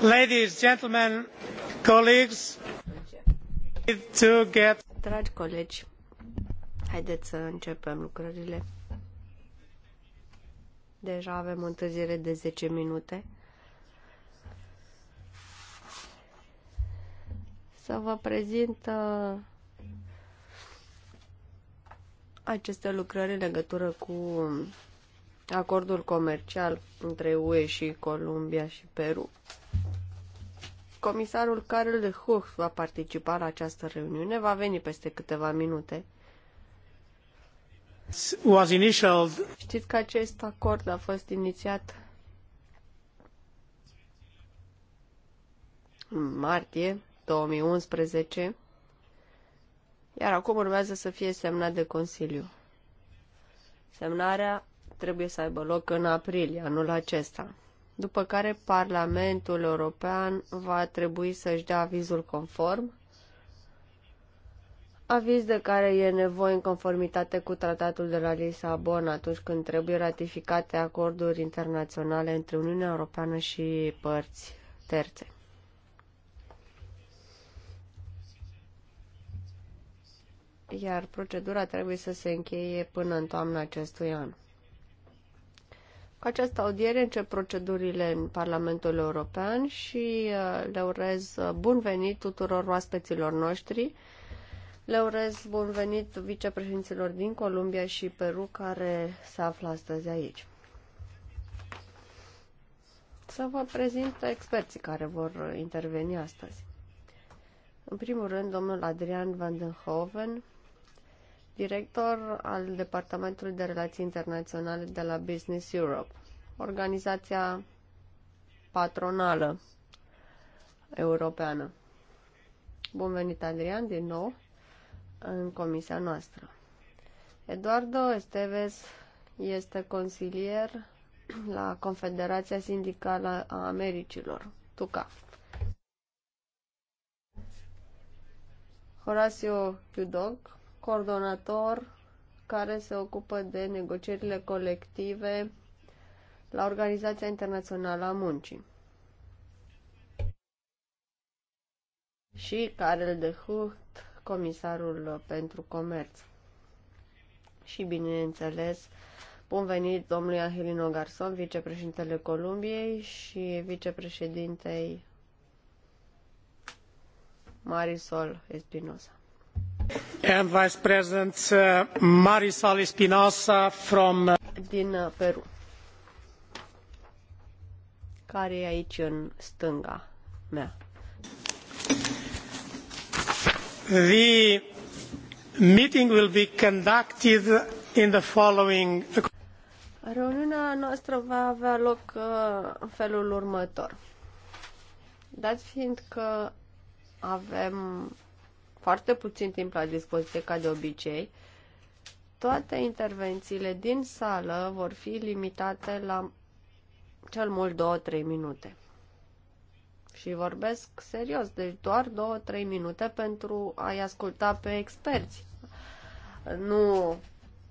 Ladies, gentlemen, colleagues, to get... Dragi colegi, haideți să începem lucrările. Deja avem o întârziere de 10 minute. Să vă prezint uh, aceste lucrări în legătură cu acordul comercial între UE și Columbia și Peru. Comisarul Karel de Huch va participa la această reuniune, va veni peste câteva minute. Was initial... Știți că acest acord a fost inițiat în martie 2011 iar acum urmează să fie semnat de Consiliu. Semnarea trebuie să aibă loc în aprilie anul acesta, după care Parlamentul European va trebui să-și dea avizul conform, aviz de care e nevoie în conformitate cu tratatul de la Lisabona atunci când trebuie ratificate acorduri internaționale între Uniunea Europeană și părți terțe. iar procedura trebuie să se încheie până în toamna acestui an. Cu această audiere încep procedurile în Parlamentul European și uh, le urez uh, bun venit tuturor oaspeților noștri. Le urez bun venit vicepreședinților din Columbia și Peru care se află astăzi aici. Să vă prezint experții care vor interveni astăzi. În primul rând, domnul Adrian Vandenhoven, director al Departamentului de Relații Internaționale de la Business Europe, organizația patronală europeană. Bun venit, Adrian, din nou în comisia noastră. Eduardo Esteves este consilier la Confederația Sindicală a Americilor, TUCA. Horacio Chiudog coordonator care se ocupă de negocierile colective la Organizația Internațională a Muncii. Și Karel de Hucht, comisarul pentru comerț. Și, bineînțeles, bun venit domnului Angelino Garson, vicepreședintele Columbiei și vicepreședintei Marisol Espinosa. And Vice President uh, Marisol Espinosa uh, Din uh, Peru. Care e aici în stânga mea. The meeting will be conducted in the following Reuniunea noastră va avea loc în felul următor. Dat fiind că avem foarte puțin timp la dispoziție, ca de obicei, toate intervențiile din sală vor fi limitate la cel mult 2-3 minute. Și vorbesc serios, deci doar 2-3 minute pentru a-i asculta pe experți, nu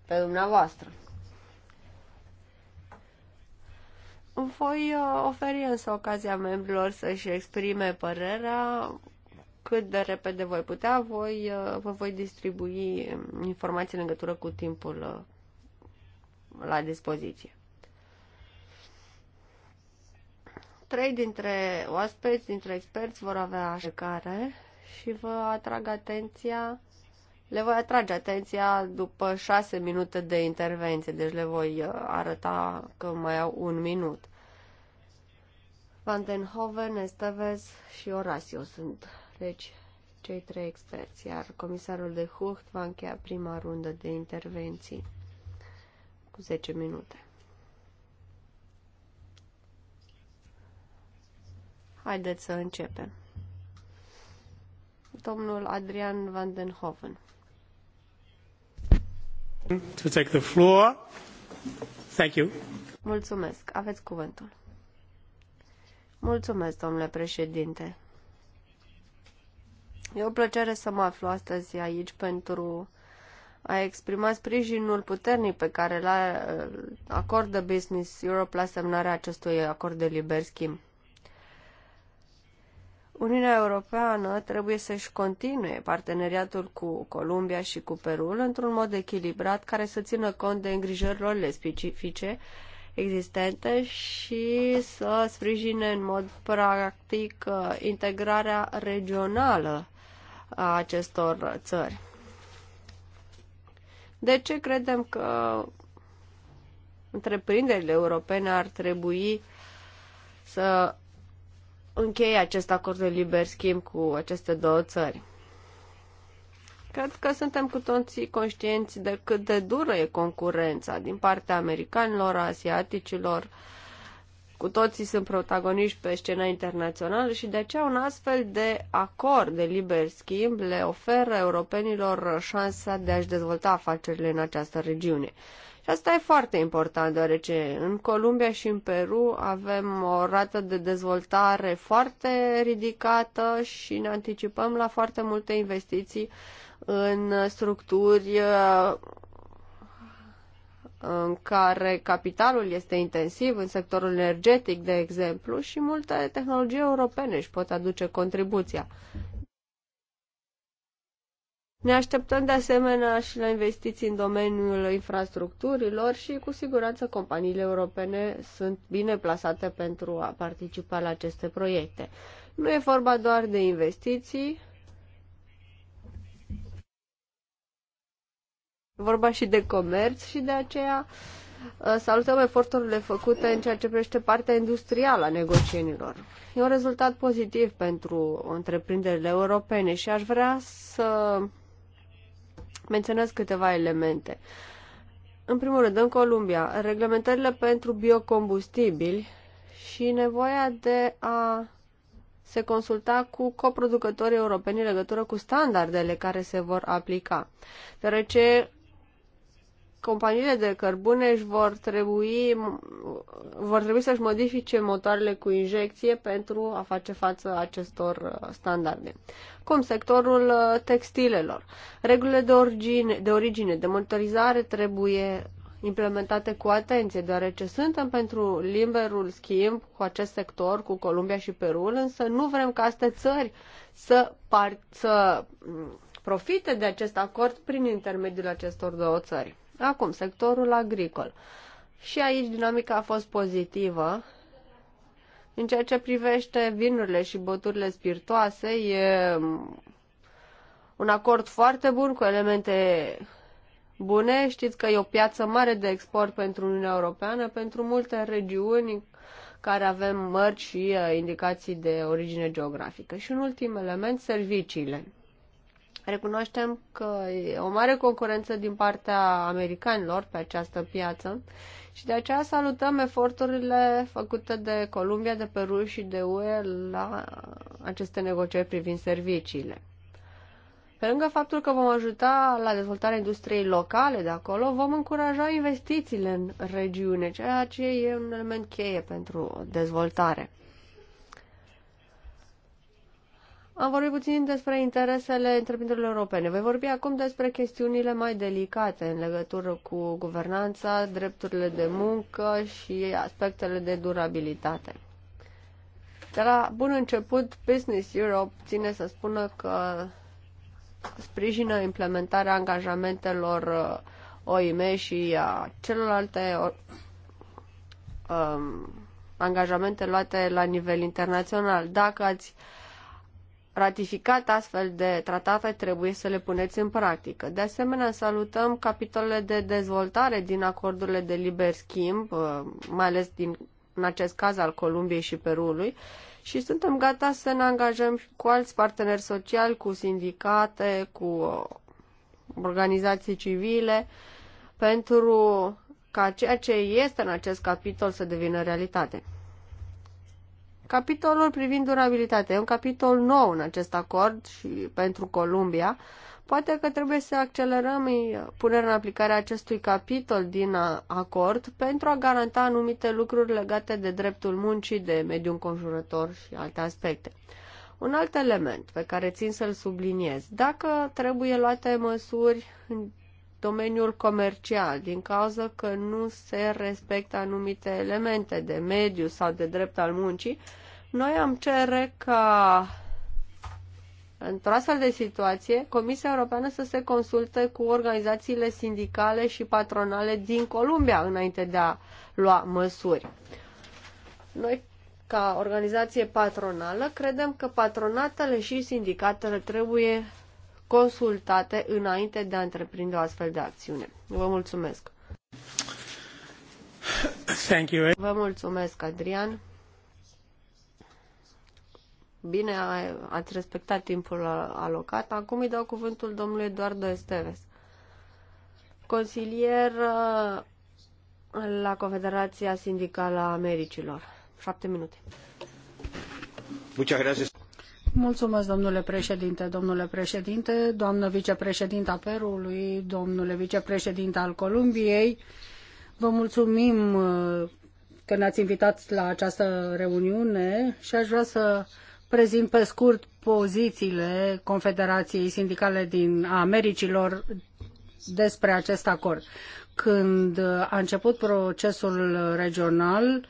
pe dumneavoastră. Voi uh, oferi însă ocazia membrilor să-și exprime părerea, cât de repede voi putea, voi, uh, vă voi distribui informații în legătură cu timpul uh, la dispoziție. Trei dintre oaspeți, dintre experți vor avea care și vă atrag atenția, le voi atrage atenția după șase minute de intervenție, deci le voi uh, arăta că mai au un minut. Vandenhoven, Esteves și Orasio sunt deci cei trei experți, iar comisarul de Hucht va încheia prima rundă de intervenții cu 10 minute. Haideți să începem. Domnul Adrian van den Hoven. To take the floor. Thank you. Mulțumesc. Aveți cuvântul. Mulțumesc, domnule președinte. E o plăcere să mă aflu astăzi aici pentru a exprima sprijinul puternic pe care l-a uh, acordă Business Europe la semnarea acestui acord de liber schimb. Uniunea Europeană trebuie să-și continue parteneriatul cu Columbia și cu Perul într-un mod echilibrat care să țină cont de îngrijorările specifice existente și să sprijine în mod practic uh, integrarea regională a acestor țări. De ce credem că întreprinderile europene ar trebui să încheie acest acord de liber schimb cu aceste două țări? Cred că suntem cu toții conștienți de cât de dură e concurența din partea americanilor, asiaticilor, uh, cu toții sunt protagoniști pe scena internațională și de aceea un astfel de acord de liber schimb le oferă europenilor șansa de a-și dezvolta afacerile în această regiune. Și asta e foarte important, deoarece în Columbia și în Peru avem o rată de dezvoltare foarte ridicată și ne anticipăm la foarte multe investiții în structuri în care capitalul este intensiv în sectorul energetic, de exemplu, și multe tehnologii europene își pot aduce contribuția. Ne așteptăm de asemenea și la investiții în domeniul infrastructurilor și cu siguranță companiile europene sunt bine plasate pentru a participa la aceste proiecte. Nu e vorba doar de investiții, vorba și de comerț și de aceea uh, salutăm eforturile făcute în ceea ce privește partea industrială a negocierilor. E un rezultat pozitiv pentru întreprinderile europene și aș vrea să menționez câteva elemente. În primul rând, în Columbia, reglementările pentru biocombustibili și nevoia de a se consulta cu coproducătorii europeni în legătură cu standardele care se vor aplica, deoarece companiile de cărbune își vor trebui, vor trebui să-și modifice motoarele cu injecție pentru a face față acestor uh, standarde. Cum sectorul uh, textilelor. Regulile de origine, de, origine, de monitorizare trebuie implementate cu atenție, deoarece suntem pentru liberul schimb cu acest sector, cu Columbia și Peru. însă nu vrem ca aceste țări să, par- să mm, profite de acest acord prin intermediul acestor două țări. Acum, sectorul agricol. Și aici dinamica a fost pozitivă. În ceea ce privește vinurile și băturile spiritoase, e un acord foarte bun cu elemente bune. Știți că e o piață mare de export pentru Uniunea Europeană, pentru multe regiuni care avem mărci și uh, indicații de origine geografică. Și un ultim element, serviciile. Recunoaștem că e o mare concurență din partea americanilor pe această piață și de aceea salutăm eforturile făcute de Columbia, de Peru și de UE la aceste negocieri privind serviciile. Pe lângă faptul că vom ajuta la dezvoltarea industriei locale de acolo, vom încuraja investițiile în regiune, ceea ce e un element cheie pentru dezvoltare. Am vorbit puțin despre interesele întreprinderilor europene. Voi vorbi acum despre chestiunile mai delicate în legătură cu guvernanța, drepturile de muncă și aspectele de durabilitate. De la bun început, Business Europe ține să spună că sprijină implementarea angajamentelor uh, OIM și a celorlalte um, angajamente luate la nivel internațional. Dacă ați ratificat astfel de tratate, trebuie să le puneți în practică. De asemenea, salutăm capitolele de dezvoltare din acordurile de liber schimb, uh, mai ales din, în acest caz al Columbiei și Perului, și suntem gata să ne angajăm cu alți parteneri sociali, cu sindicate, cu uh, organizații civile, pentru ca ceea ce este în acest capitol să devină realitate. Capitolul privind durabilitatea e un capitol nou în acest acord și pentru Columbia. Poate că trebuie să accelerăm punerea în aplicare a acestui capitol din acord pentru a garanta anumite lucruri legate de dreptul muncii, de mediul înconjurător și alte aspecte. Un alt element pe care țin să-l subliniez, dacă trebuie luate măsuri în domeniul comercial, din cauza că nu se respectă anumite elemente de mediu sau de drept al muncii, noi am cere ca într-o astfel de situație, Comisia Europeană să se consulte cu organizațiile sindicale și patronale din Columbia înainte de a lua măsuri. Noi, ca organizație patronală, credem că patronatele și sindicatele trebuie consultate înainte de a întreprinde o astfel de acțiune. Vă mulțumesc! Thank you. Vă mulțumesc, Adrian. Bine, ați respectat timpul alocat. Acum îi dau cuvântul domnului Eduardo Esteves, consilier la Confederația Sindicală a Americilor. Șapte minute. Muchas gracias. Mulțumesc, domnule președinte, domnule președinte, doamnă vicepreședinta Perului, domnule vicepreședinte al Columbiei. Vă mulțumim uh, că ne-ați invitat la această reuniune și aș vrea să prezint pe scurt pozițiile Confederației Sindicale din Americilor despre acest acord. Când a început procesul regional,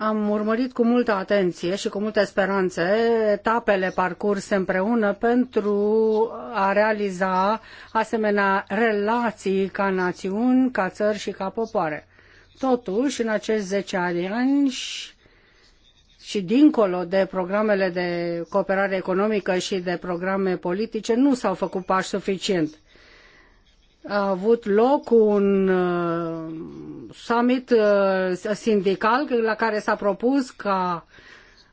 am urmărit cu multă atenție și cu multe speranțe etapele parcurse împreună pentru a realiza asemenea relații ca națiuni, ca țări și ca popoare. Totuși, în acești zece ani și, și dincolo de programele de cooperare economică și de programe politice, nu s-au făcut pași suficient a avut loc un uh, summit uh, sindical la care s-a propus ca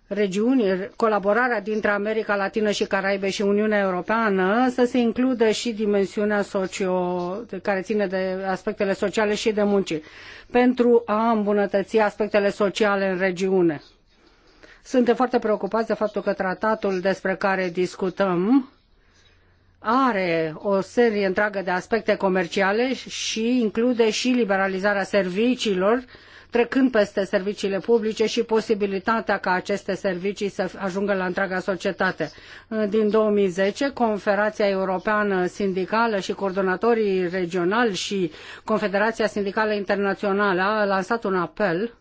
regiuni, colaborarea dintre America Latină și Caraibe și Uniunea Europeană să se includă și dimensiunea socio, care ține de aspectele sociale și de muncii, pentru a îmbunătăți aspectele sociale în regiune. Suntem foarte preocupați de faptul că tratatul despre care discutăm are o serie întreagă de aspecte comerciale și include și liberalizarea serviciilor, trecând peste serviciile publice și posibilitatea ca aceste servicii să ajungă la întreaga societate. Din 2010, Conferația Europeană Sindicală și coordonatorii regionali și Confederația Sindicală Internațională a lansat un apel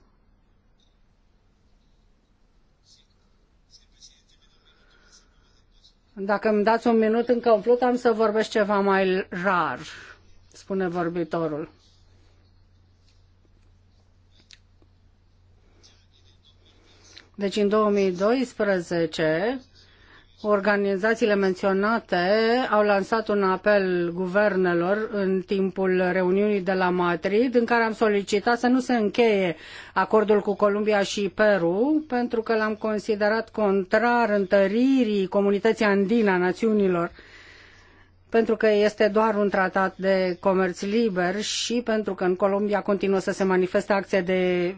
Dacă îmi dați un minut încă umplut, am să vorbesc ceva mai rar, spune vorbitorul. Deci în 2012 Organizațiile menționate au lansat un apel guvernelor în timpul reuniunii de la Madrid, în care am solicitat să nu se încheie acordul cu Columbia și Peru, pentru că l-am considerat contrar întăririi comunității a națiunilor uh, pentru că este doar un tratat de comerț liber și pentru că în Columbia continuă să se manifeste acte de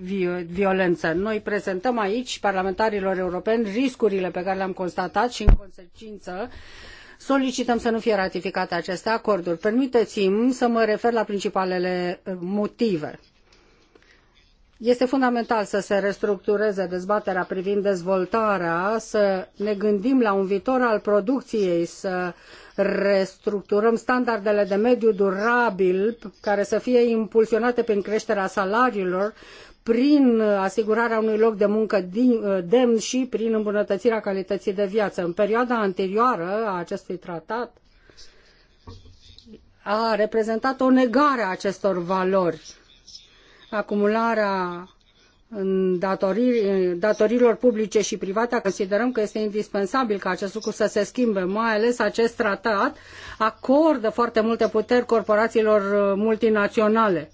violență. Noi prezentăm aici parlamentarilor europeni riscurile pe care le-am constatat și în consecință solicităm să nu fie ratificate aceste acorduri. Permiteți-mi să mă refer la principalele eh, motive. Este fundamental să se restructureze dezbaterea privind dezvoltarea, să ne gândim la un viitor al producției, să restructurăm standardele de mediu durabil care să fie impulsionate prin creșterea salariilor, prin asigurarea unui loc de muncă demn și prin îmbunătățirea calității de viață. În perioada anterioară a acestui tratat a reprezentat o negare a acestor valori acumularea datorii, datoriilor publice și private, considerăm că este indispensabil ca acest lucru să se schimbe, mai ales acest tratat acordă foarte multe puteri corporațiilor uh, multinaționale.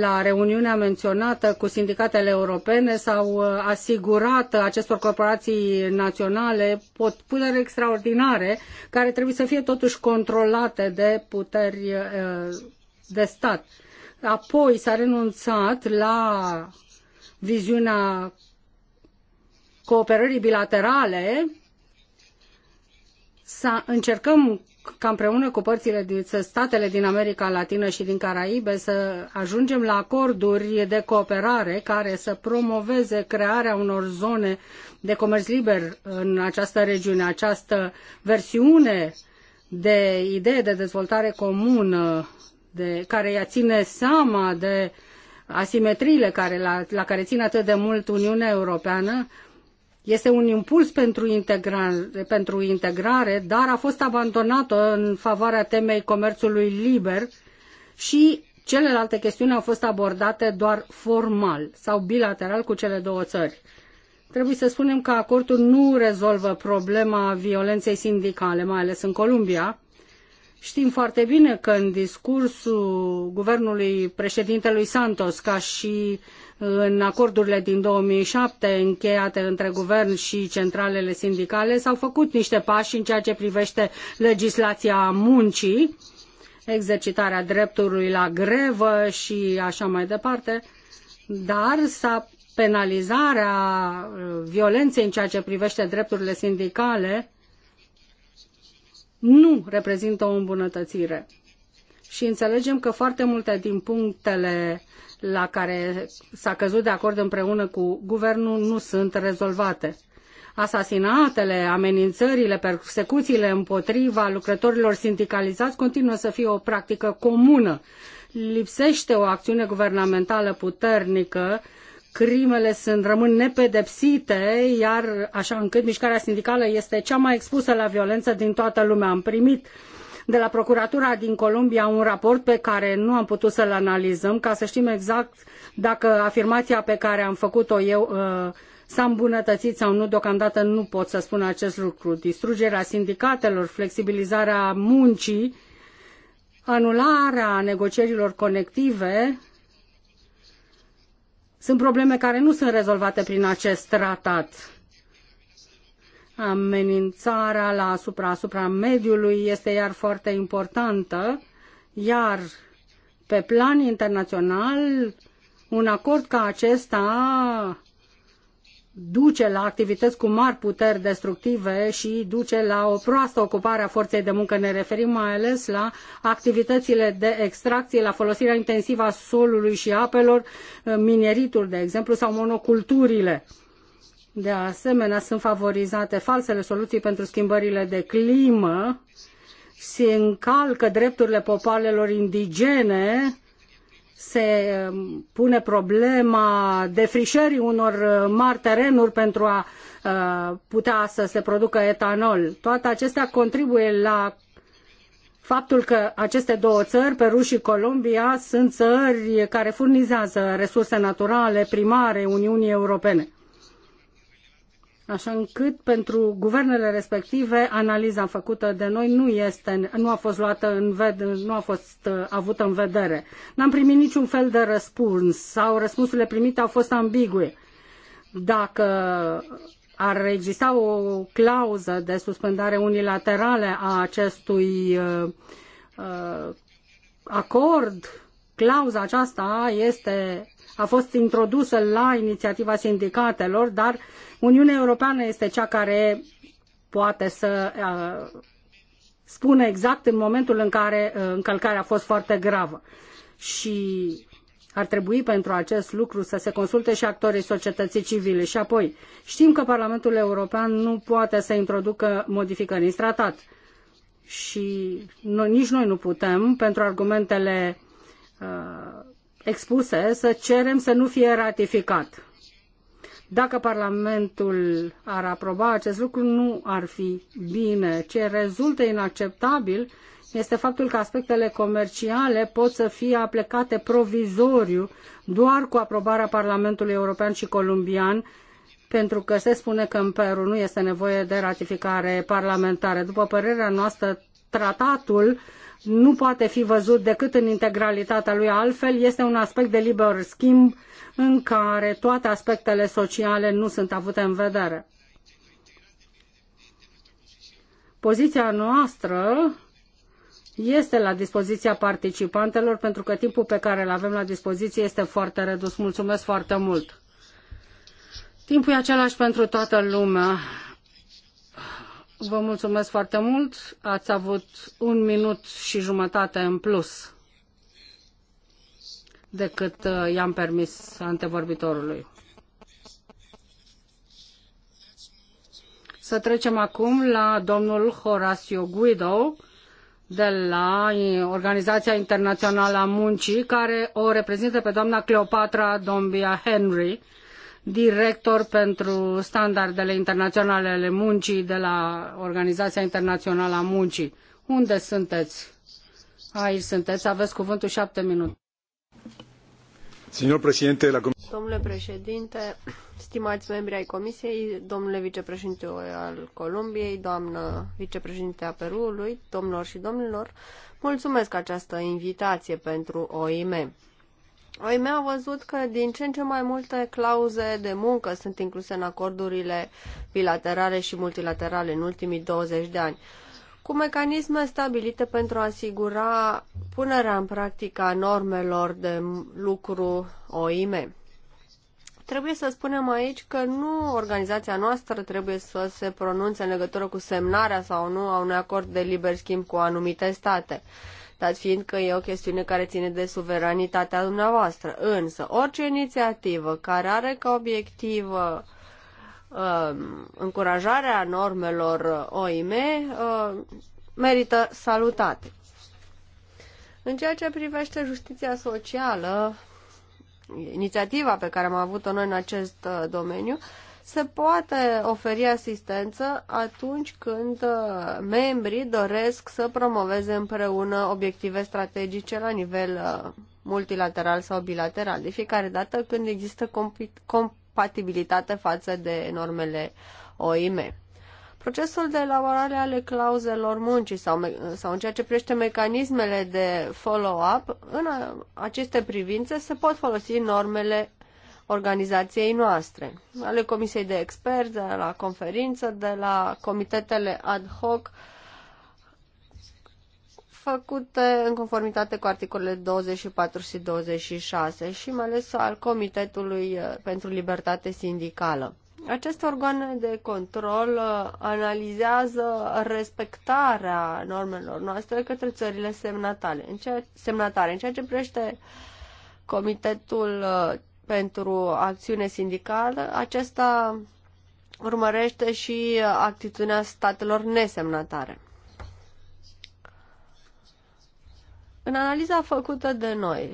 La reuniunea menționată cu sindicatele europene s-au uh, asigurat acestor corporații naționale puteri extraordinare care trebuie să fie totuși controlate de puteri uh, de stat Apoi s-a renunțat la viziunea cooperării bilaterale, să încercăm ca împreună cu părțile din statele din America Latină și din Caraibe să ajungem la acorduri de cooperare care să promoveze crearea unor zone de comerț liber în această regiune. Această versiune de idee de dezvoltare comună de, care ea ține seama de asimetriile care, la, la care ține atât de mult Uniunea Europeană, este un impuls pentru integrare, pentru integrare, dar a fost abandonată în favoarea temei comerțului liber și celelalte chestiuni au fost abordate doar formal sau bilateral cu cele două țări. Trebuie să spunem că acordul nu rezolvă problema violenței sindicale, mai ales în Columbia, Știm foarte bine că în discursul guvernului președintelui Santos, ca și în acordurile din 2007 încheiate între guvern și centralele sindicale, s-au făcut niște pași în ceea ce privește legislația muncii, exercitarea dreptului la grevă și așa mai departe, dar s-a penalizarea uh, violenței în ceea ce privește drepturile sindicale nu reprezintă o îmbunătățire. Și înțelegem că foarte multe din punctele la care s-a căzut de acord împreună cu guvernul nu sunt rezolvate. Asasinatele, amenințările, persecuțiile împotriva lucrătorilor sindicalizați continuă să fie o practică comună. Lipsește o acțiune guvernamentală puternică crimele sunt, rămân nepedepsite, iar așa încât mișcarea sindicală este cea mai expusă la violență din toată lumea. Am primit de la Procuratura din Columbia un raport pe care nu am putut să-l analizăm ca să știm exact dacă afirmația pe care am făcut-o eu uh, s-a îmbunătățit sau nu, deocamdată nu pot să spun acest lucru. Distrugerea sindicatelor, flexibilizarea muncii, anularea negocierilor conective, sunt probleme care nu sunt rezolvate prin acest tratat. Amenințarea la asupra, asupra mediului este iar foarte importantă, iar pe plan internațional un acord ca acesta duce la activități cu mari puteri destructive și duce la o proastă ocupare a forței de muncă. Ne referim mai ales la activitățile de extracție, la folosirea intensivă a solului și apelor, eh, mineritul, de exemplu, sau monoculturile. De asemenea, sunt favorizate falsele soluții pentru schimbările de climă, se încalcă drepturile popoarelor indigene, se um, pune problema defrișării unor uh, mari terenuri pentru a uh, putea să se producă etanol. Toate acestea contribuie la faptul că aceste două țări, Peru și Columbia, sunt țări care furnizează resurse naturale primare Uniunii Europene așa încât pentru guvernele respective analiza făcută de noi nu, este, nu a fost luată în ved, nu a fost uh, avută în vedere. N-am primit niciun fel de răspuns sau răspunsurile primite au fost ambigue. Dacă ar exista o clauză de suspendare unilaterală a acestui uh, uh, acord, clauza aceasta este a fost introdusă la inițiativa sindicatelor, dar Uniunea Europeană este cea care poate să spună exact în momentul în care încălcarea a fost foarte gravă. Și ar trebui pentru acest lucru să se consulte și actorii societății civile. Și apoi, știm că Parlamentul European nu poate să introducă modificări în tratat. Și nici noi nu putem, pentru argumentele uh, expuse, să cerem să nu fie ratificat. Dacă Parlamentul ar aproba acest lucru, nu ar fi bine. Ce rezultă inacceptabil este faptul că aspectele comerciale pot să fie aplicate provizoriu doar cu aprobarea Parlamentului European și Columbian, pentru că se spune că în Peru nu este nevoie de ratificare parlamentară. După părerea noastră, tratatul nu poate fi văzut decât în integralitatea lui, altfel este un aspect de liber schimb în care toate aspectele sociale nu sunt avute în vedere. Poziția noastră este la dispoziția participantelor pentru că timpul pe care îl avem la dispoziție este foarte redus. Mulțumesc foarte mult! Timpul e același pentru toată lumea. Vă mulțumesc foarte mult. Ați avut un minut și jumătate în plus decât uh, i-am permis antevorbitorului. Să trecem acum la domnul Horacio Guido de la Organizația Internațională a Muncii, care o reprezintă pe doamna Cleopatra Dombia Henry, director pentru standardele internaționale ale muncii de la Organizația Internațională a Muncii. Unde sunteți? Aici sunteți, aveți cuvântul șapte minute. Domnule președinte, stimați membri ai Comisiei, domnule vicepreședinte al Columbiei, doamnă vicepreședinte a Peruului, domnilor și domnilor, mulțumesc această invitație pentru OIM. OIM a văzut că din ce în ce mai multe clauze de muncă sunt incluse în acordurile bilaterale și multilaterale în ultimii 20 de ani, cu mecanisme stabilite pentru a asigura punerea în practică a normelor de lucru OIM. Trebuie să spunem aici că nu organizația noastră trebuie să se pronunțe în legătură cu semnarea sau nu a unui acord de liber schimb cu anumite state dat fiind că e o chestiune care ține de suveranitatea dumneavoastră. Însă, orice inițiativă care are ca obiectiv um, încurajarea normelor OIM um, merită salutate. În ceea ce privește justiția socială, inițiativa pe care am avut-o noi în acest uh, domeniu, uh, se poate oferi asistență atunci când uh, membrii doresc să promoveze împreună obiective strategice la nivel uh, multilateral sau bilateral, de fiecare dată când există compatibilitate față de normele OIM. Procesul de elaborare ale clauzelor muncii sau, sau în ceea ce privește mecanismele de follow-up, în aceste privințe se pot folosi normele organizației noastre, ale Comisiei de Experți, de la conferință, de la comitetele ad hoc făcute în conformitate cu articolele 24 și 26 și mai ales al Comitetului eh, pentru Libertate Sindicală. Aceste organe de control eh, analizează respectarea normelor noastre către țările semnatare. În ceea, semnatare. În ceea ce privește Comitetul eh, pentru acțiune sindicală, acesta urmărește și actitudinea statelor nesemnatare. În analiza făcută de noi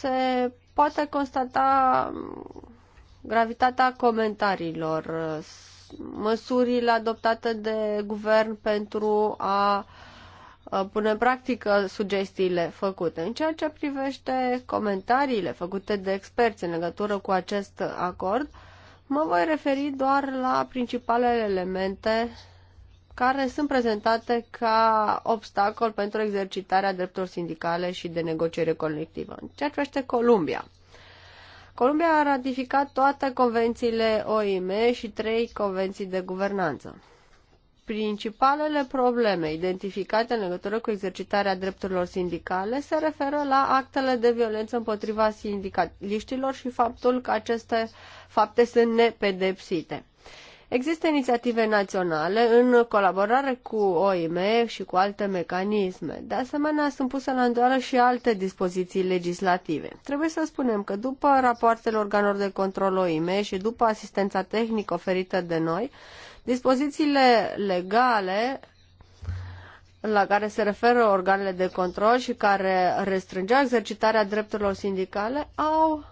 se poate constata gravitatea comentariilor, măsurile adoptate de guvern pentru a uh, Uh, pune în practică sugestiile făcute. În ceea ce privește comentariile făcute de experți în legătură cu acest acord, mă voi referi doar la principalele elemente care sunt prezentate ca obstacol pentru exercitarea drepturilor sindicale și de negociere colectivă. În ceea ce privește Columbia, Columbia a ratificat toate convențiile OIM și trei convenții de guvernanță. Principalele probleme identificate în legătură cu exercitarea drepturilor sindicale se referă la actele de violență împotriva sindicaliștilor și faptul că aceste fapte sunt nepedepsite. Există inițiative naționale în colaborare cu OIM și cu alte mecanisme. De asemenea, sunt puse la îndoială și alte dispoziții legislative. Trebuie să spunem că după rapoartele organelor de control OIM și după asistența tehnică oferită de noi, Dispozițiile legale la care se referă organele de control și care restrângea exercitarea drepturilor sindicale au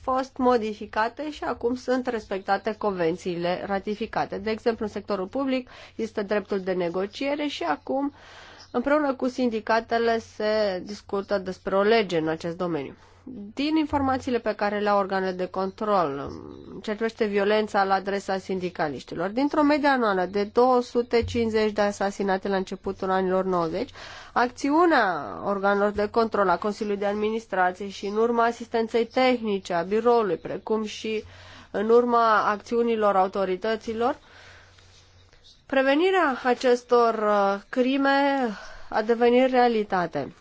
fost modificate și acum sunt respectate convențiile ratificate. De exemplu, în sectorul public este dreptul de negociere și acum, împreună cu sindicatele, se discută despre o lege în acest domeniu. Din informațiile pe care le au organele de control, ce privește violența la adresa sindicaliștilor, dintr-o medie anuală de 250 de asasinate la începutul anilor 90, acțiunea organelor de control a Consiliului de Administrație și în urma asistenței tehnice a biroului, precum și în urma acțiunilor autorităților, prevenirea acestor uh, crime a devenit realitate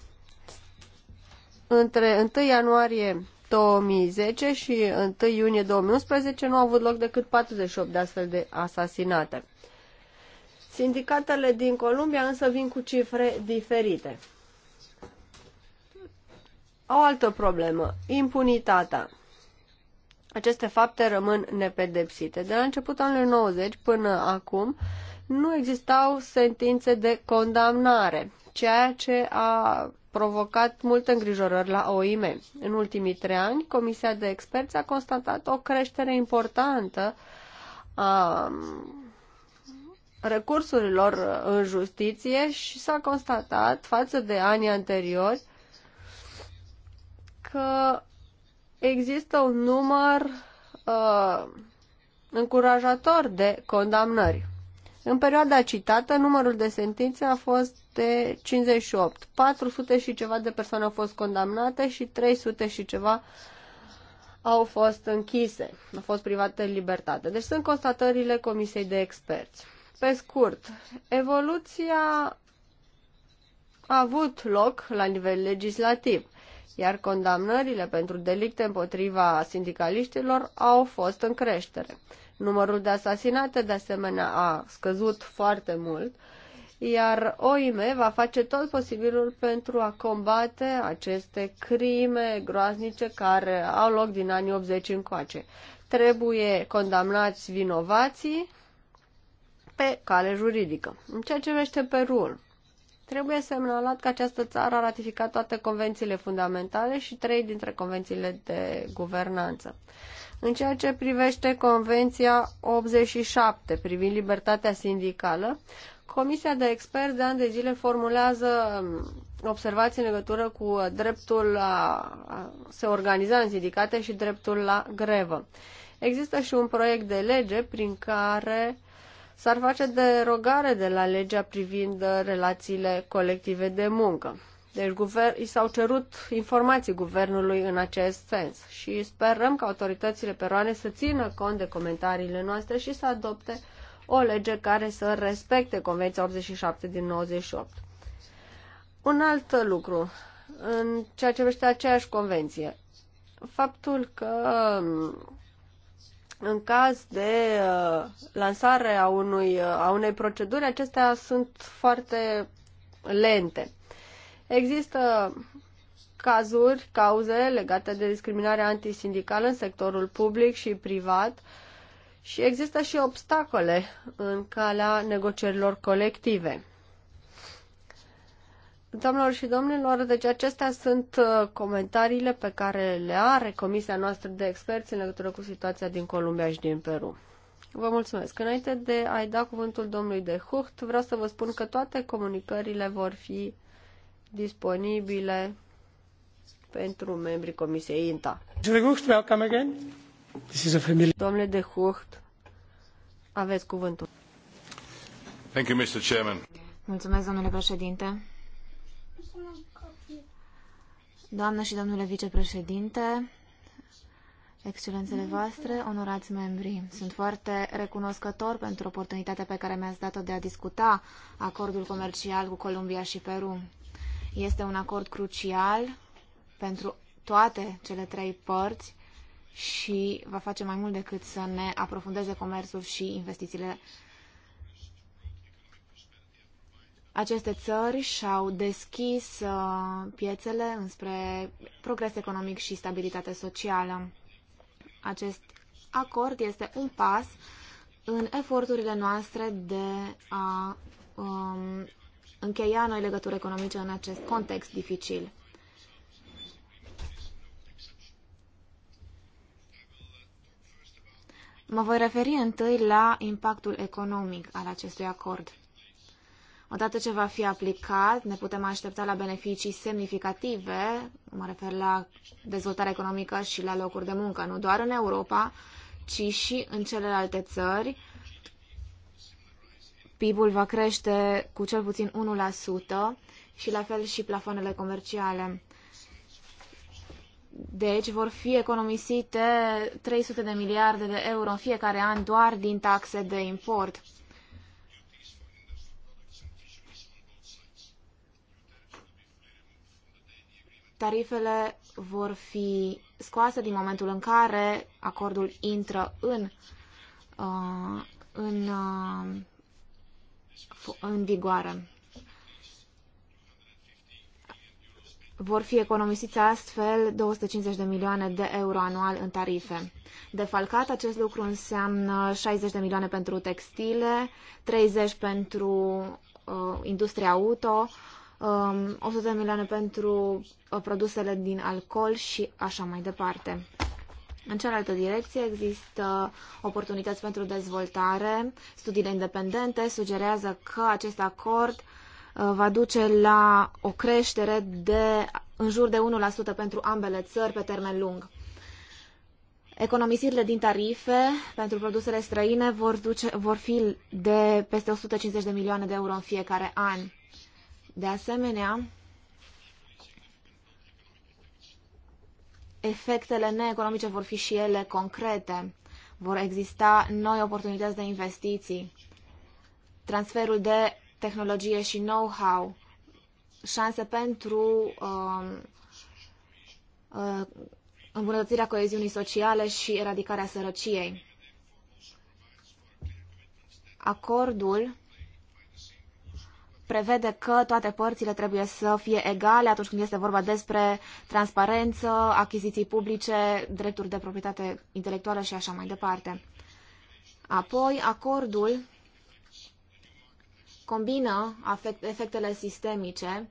între 1 ianuarie 2010 și 1 iunie 2011 nu au avut loc decât 48 de astfel de asasinate. Sindicatele din Columbia însă vin cu cifre diferite. O altă problemă, impunitatea. Aceste fapte rămân nepedepsite. De la începutul anului 90 până acum nu existau sentințe de condamnare, ceea ce a provocat multe îngrijorări la OIM. În ultimii trei ani, Comisia de Experți a constatat o creștere importantă a um, recursurilor uh, în justiție și s-a constatat față de anii anteriori că există un număr uh, încurajator de condamnări. În perioada citată, numărul de sentințe a fost 758. 400 și ceva de persoane au fost condamnate și 300 și ceva au fost închise, au fost private de libertate. Deci sunt constatările Comisiei de Experți. Pe scurt, evoluția a avut loc la nivel legislativ, iar condamnările pentru delicte împotriva sindicaliștilor au fost în creștere. Numărul de asasinate, de asemenea, a scăzut foarte mult, iar OIM va face tot posibilul pentru a combate aceste crime groaznice care au loc din anii 80 încoace. Trebuie condamnați vinovații pe cale juridică. În ceea ce vește Perul, trebuie semnalat că această țară a ratificat toate convențiile fundamentale și trei dintre convențiile de guvernanță. În ceea ce privește Convenția 87 privind libertatea sindicală, Comisia de experți de ani de zile formulează um, observații în legătură cu dreptul la se organiza în sindicate și dreptul la grevă. Există și un proiect de lege prin care s-ar face derogare de la legea privind uh, relațiile colective de muncă. Deci guver- i s-au cerut informații guvernului în acest sens și sperăm că autoritățile peruane să țină cont de comentariile noastre și să adopte o lege care să respecte Convenția 87 din 98. Un alt lucru, în ceea ce privește aceeași convenție, faptul că mm, în caz de uh, lansare a, unui, uh, a unei proceduri, acestea sunt foarte lente. Există cazuri, cauze legate de discriminarea antisindicală în sectorul public și privat și există și obstacole în calea negocierilor colective. Doamnelor și domnilor, deci acestea sunt uh, comentariile pe care le are Comisia noastră de experți în legătură cu situația din Columbia și din Peru. Vă mulțumesc. Înainte de a-i da cuvântul domnului de Hucht, vreau să vă spun că toate comunicările vor fi disponibile pentru membrii Comisiei INTA. Domnule de Hucht, aveți cuvântul. Thank you, Mr. Chairman. Mulțumesc, domnule președinte. Doamnă și domnule vicepreședinte, excelențele voastre, onorați membri, sunt foarte recunoscător pentru oportunitatea pe care mi-ați dat-o de a discuta acordul comercial cu Columbia și Peru. Este un acord crucial pentru toate cele trei părți și va face mai mult decât să ne aprofundeze comerțul și investițiile. Aceste țări și-au deschis uh, piețele înspre progres economic și stabilitate socială. Acest acord este un pas în eforturile noastre de a um, încheia noi legături economice în acest context dificil. Mă voi referi întâi la impactul economic al acestui acord. Odată ce va fi aplicat, ne putem aștepta la beneficii semnificative, mă refer la dezvoltarea economică și la locuri de muncă, nu doar în Europa, ci și în celelalte țări PIB-ul va crește cu cel puțin 1% și la fel și plafoanele comerciale. Deci vor fi economisite 300 de miliarde de euro în fiecare an doar din taxe de import. Tarifele vor fi scoase din momentul în care acordul intră în, uh, în uh, în vigoare. Vor fi economisiți astfel 250 de milioane de euro anual în tarife. De falcat acest lucru înseamnă 60 de milioane pentru textile, 30 pentru uh, industria auto, um, 100 de milioane pentru uh, produsele din alcool și așa mai departe. În cealaltă direcție există oportunități pentru dezvoltare. Studiile independente sugerează că acest acord uh, va duce la o creștere de în jur de 1% pentru ambele țări pe termen lung. Economisirile din tarife pentru produsele străine vor, duce, vor fi de peste 150 de milioane de euro în fiecare an. De asemenea, efectele neeconomice vor fi și ele concrete. Vor exista noi oportunități de investiții, transferul de tehnologie și know-how, șanse pentru um, uh, îmbunătățirea coeziunii sociale și eradicarea sărăciei. Acordul prevede că toate părțile trebuie să fie egale atunci când este vorba despre transparență, achiziții publice, drepturi de proprietate intelectuală și așa mai departe. Apoi, acordul combină efectele sistemice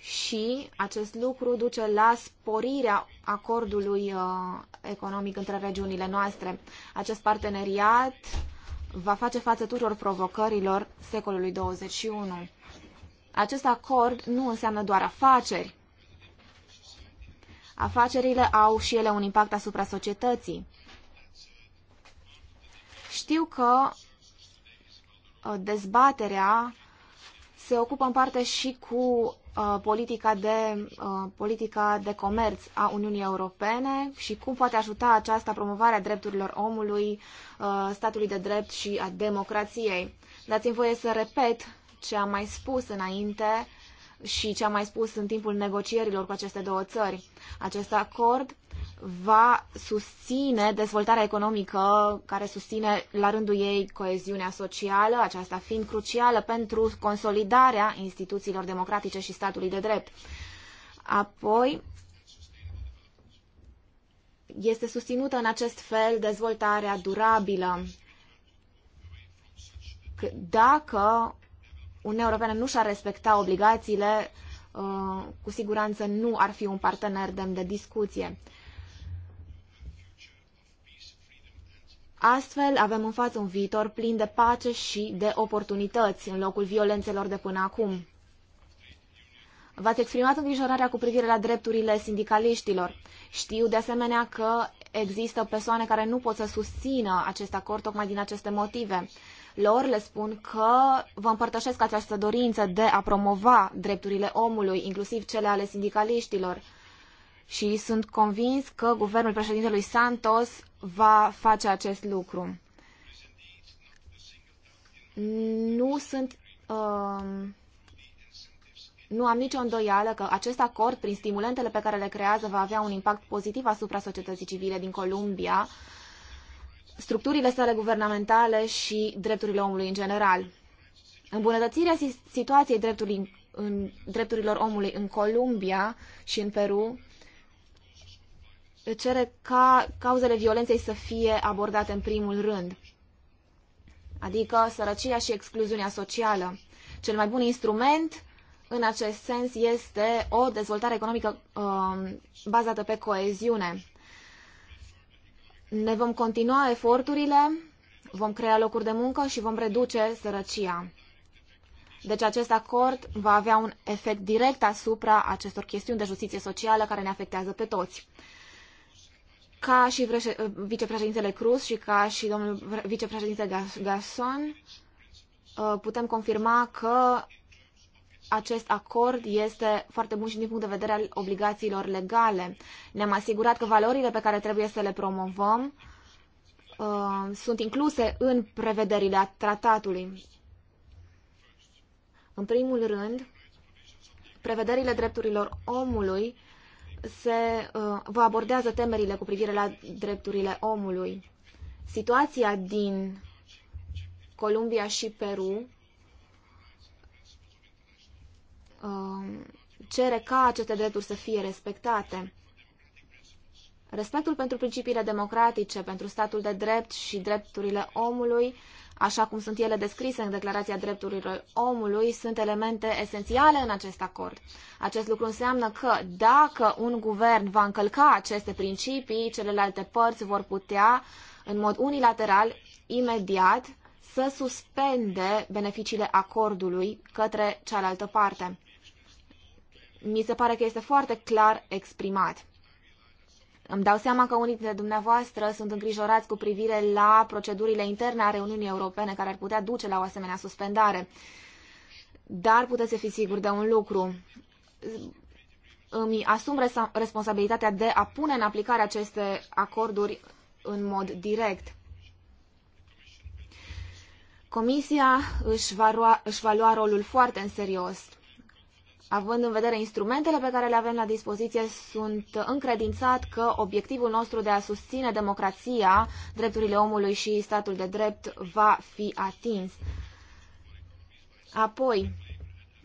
și acest lucru duce la sporirea acordului uh, economic între regiunile noastre. Acest parteneriat va face față tuturor provocărilor secolului 21. Acest acord nu înseamnă doar afaceri. Afacerile au și ele un impact asupra societății. Știu că uh, dezbaterea se ocupă în parte și cu Uh, politica, de, uh, politica de comerț a Uniunii Europene și cum poate ajuta aceasta promovarea drepturilor omului, uh, statului de drept și a democrației. Dați-mi voie să repet ce am mai spus înainte și ce am mai spus în timpul negocierilor cu aceste două țări. Acest acord va susține dezvoltarea economică care susține la rândul ei coeziunea socială, aceasta fiind crucială pentru consolidarea instituțiilor democratice și statului de drept. Apoi, este susținută în acest fel dezvoltarea durabilă. Dacă Uniunea Europeană nu și-ar respecta obligațiile, uh, cu siguranță nu ar fi un partener demn de discuție. Astfel, avem în față un viitor plin de pace și de oportunități în locul violențelor de până acum. V-ați exprimat îngrijorarea cu privire la drepturile sindicaliștilor. Știu de asemenea că există persoane care nu pot să susțină acest acord tocmai din aceste motive. Lor le spun că vă împărtășesc această dorință de a promova drepturile omului, inclusiv cele ale sindicaliștilor și sunt convins că guvernul președintelui Santos va face acest lucru. Nu sunt. Uh, nu am nicio îndoială că acest acord, prin stimulentele pe care le creează, va avea un impact pozitiv asupra societății civile din Columbia, structurile sale guvernamentale și drepturile omului în general. Îmbunătățirea situației drepturilor omului în Columbia și în Peru cere ca cauzele violenței să fie abordate în primul rând, adică sărăcia și excluziunea socială. Cel mai bun instrument în acest sens este o dezvoltare economică uh, bazată pe coeziune. Ne vom continua eforturile, vom crea locuri de muncă și vom reduce sărăcia. Deci acest acord va avea un efect direct asupra acestor chestiuni de justiție socială care ne afectează pe toți ca și vicepreședintele Cruz și ca și domnul vicepreședinte Gasson, uh, putem confirma că acest acord este foarte bun și din punct de vedere al obligațiilor legale. Ne-am asigurat că valorile pe care trebuie să le promovăm uh, sunt incluse în prevederile tratatului. În primul rând, prevederile drepturilor omului se uh, vă abordează temerile cu privire la drepturile omului. Situația din Columbia și Peru uh, cere ca aceste drepturi să fie respectate. Respectul pentru principiile democratice, pentru statul de drept și drepturile omului așa cum sunt ele descrise în Declarația Drepturilor Omului, sunt elemente esențiale în acest acord. Acest lucru înseamnă că dacă un guvern va încălca aceste principii, celelalte părți vor putea, în mod unilateral, imediat, să suspende beneficiile acordului către cealaltă parte. Mi se pare că este foarte clar exprimat. Îmi dau seama că unii dintre dumneavoastră sunt îngrijorați cu privire la procedurile interne a Reuniunii Europene care ar putea duce la o asemenea suspendare. Dar puteți să fiți siguri de un lucru. Îmi asum responsabilitatea de a pune în aplicare aceste acorduri în mod direct. Comisia își va, lua, își va lua rolul foarte în serios având în vedere instrumentele pe care le avem la dispoziție, sunt încredințat că obiectivul nostru de a susține democrația, drepturile omului și statul de drept va fi atins. Apoi,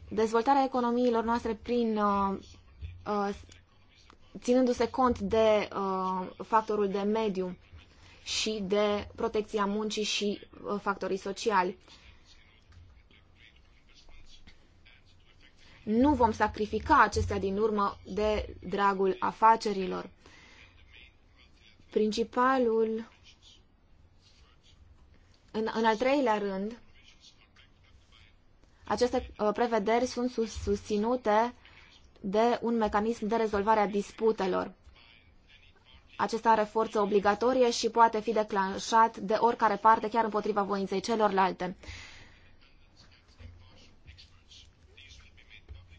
dezvoltarea economiilor noastre prin uh, uh, ținându-se cont de uh, factorul de mediu și de protecția muncii și uh, factorii sociali. nu vom sacrifica acestea din urmă de dragul afacerilor. Principalul, în, în al treilea rând, aceste uh, prevederi sunt sus, susținute de un mecanism de rezolvare a disputelor. Acesta are forță obligatorie și poate fi declanșat de oricare parte, chiar împotriva voinței celorlalte.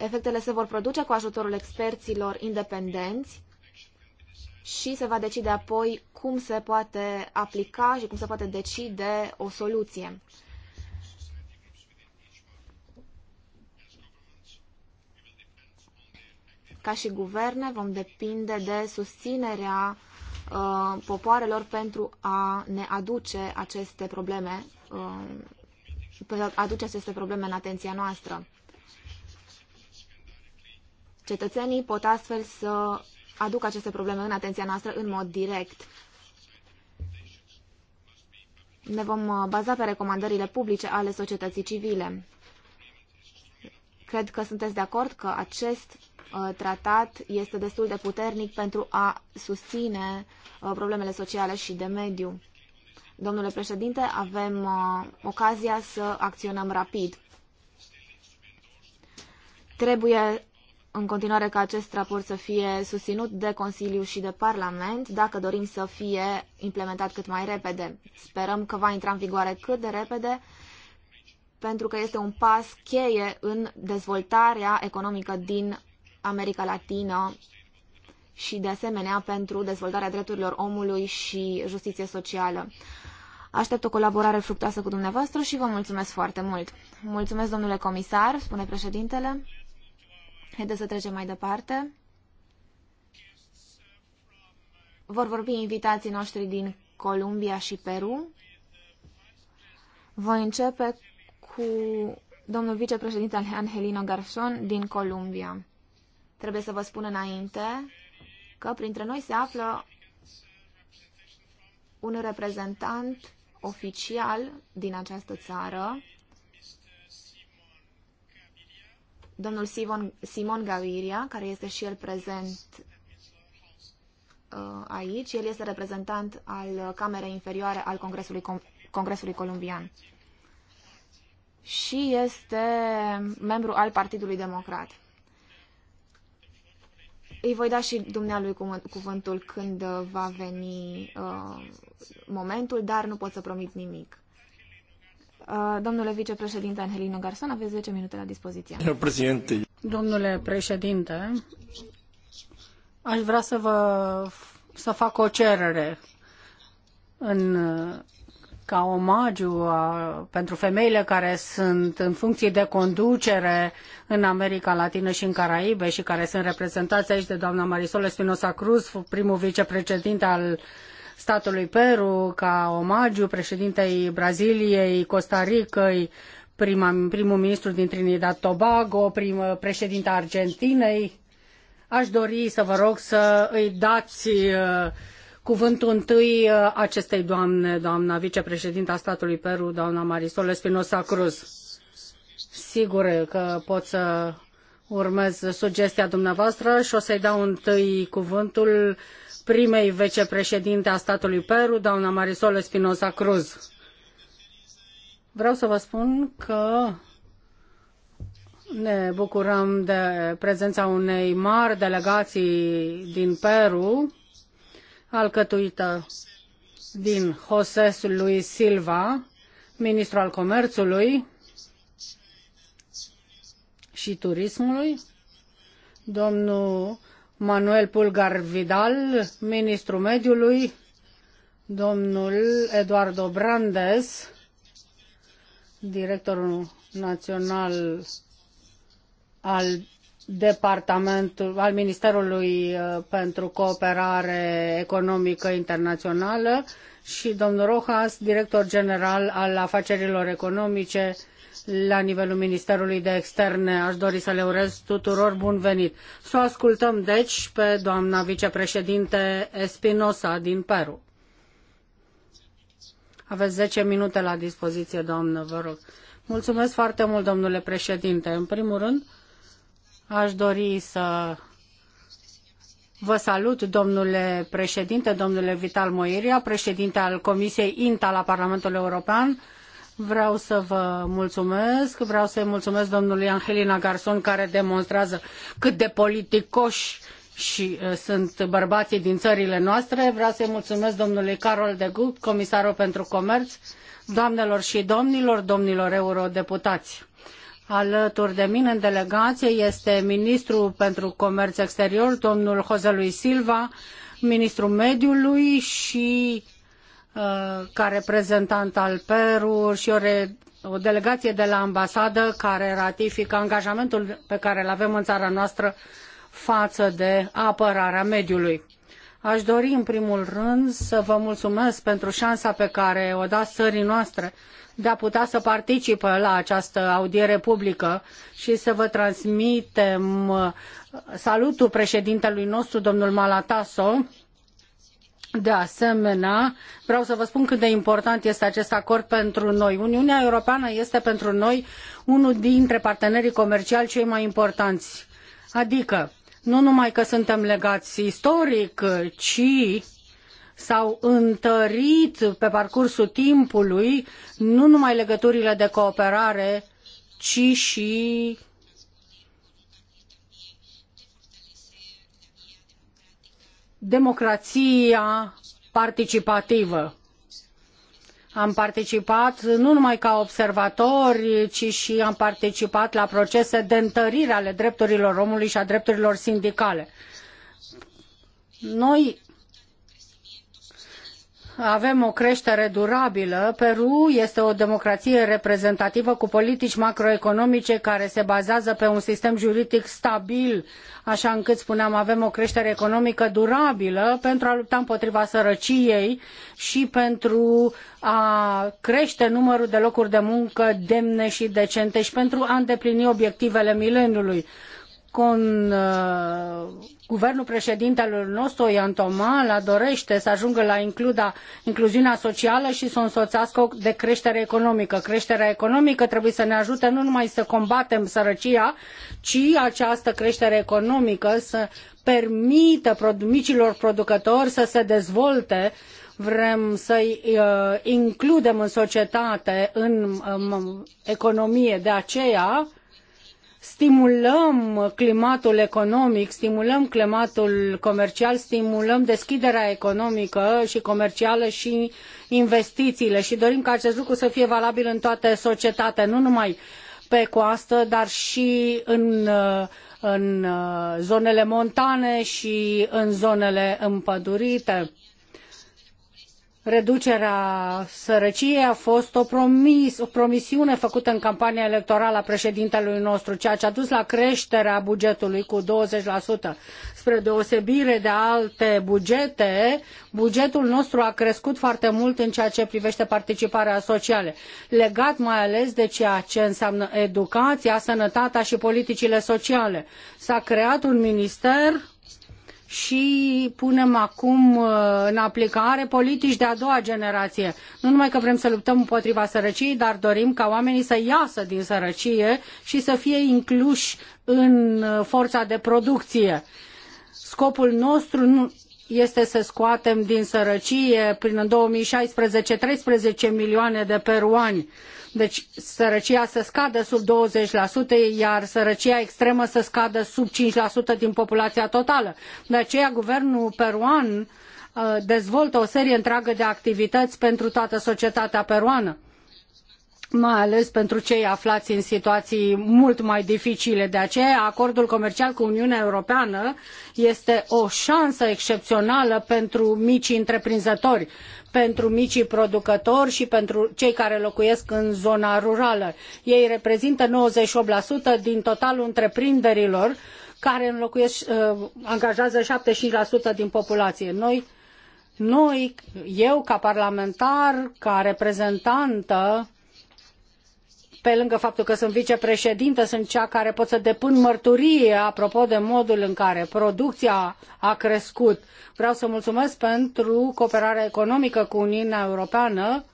Efectele se vor produce cu ajutorul experților independenți și se va decide apoi cum se poate aplica și cum se poate decide o soluție. Ca și guverne vom depinde de susținerea uh, popoarelor pentru a ne aduce aceste probleme, uh, aduce aceste probleme în atenția noastră. Cetățenii pot astfel să aducă aceste probleme în atenția noastră în mod direct. Ne vom uh, baza pe recomandările publice ale societății civile. Cred că sunteți de acord că acest uh, tratat este destul de puternic pentru a susține uh, problemele sociale și de mediu. Domnule președinte, avem ocazia să acționăm rapid. Trebuie în continuare ca acest raport să fie susținut de Consiliu și de Parlament, dacă dorim să fie implementat cât mai repede. Sperăm că va intra în vigoare cât de repede, pentru că este un pas cheie în dezvoltarea economică din America Latină și, de asemenea, pentru dezvoltarea drepturilor omului și justiție socială. Aștept o colaborare fructoasă cu dumneavoastră și vă mulțumesc foarte mult. Mulțumesc, domnule comisar, spune președintele. Haideți să trecem mai departe. Vor vorbi invitații noștri din Columbia și Peru. Voi începe cu domnul vicepreședinte Angelino Garson din Columbia. Trebuie să vă spun înainte că printre noi se află un reprezentant oficial din această țară, domnul Simon, Simon Gaviria, care este și el prezent uh, aici. El este reprezentant al Camerei Inferioare al Congresului, Com- Congresului Columbian și este membru al Partidului Democrat. Îi voi da și dumnealui cuvântul când va veni uh, momentul, dar nu pot să promit nimic. Uh, domnule vicepreședinte Angelino Garson, aveți 10 minute la dispoziție. Președinte. Domnule președinte, aș vrea să vă să fac o cerere în ca omagiu a, pentru femeile care sunt în funcții de conducere în America Latină și în Caraibe și care sunt reprezentați aici de doamna Marisol Espinosa Cruz, primul vicepreședinte al statului Peru ca omagiu președintei Braziliei, Costa Ricăi, prima, primul ministru din Trinidad Tobago, prim, uh, președinta Argentinei. Aș dori să vă rog să îi dați uh, cuvântul întâi uh, acestei doamne, doamna vicepreședinta statului Peru, doamna Marisol Espinosa Cruz. Sigur că pot să urmez sugestia dumneavoastră și o să-i dau întâi cuvântul primei vicepreședinte a statului Peru, doamna Marisol Espinosa Cruz. Vreau să vă spun că ne bucurăm de prezența unei mari delegații din Peru, alcătuită din José Luis Silva, ministru al comerțului și turismului, domnul Manuel Pulgar Vidal, ministrul mediului, domnul Eduardo Brandes, directorul național al departamentul al Ministerului uh, pentru Cooperare Economică Internațională și domnul Rojas, director general al afacerilor economice la nivelul Ministerului de Externe. Aș dori să le urez tuturor bun venit. Să o ascultăm, deci, pe doamna vicepreședinte Espinosa din Peru. Aveți 10 minute la dispoziție, doamnă, vă rog. Mulțumesc foarte mult, domnule președinte. În primul rând, aș dori să Vă salut, domnule președinte, domnule Vital Moiria, președinte al Comisiei INTA la Parlamentul European Vreau să vă mulțumesc, vreau să-i mulțumesc domnului Angelina Garson care demonstrează cât de politicoși și uh, sunt bărbații din țările noastre. Vreau să-i mulțumesc domnului Carol de Gucht, comisarul pentru comerț, doamnelor și domnilor, domnilor eurodeputați. Alături de mine în delegație este ministrul pentru comerț exterior, domnul Jose Luis Silva, ministrul mediului și Uh, ca reprezentant al Peru și o, re, o delegație de la ambasadă care ratifică angajamentul pe care îl avem în țara noastră față de apărarea mediului. Aș dori în primul rând să vă mulțumesc pentru șansa pe care o dați țării noastre de a putea să participe la această audiere publică și să vă transmitem uh, salutul președintelui nostru, domnul Malataso, de asemenea, vreau să vă spun cât de important este acest acord pentru noi. Uniunea Europeană este pentru noi unul dintre partenerii comerciali cei mai importanți. Adică, nu numai că suntem legați istoric, ci s-au întărit pe parcursul timpului nu numai legăturile de cooperare, ci și democrația participativă. Am participat nu numai ca observatori, ci și am participat la procese de întărire ale drepturilor omului și a drepturilor sindicale. Noi avem o creștere durabilă. Peru este o democrație reprezentativă cu politici macroeconomice care se bazează pe un sistem juridic stabil, așa încât spuneam avem o creștere economică durabilă pentru a lupta împotriva sărăciei și pentru a crește numărul de locuri de muncă demne și decente și pentru a îndeplini obiectivele mileniului con, uh, guvernul președintelui nostru, Ian Tomala, dorește să ajungă la includa, incluziunea socială și să o însoțească de creștere economică. Creșterea economică trebuie să ne ajute nu numai să combatem sărăcia, ci această creștere economică să permită micilor producători să se dezvolte vrem să i uh, includem în societate, în um, economie. De aceea, stimulăm climatul economic, stimulăm climatul comercial, stimulăm deschiderea economică și comercială și investițiile și dorim ca acest lucru să fie valabil în toată societatea, nu numai pe coastă, dar și în, în zonele montane și în zonele împădurite Reducerea sărăciei a fost o, promis, o promisiune făcută în campania electorală a președintelui nostru, ceea ce a dus la creșterea bugetului cu 20%. Spre deosebire de alte bugete, bugetul nostru a crescut foarte mult în ceea ce privește participarea socială, legat mai ales de ceea ce înseamnă educația, sănătatea și politicile sociale. S-a creat un minister și punem acum uh, în aplicare politici de a doua generație. Nu numai că vrem să luptăm împotriva sărăciei, dar dorim ca oamenii să iasă din sărăcie și să fie incluși în uh, forța de producție. Scopul nostru este să scoatem din sărăcie prin 2016 13 milioane de peruani deci sărăcia să scadă sub 20%, iar sărăcia extremă să scadă sub 5% din populația totală. De aceea guvernul peruan uh, dezvoltă o serie întreagă de activități pentru toată societatea peruană mai ales pentru cei aflați în situații mult mai dificile. De aceea, acordul comercial cu Uniunea Europeană este o șansă excepțională pentru micii întreprinzători, pentru micii producători și pentru cei care locuiesc în zona rurală. Ei reprezintă 98% din totalul întreprinderilor care înlocuiesc, uh, angajează 75% din populație. Noi, noi, eu ca parlamentar, ca reprezentantă pe lângă faptul că sunt vicepreședintă, sunt cea care pot să depun mărturie apropo de modul în care producția a crescut. Vreau să mulțumesc pentru cooperarea economică cu Uniunea Europeană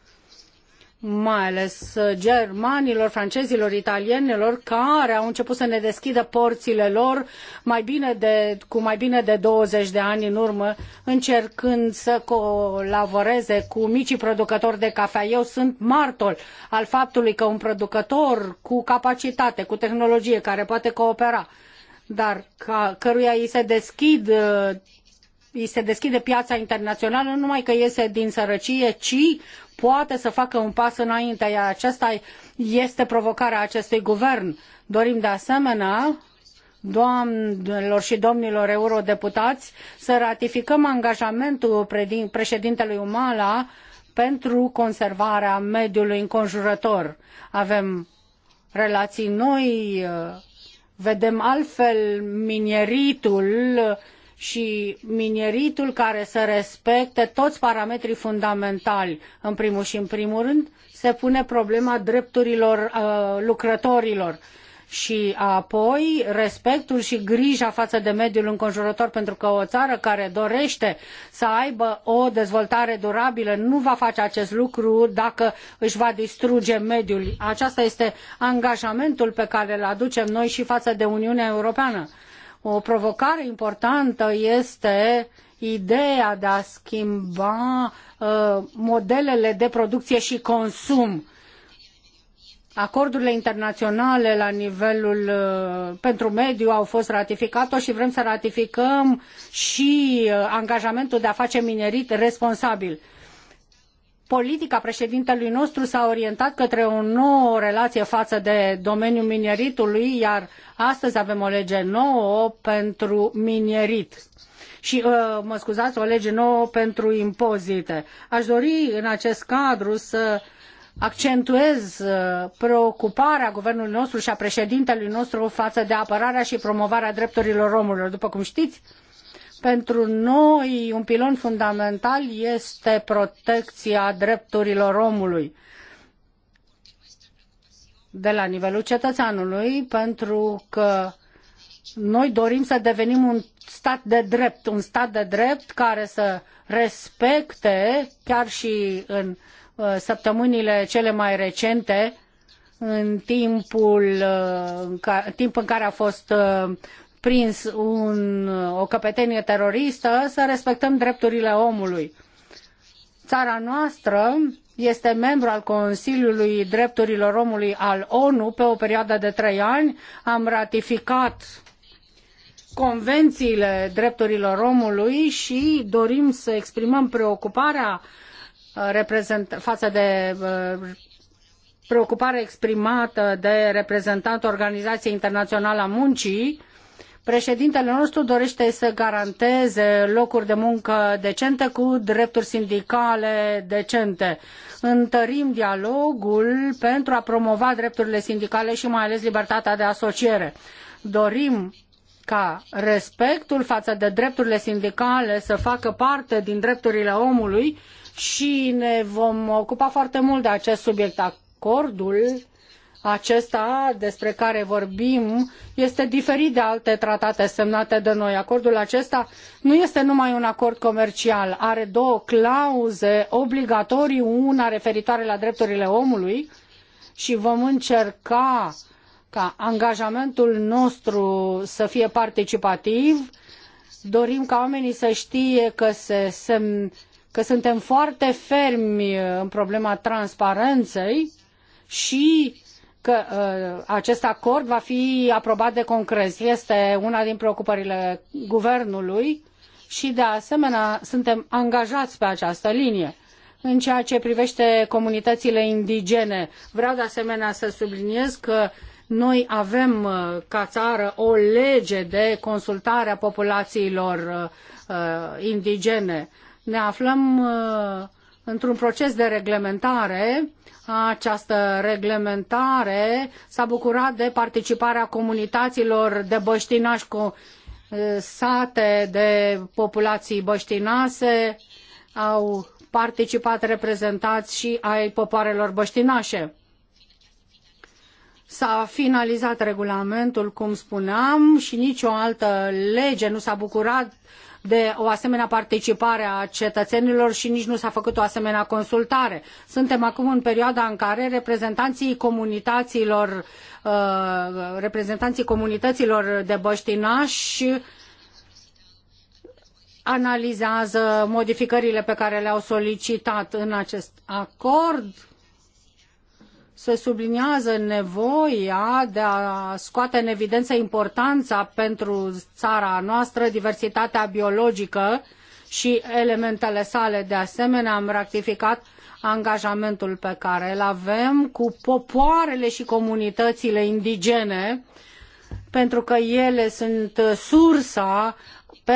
mai ales uh, germanilor, francezilor, italienilor, care au început să ne deschidă porțile lor mai bine de, cu mai bine de 20 de ani în urmă, încercând să colaboreze cu micii producători de cafea. Eu sunt martor al faptului că un producător cu capacitate, cu tehnologie, care poate coopera, dar ca, căruia îi se deschid uh, îi se deschide piața internațională, nu numai că iese din sărăcie, ci poate să facă un pas înainte, iar aceasta este provocarea acestui guvern. Dorim de asemenea doamnelor și domnilor eurodeputați să ratificăm angajamentul președintelui Umala pentru conservarea mediului înconjurător. Avem relații noi, vedem altfel mineritul, uh, și mineritul care să respecte toți parametrii fundamentali, în primul și în primul rând, se pune problema drepturilor uh, lucrătorilor și apoi respectul și grija față de mediul înconjurător, pentru că o țară care dorește să aibă o dezvoltare durabilă nu va face acest lucru dacă își va distruge mediul. Acesta este angajamentul pe care îl aducem noi și față de Uniunea Europeană o provocare importantă este ideea de a schimba uh, modelele de producție și consum. Acordurile internaționale la nivelul uh, pentru mediu au fost ratificate și vrem să ratificăm și uh, angajamentul de a face minerit responsabil politica președintelui nostru s-a orientat către o nouă relație față de domeniul mineritului, iar astăzi avem o lege nouă pentru minerit și, uh, mă scuzați, o lege nouă pentru impozite. Aș dori în acest cadru să accentuez uh, preocuparea guvernului nostru și a președintelui nostru față de apărarea și promovarea drepturilor omului. După cum știți, pentru noi, un pilon fundamental este protecția drepturilor omului de la nivelul cetățeanului, pentru că noi dorim să devenim un stat de drept, un stat de drept care să respecte, chiar și în uh, săptămânile cele mai recente, în timpul, uh, în timp în care a fost uh, prins un, o căpetenie teroristă, să respectăm drepturile omului. Țara noastră este membru al Consiliului Drepturilor Omului al ONU pe o perioadă de trei ani. Am ratificat convențiile drepturilor omului și dorim să exprimăm preocuparea uh, față de uh, preocuparea exprimată de reprezentantul Organizației Internaționale a Muncii Președintele nostru dorește să garanteze locuri de muncă decente cu drepturi sindicale decente. Întărim dialogul pentru a promova drepturile sindicale și mai ales libertatea de asociere. Dorim ca respectul față de drepturile sindicale să facă parte din drepturile omului și ne vom ocupa foarte mult de acest subiect. Acordul acesta despre care vorbim este diferit de alte tratate semnate de noi. Acordul acesta nu este numai un acord comercial, are două clauze obligatorii, una referitoare la drepturile omului și vom încerca ca angajamentul nostru să fie participativ. Dorim ca oamenii să știe că, se, se, că suntem foarte fermi în problema transparenței și că uh, acest acord va fi aprobat de Congres. Este una din preocupările guvernului și, de asemenea, suntem angajați pe această linie. În ceea ce privește comunitățile indigene, vreau de asemenea să subliniez că noi avem uh, ca țară o lege de consultare a populațiilor uh, indigene. Ne aflăm uh, într-un proces de reglementare. Această reglementare s-a bucurat de participarea comunităților de băștinași cu eh, sate de populații băștinase, au participat reprezentați și ai popoarelor băștinașe. S-a finalizat regulamentul, cum spuneam, și nicio altă lege nu s-a bucurat de o asemenea participare a cetățenilor și nici nu s-a făcut o asemenea consultare. Suntem acum în perioada în care reprezentanții comunităților, uh, reprezentanții comunităților de băștinași analizează modificările pe care le-au solicitat în acest acord se subliniază nevoia de a scoate în evidență importanța pentru țara noastră, diversitatea biologică și elementele sale. De asemenea, am rectificat angajamentul pe care îl avem cu popoarele și comunitățile indigene, pentru că ele sunt sursa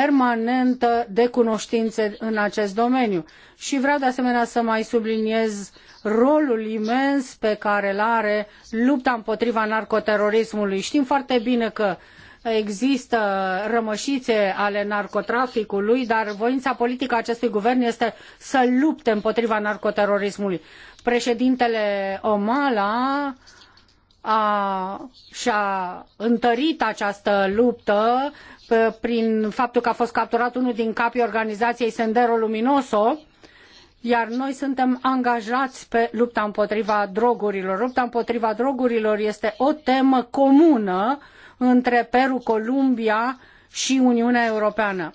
permanentă de cunoștințe în acest domeniu. Și vreau de asemenea să mai subliniez rolul imens pe care îl are lupta împotriva narcoterorismului. Știm foarte bine că există rămășițe ale narcotraficului, dar voința politică a acestui guvern este să lupte împotriva narcoterorismului. Președintele Omala a, și-a întărit această luptă prin faptul că a fost capturat unul din capii organizației Sendero Luminoso, iar noi suntem angajați pe lupta împotriva drogurilor. Lupta împotriva drogurilor este o temă comună între Peru, Columbia și Uniunea Europeană.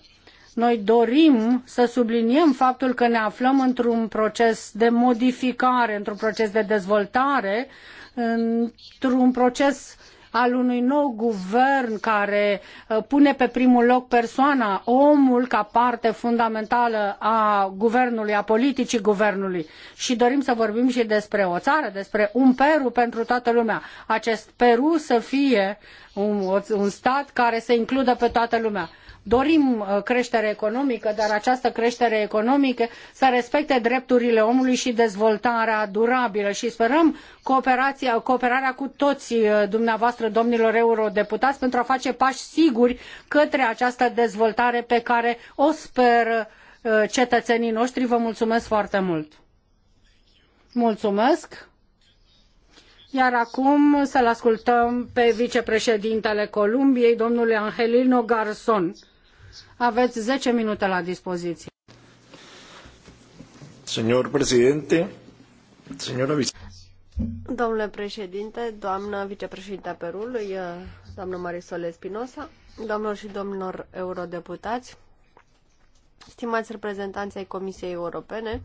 Noi dorim să subliniem faptul că ne aflăm într-un proces de modificare, într-un proces de dezvoltare, într-un proces al unui nou guvern care uh, pune pe primul loc persoana, omul ca parte fundamentală a guvernului, a politicii guvernului. Și dorim să vorbim și despre o țară, despre un Peru pentru toată lumea. Acest Peru să fie un, un stat care să includă pe toată lumea dorim uh, creștere economică, dar această creștere economică să respecte drepturile omului și dezvoltarea durabilă și sperăm cooperarea cu toți uh, dumneavoastră, domnilor eurodeputați, pentru a face pași siguri către această dezvoltare pe care o speră uh, cetățenii noștri. Vă mulțumesc foarte mult! Mulțumesc! Iar acum să-l ascultăm pe vicepreședintele Columbiei, domnul Angelino Garson. Aveți 10 minute la dispoziție. vice... Domnule președinte, doamnă Vicepreședinte Perului, eh, doamnă Marisol Espinosa, doamnelor și domnilor eurodeputați, stimați reprezentanți ai Comisiei Europene,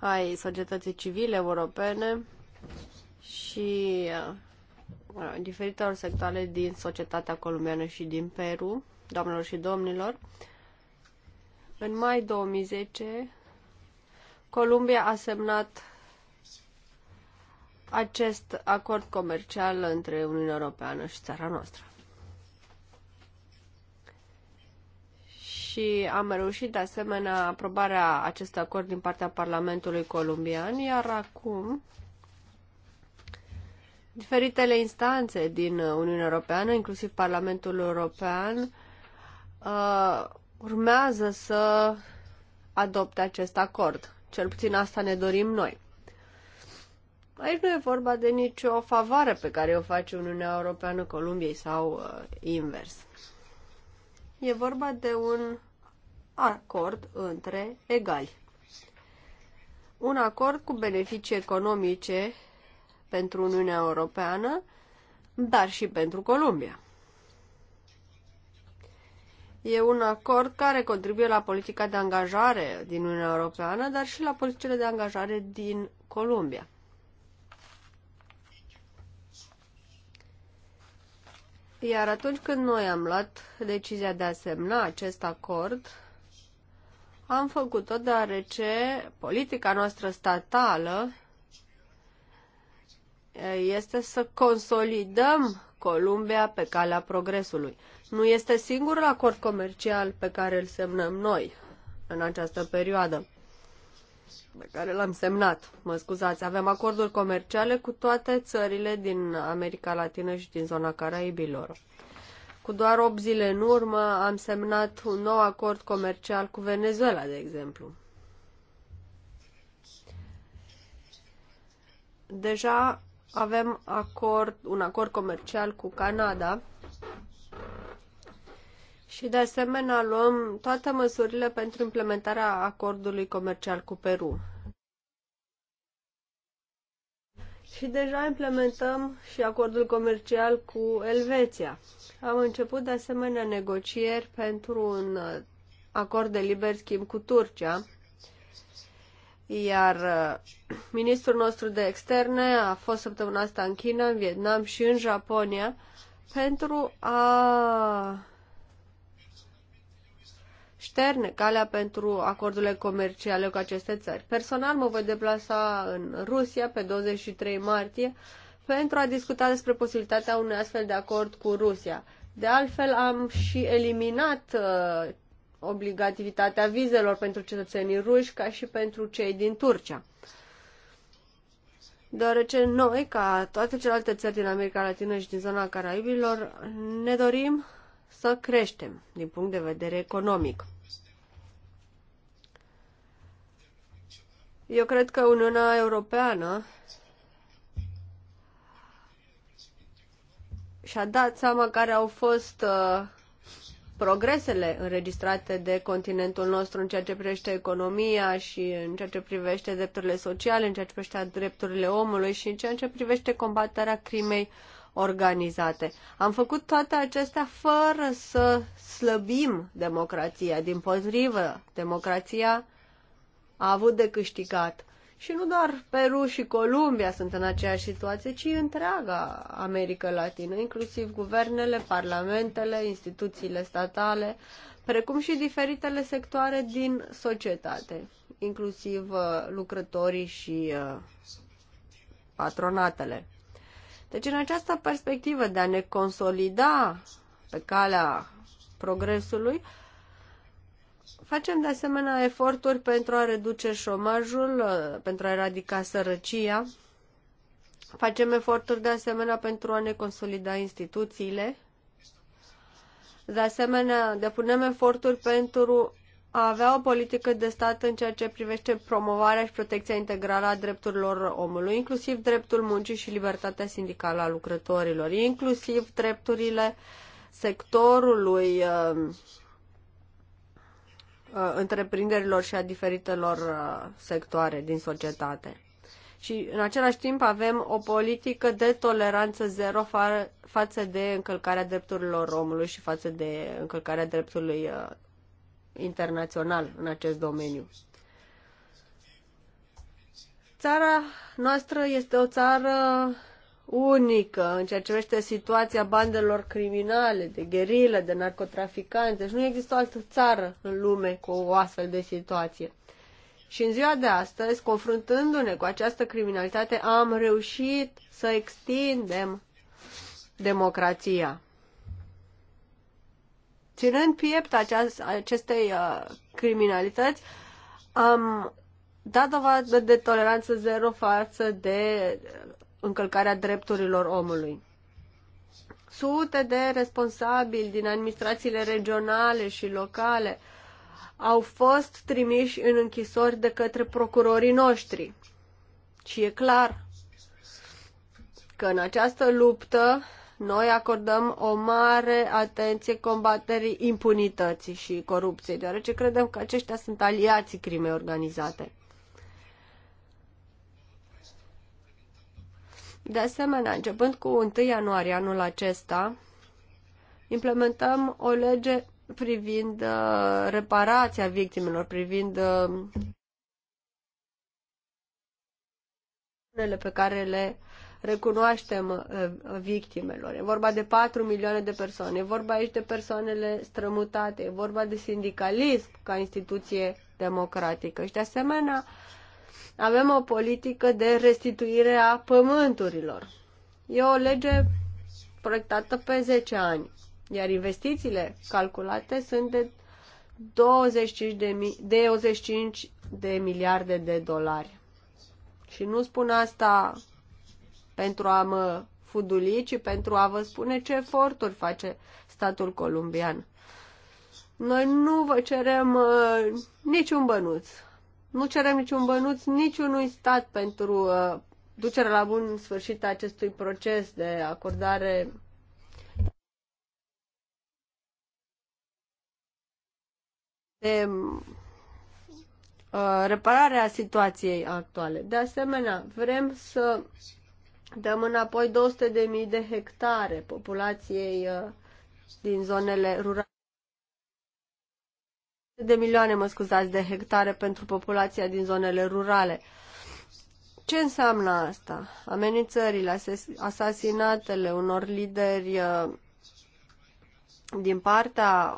ai societății civile europene și eh, diferitelor sectoare din societatea colombiană și din Peru, doamnelor și domnilor, în mai 2010, Columbia a semnat acest acord comercial între Uniunea Europeană și țara noastră. și am reușit de asemenea aprobarea acestui acord din partea Parlamentului colombian, iar acum diferitele instanțe din Uniunea Europeană, inclusiv Parlamentul European, uh, urmează să adopte acest acord. Cel puțin asta ne dorim noi. Aici nu e vorba de nicio favoare pe care o face Uniunea Europeană Columbiei sau uh, invers. E vorba de un acord între egali. Un acord cu beneficii economice pentru Uniunea Europeană, dar și pentru Columbia. E un acord care contribuie la politica de angajare din Uniunea Europeană, dar și la politicile de angajare din Columbia. Iar atunci când noi am luat decizia de a semna acest acord, am făcut-o deoarece politica noastră statală este să consolidăm Columbia pe calea progresului. Nu este singurul acord comercial pe care îl semnăm noi în această perioadă pe care l-am semnat. Mă scuzați, avem acorduri comerciale cu toate țările din America Latină și din zona Caraibilor. Cu doar 8 zile în urmă am semnat un nou acord comercial cu Venezuela, de exemplu. Deja avem acord, un acord comercial cu Canada, și de asemenea luăm toate măsurile pentru implementarea acordului comercial cu Peru. Și deja implementăm și acordul comercial cu Elveția. Am început de asemenea negocieri pentru un acord de liber schimb cu Turcia, iar uh, ministrul nostru de externe a fost săptămâna asta în China, în Vietnam și în Japonia pentru a șterne calea pentru acordurile comerciale cu aceste țări. Personal mă voi deplasa în Rusia pe 23 martie pentru a discuta despre posibilitatea unui astfel de acord cu Rusia. De altfel, am și eliminat uh, obligativitatea vizelor pentru cetățenii ruși ca și pentru cei din Turcia. Deoarece noi, ca toate celelalte țări din America Latină și din zona Caraibilor, ne dorim să creștem din punct de vedere economic. Eu cred că Uniunea Europeană și-a dat seama care au fost uh, progresele înregistrate de continentul nostru în ceea ce privește economia și în ceea ce privește drepturile sociale, în ceea ce privește drepturile omului și în ceea ce privește combaterea crimei uh, organizate. Am făcut toate acestea fără să slăbim democrația. Din potrivă, democrația a avut de câștigat. Și nu doar Peru și Columbia sunt în aceeași situație, ci întreaga America Latină, inclusiv guvernele, parlamentele, instituțiile statale, precum și diferitele sectoare din societate, inclusiv uh, lucrătorii și uh, patronatele. Deci, în această perspectivă de a ne consolida pe calea progresului, facem de asemenea eforturi pentru a reduce șomajul, pentru a eradica sărăcia, facem eforturi de asemenea pentru a ne consolida instituțiile, de asemenea, depunem eforturi pentru a avea o politică de stat în ceea ce privește promovarea și protecția integrală a drepturilor omului, inclusiv dreptul muncii și libertatea sindicală a lucrătorilor, inclusiv drepturile sectorului uh, uh, întreprinderilor și a diferitelor uh, sectoare din societate. Și în același timp avem o politică de toleranță zero fa- față de încălcarea drepturilor omului și față de încălcarea dreptului internațional în acest domeniu. Țara noastră este o țară unică în ceea ce privește situația bandelor criminale, de gherilă, de narcotraficanți. Deci nu există o altă țară în lume cu o astfel de situație. Și în ziua de astăzi, confruntându-ne cu această criminalitate, am reușit să extindem democrația. Ținând piept aceast, acestei uh, criminalități, am dat dovadă de toleranță zero față de încălcarea drepturilor omului. Sute de responsabili din administrațiile regionale și locale au fost trimiși în închisori de către procurorii noștri. Și e clar că în această luptă noi acordăm o mare atenție combaterii impunității și corupției, deoarece credem că aceștia sunt aliații crimei organizate. De asemenea, începând cu 1 ianuarie anul acesta, implementăm o lege privind uh, reparația victimelor, privind uh, pe care le recunoaștem uh, uh, victimelor. E vorba de 4 milioane de persoane. E vorba aici de persoanele strămutate. E vorba de sindicalism ca instituție democratică. Și de asemenea, avem o politică de restituire a pământurilor. E o lege proiectată pe 10 ani, iar investițiile calculate sunt de 25 de, mi- de 25 de miliarde de dolari. Și nu spun asta pentru a mă fuduli, ci pentru a vă spune ce eforturi face statul columbian. Noi nu vă cerem uh, niciun bănuț. Nu cerem niciun bănuț niciunui stat pentru uh, ducerea la bun sfârșit a acestui proces de acordare de uh, repararea situației actuale. De asemenea, vrem să Dăm înapoi 200.000 de de hectare populației uh, din zonele rurale. De milioane, mă scuzați, de hectare pentru populația din zonele rurale. Ce înseamnă asta? Amenințările, asasinatele unor lideri uh, din partea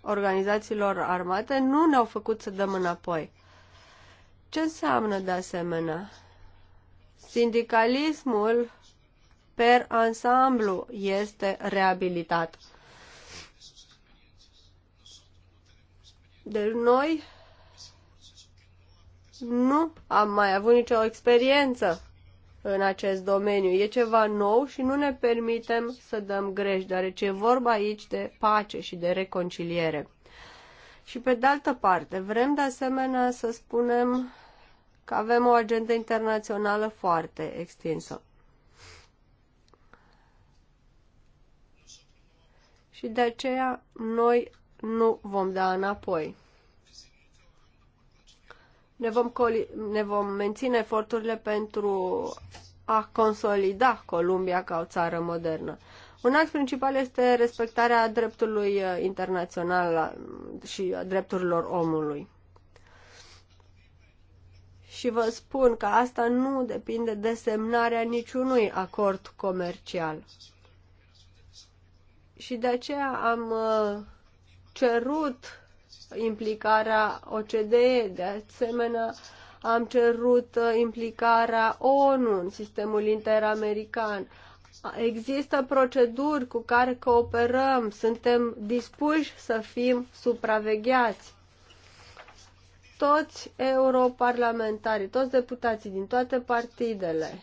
organizațiilor armate nu ne-au făcut să dăm înapoi. Ce înseamnă de asemenea? sindicalismul per ansamblu este reabilitat. Deci noi nu am mai avut nicio experiență în acest domeniu. E ceva nou și nu ne permitem să dăm greș, deoarece e vorba aici de pace și de reconciliere. Și pe de altă parte, vrem de asemenea să spunem că avem o agendă internațională foarte extinsă. Și de aceea noi nu vom da înapoi. Ne vom, ne vom menține eforturile pentru a consolida Columbia ca o țară modernă. Un act principal este respectarea dreptului uh, internațional și a drepturilor omului și vă spun că asta nu depinde de semnarea niciunui acord comercial. Și de aceea am uh, cerut implicarea OCDE, de asemenea am cerut uh, implicarea ONU în sistemul interamerican. Există proceduri cu care cooperăm, suntem dispuși să fim supravegheați toți europarlamentarii, toți deputații din toate partidele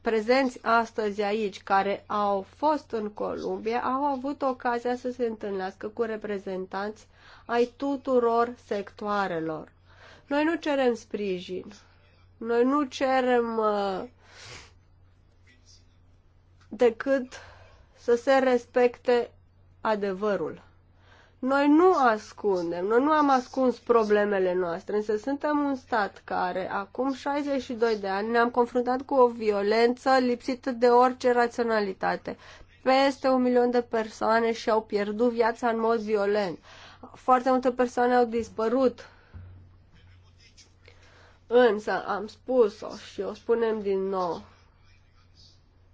prezenți astăzi aici, care au fost în Columbia, au avut ocazia să se întâlnească cu reprezentanți ai tuturor sectoarelor. Noi nu cerem sprijin, noi nu cerem uh, decât să se respecte adevărul. Noi nu ascundem, noi nu am ascuns problemele noastre, însă suntem un stat care acum 62 de ani ne-am confruntat cu o violență lipsită de orice raționalitate. Peste un milion de persoane și-au pierdut viața în mod violent. Foarte multe persoane au dispărut. Însă am spus-o și o spunem din nou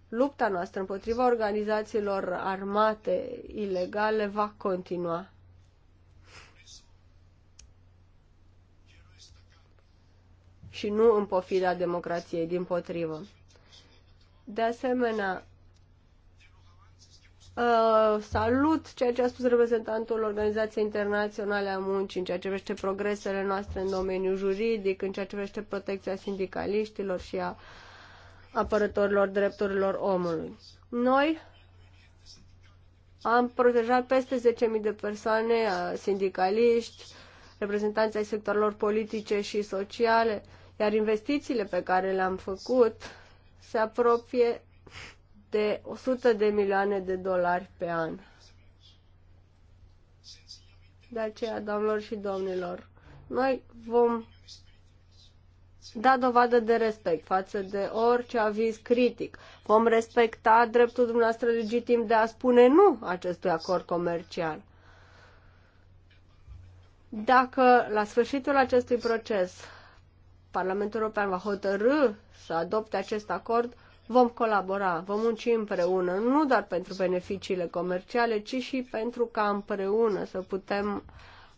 lupta noastră împotriva organizațiilor armate ilegale va continua. și nu în pofida democrației, din potrivă. De asemenea, uh, salut ceea ce a spus reprezentantul Organizației Internaționale a Muncii în ceea ce privește progresele noastre în domeniul juridic, în ceea ce privește protecția sindicaliștilor și a apărătorilor drepturilor omului. Noi am protejat peste 10.000 de persoane, uh, sindicaliști, reprezentanții ai sectorilor politice și sociale, iar investițiile pe care le-am făcut se apropie de 100 de milioane de dolari pe an. De aceea, doamnelor și domnilor, noi vom da dovadă de respect față de orice aviz critic. Vom respecta dreptul dumneavoastră legitim de a spune nu acestui acord comercial. Dacă la sfârșitul acestui proces Parlamentul European va hotărâ să adopte acest acord, vom colabora, vom munci împreună, nu doar pentru beneficiile comerciale, ci și pentru ca împreună să putem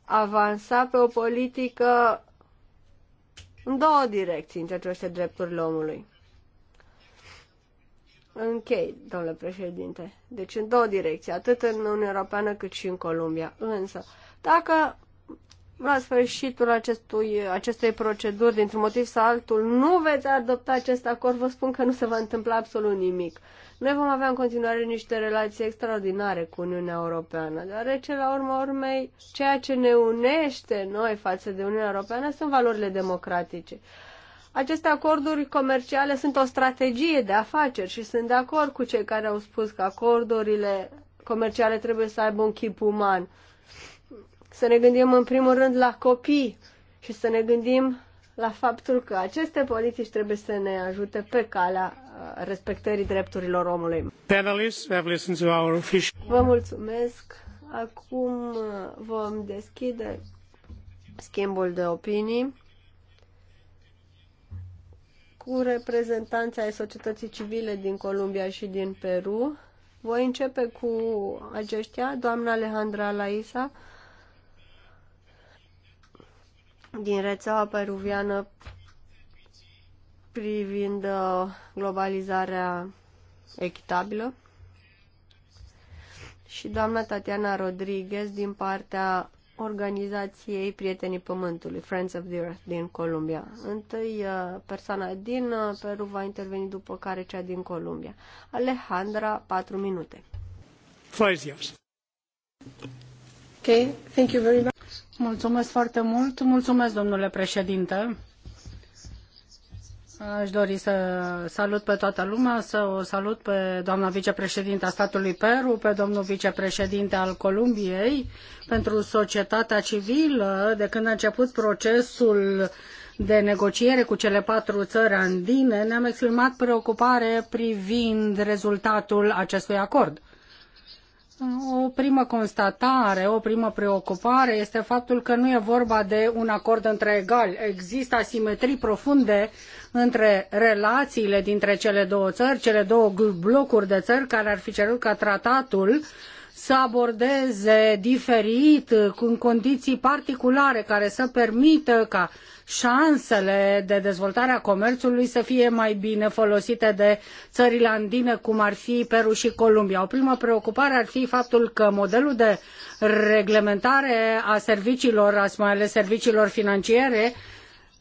avansa pe o politică în două direcții în ceea ce este drepturile omului. Închei, domnule președinte. Deci în două direcții, atât în Uniunea Europeană cât și în Columbia. Însă, dacă la sfârșitul acestui, acestei proceduri, dintr-un motiv sau altul, nu veți adopta acest acord, vă spun că nu se va întâmpla absolut nimic. Noi vom avea în continuare niște relații extraordinare cu Uniunea Europeană, deoarece, la urma urmei, ceea ce ne unește noi față de Uniunea Europeană sunt valorile democratice. Aceste acorduri comerciale sunt o strategie de afaceri și sunt de acord cu cei care au spus că acordurile comerciale trebuie să aibă un chip uman să ne gândim în primul rând la copii și să ne gândim la faptul că aceste politici trebuie să ne ajute pe calea uh, respectării drepturilor omului. Vă mulțumesc. Acum uh, vom deschide schimbul de opinii cu reprezentanța ai societății civile din Columbia și din Peru. Voi începe cu aceștia, doamna Alejandra Laisa, din rețeaua peruviană privind uh, globalizarea echitabilă și doamna Tatiana Rodriguez din partea organizației Prietenii Pământului, Friends of the Earth, din Columbia. Întâi uh, persoana din uh, Peru va interveni, după care cea din Columbia. Alejandra, patru minute. Five years. Okay, thank you very much. Mulțumesc foarte mult. Mulțumesc, domnule președinte. dori să salut pe toată lumea, să o salut pe doamna vicepreședinte a statului Peru, pe domnul vicepreședinte al Columbiei, pentru societatea civilă, de când a început procesul de negociere cu cele patru țări andine, ne-am exprimat preocupare privind rezultatul acestui acord o primă constatare, o primă preocupare este faptul că nu e vorba de un acord între egali. Există asimetrii profunde între relațiile dintre cele două țări, cele două blocuri de țări care ar fi cerut ca tratatul să abordeze diferit, în condiții particulare, care să permită ca șansele de dezvoltare a comerțului să fie mai bine folosite de țările andine, cum ar fi Peru și Columbia. O primă preocupare ar fi faptul că modelul de reglementare a serviciilor, mai ales serviciilor financiare,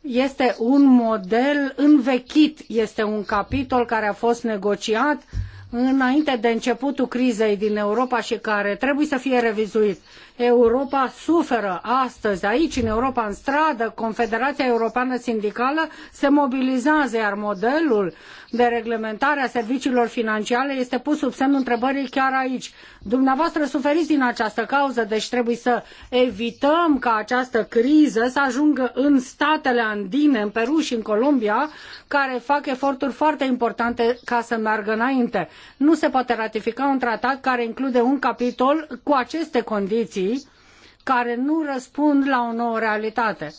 este un model învechit, este un capitol care a fost negociat uh, înainte de începutul crizei din Europa și care trebuie să fie revizuit. Europa suferă astăzi, aici, în Europa, în stradă, Confederația Europeană Sindicală se mobilizează, iar modelul de reglementare a serviciilor financiare este pus sub semnul întrebării chiar aici. Dumneavoastră suferiți din această cauză, deci trebuie să evităm ca această criză să ajungă în statele andine, în Peru și în Columbia, care fac eforturi foarte importante ca să meargă înainte. Nu se poate ratifica un tratat care include un capitol cu aceste condiții care nu răspund la o nouă realitate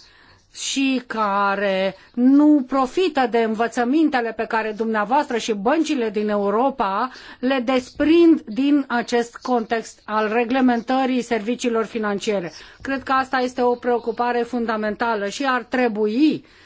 și care nu profită de învățămintele pe care dumneavoastră și băncile din Europa le desprind din acest context al reglementării serviciilor financiare. Cred că asta este o preocupare fundamentală și ar trebui uh,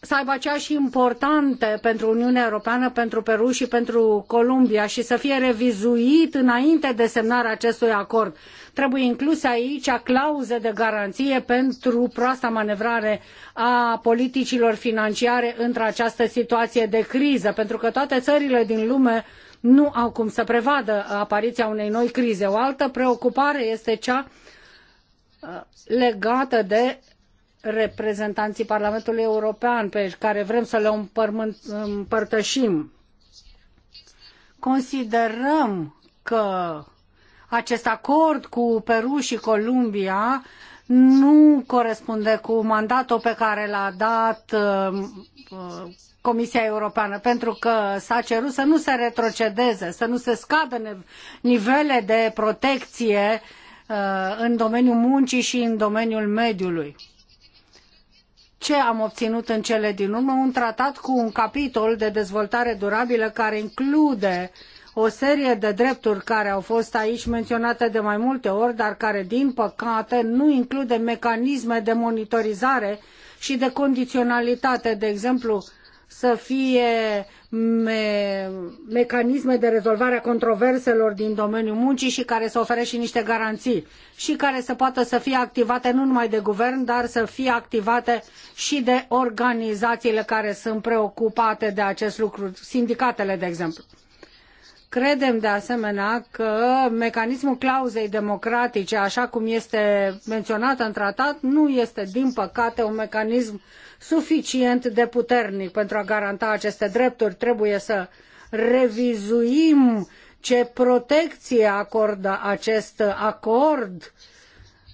să aibă aceeași importante pentru Uniunea Europeană, pentru Peru și pentru Columbia și să fie revizuit înainte de semnarea acestui acord. Trebuie incluse aici clauze de garanție pentru proasta manevrare a politicilor financiare într această situație de criză, pentru că toate țările din lume nu au cum să prevadă apariția unei noi crize. O altă preocupare este cea uh, legată de reprezentanții Parlamentului European pe care vrem să le împărmânt, împărtășim. Considerăm că acest acord cu Peru și Columbia nu corespunde cu mandatul pe care l-a dat uh, uh, Comisia Europeană, pentru că s-a cerut să nu se retrocedeze, să nu se scadă nivele de protecție uh, în domeniul muncii și în domeniul mediului ce am obținut în cele din urmă? Un tratat cu un capitol de dezvoltare durabilă care include o serie de drepturi care au fost aici menționate de mai multe ori, dar care, din păcate, nu include mecanisme de monitorizare și de condiționalitate, de exemplu, să fie me- mecanisme de rezolvare a controverselor din domeniul muncii și care să ofere și niște garanții și care să poată să fie activate nu numai de guvern, dar să fie activate și de organizațiile care sunt preocupate de acest lucru, sindicatele, de exemplu. Credem de asemenea că mecanismul clauzei democratice, așa cum este menționat în tratat, nu este, din păcate, un mecanism uh, suficient de puternic pentru a garanta aceste drepturi. Trebuie să revizuim ce protecție acordă acest acord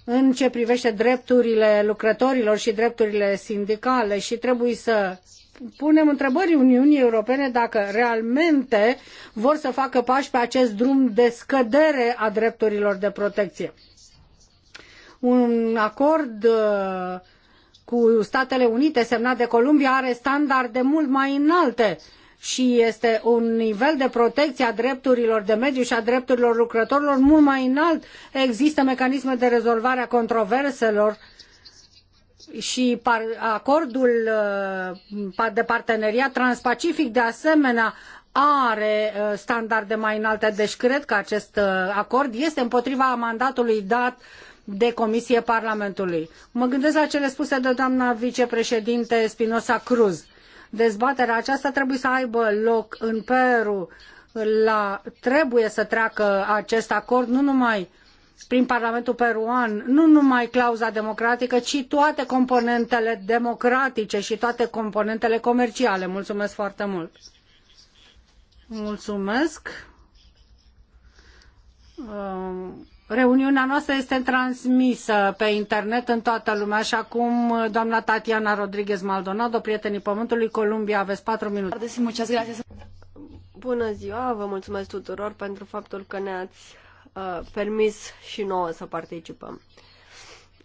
în ce privește drepturile lucrătorilor și drepturile sindicale și trebuie să punem întrebări Uniunii Europene dacă realmente vor să facă pași pe acest drum de scădere a drepturilor de protecție. Un acord uh, cu Statele Unite semnat de Columbia are standarde mult mai înalte și este un nivel de protecție a drepturilor de mediu și a drepturilor lucrătorilor mult mai înalt. Există mecanisme de rezolvare a controverselor și acordul uh, de parteneriat transpacific de asemenea are uh, standarde mai înalte, deci cred că acest uh, acord este împotriva mandatului dat uh, de Comisie Parlamentului. Mă gândesc la cele spuse de doamna vicepreședinte Spinoza Cruz. Dezbaterea aceasta trebuie să aibă loc în Peru. La, trebuie să treacă acest acord nu numai prin Parlamentul peruan, nu numai clauza democratică, ci toate componentele democratice și toate componentele comerciale. Mulțumesc foarte mult! Mulțumesc! Um Reuniunea noastră este transmisă pe internet în toată lumea și acum doamna Tatiana Rodriguez Maldonado, prietenii Pământului Columbia, aveți patru minute. Bună ziua, vă mulțumesc tuturor pentru faptul că ne-ați uh, permis și nouă să participăm.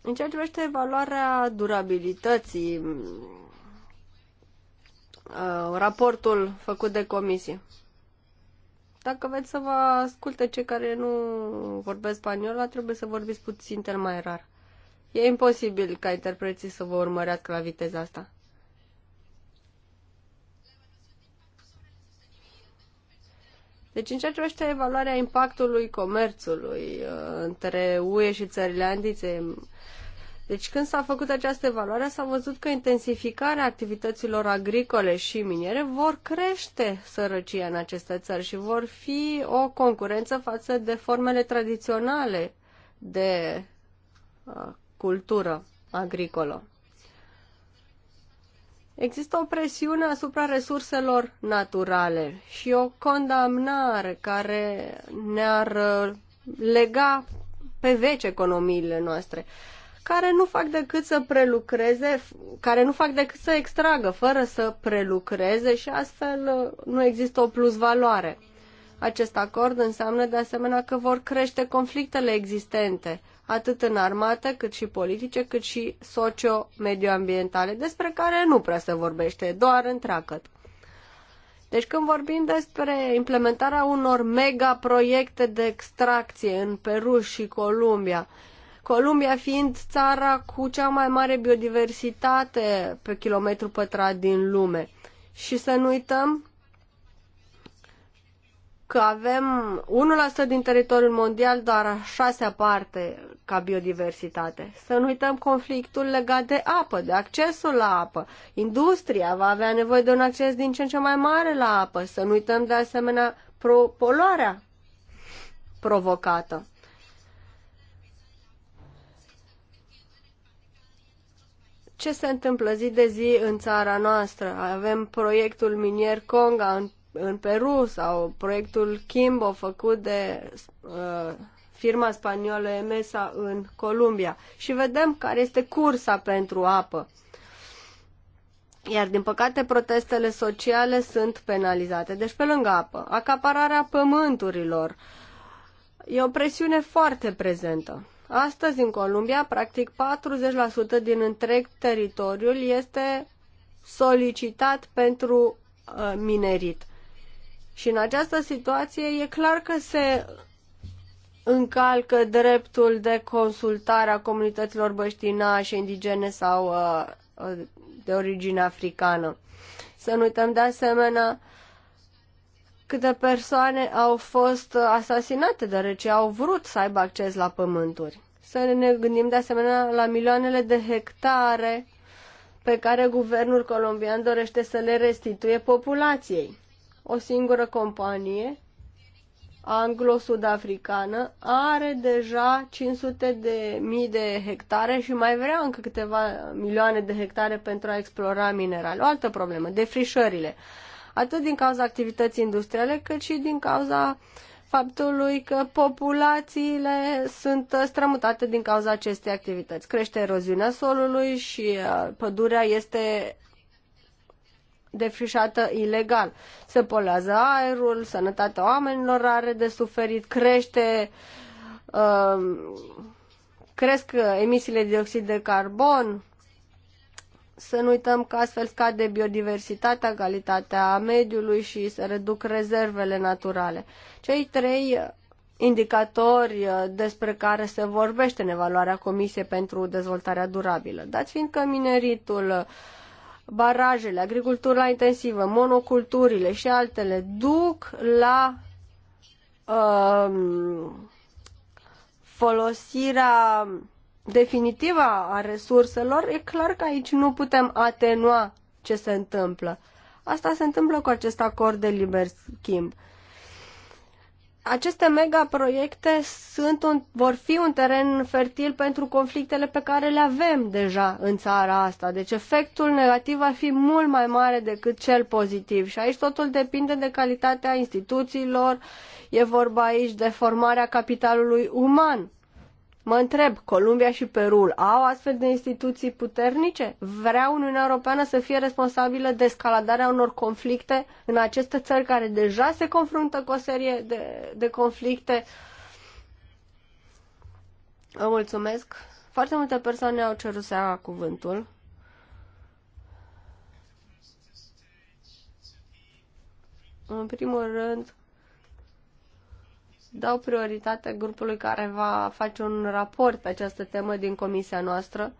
În ceea ce privește evaluarea durabilității, uh, raportul făcut de comisie. Dacă veți să vă asculte cei care nu vorbesc spaniola, trebuie să vorbiți puțin cel mai rar. E imposibil ca interpreții să vă urmărească la viteza asta. Deci, în ceea ce privește evaluarea impactului comerțului uh, între UE și țările andițe, deci când s-a făcut această evaluare, s-a văzut că intensificarea activităților agricole și miniere vor crește sărăcia în aceste țări și vor fi o concurență față de formele tradiționale de uh, cultură agricolă. Există o presiune asupra resurselor naturale și o condamnare care ne-ar uh, lega pe veci economiile noastre. Uh, care nu fac decât să prelucreze, care nu fac decât să extragă fără să prelucreze și astfel uh, nu există o plusvaloare. Acest acord înseamnă de asemenea că vor crește conflictele existente, atât în armată, cât și politice, cât și socio-medioambientale, despre care nu prea se vorbește, doar întreagăt. Deci când vorbim despre implementarea unor megaproiecte de extracție în Peru și Columbia, Columbia fiind țara cu cea mai mare biodiversitate pe kilometru pătrat din lume. Și să nu uităm că avem 1% din teritoriul mondial, doar a șasea parte ca biodiversitate. Să nu uităm conflictul legat de apă, de accesul la apă. Industria va avea nevoie de un acces din ce în ce mai mare la apă. Să nu uităm de asemenea poluarea provocată. ce se întâmplă zi de zi în țara noastră. Avem proiectul minier Conga în, în Peru sau proiectul Kimbo făcut de uh, firma spaniolă Emesa în Columbia și vedem care este cursa pentru apă. Iar, din păcate, protestele sociale sunt penalizate. Deci, pe lângă apă, acapararea pământurilor, e o presiune foarte prezentă. Astăzi, în Columbia, practic 40% din întreg teritoriul este solicitat pentru uh, minerit. Și în această situație e clar că se încalcă dreptul de consultare a comunităților băștinașe, indigene sau uh, uh, de origine africană. Să nu uităm de asemenea câte persoane au fost uh, asasinate deoarece au vrut să aibă acces la pământuri. Să ne gândim de asemenea la milioanele de hectare pe care guvernul colombian dorește să le restituie populației. O singură companie anglo-sudafricană are deja 500 de mii de hectare și mai vrea încă câteva milioane de hectare pentru a explora minerale. O altă problemă, defrișările atât din cauza activității industriale, cât și din cauza faptului că populațiile sunt strămutate din cauza acestei activități. Crește eroziunea solului și uh, pădurea este defrișată ilegal. Se polează aerul, sănătatea oamenilor are de suferit, crește uh, cresc emisiile de dioxid de carbon, să nu uităm că astfel scade biodiversitatea, calitatea mediului și se reduc rezervele naturale. Cei trei indicatori uh, despre care se vorbește în evaluarea Comisiei pentru Dezvoltarea Durabilă. Dați fiind că mineritul, barajele, agricultura intensivă, monoculturile și altele duc la um, folosirea definitivă a resurselor, e clar că aici nu putem atenua ce se întâmplă. Asta se întâmplă cu acest acord de liber schimb. Aceste megaproiecte sunt un, vor fi un teren fertil pentru conflictele pe care le avem deja în țara asta. Deci efectul negativ va fi mult mai mare decât cel pozitiv și aici totul depinde de calitatea instituțiilor, e vorba aici de formarea capitalului uman Mă întreb, Columbia și Perul au astfel de instituții puternice? Vrea Uniunea Europeană să fie responsabilă de escaladarea unor conflicte în aceste țări care deja se confruntă cu o serie de, de conflicte? Vă mulțumesc. Foarte multe persoane au cerut să ia cuvântul. În primul rând, dau prioritate grupului care va face un raport pe această temă din comisia noastră.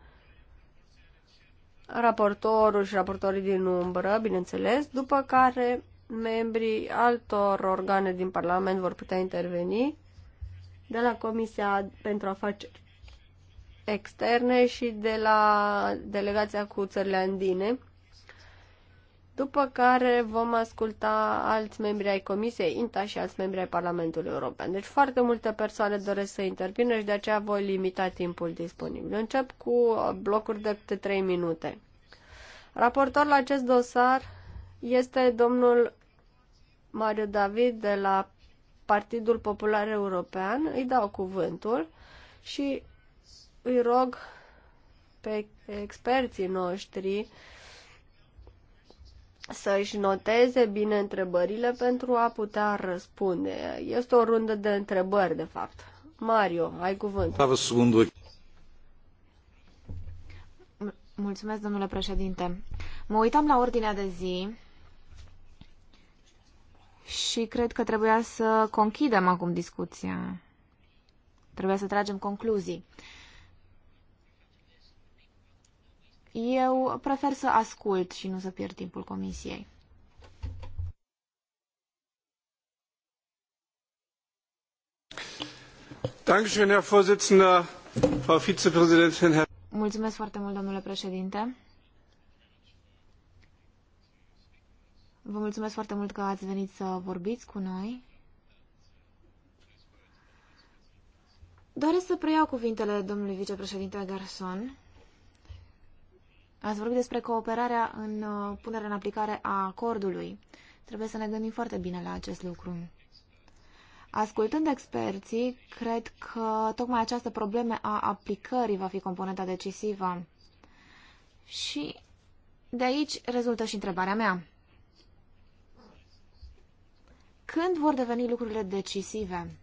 Raportorul și raportorii din umbră, bineînțeles, după care membrii altor organe din Parlament vor putea interveni de la Comisia pentru Afaceri Externe și de la Delegația cu țările andine după care vom asculta alți membri ai Comisiei INTA și alți membri ai Parlamentului European. Deci foarte multe persoane doresc să intervină și de aceea voi limita timpul disponibil. Încep cu blocuri de câte 3 minute. Raportor la acest dosar este domnul Mario David de la Partidul Popular European. Îi dau cuvântul și îi rog pe experții noștri să-și noteze bine întrebările pentru a putea răspunde. Este o rundă de întrebări, de fapt. Mario, ai cuvânt. Mulțumesc, domnule președinte. Mă uitam la ordinea de zi și cred că trebuia să conchidem acum discuția. Trebuia să tragem concluzii. Uh, Eu prefer să ascult și nu să pierd timpul comisiei. Mulțumesc foarte mult, domnule președinte. Vă mulțumesc foarte mult că ați venit să vorbiți cu noi. Doresc să preiau cuvintele domnului vicepreședinte Garson. Ați vorbit despre cooperarea în uh, punerea în aplicare a acordului. Trebuie să ne gândim foarte bine la acest lucru. Ascultând experții, cred că tocmai această problemă a aplicării va fi componenta decisivă. Și de aici rezultă și întrebarea mea. Când vor deveni lucrurile decisive?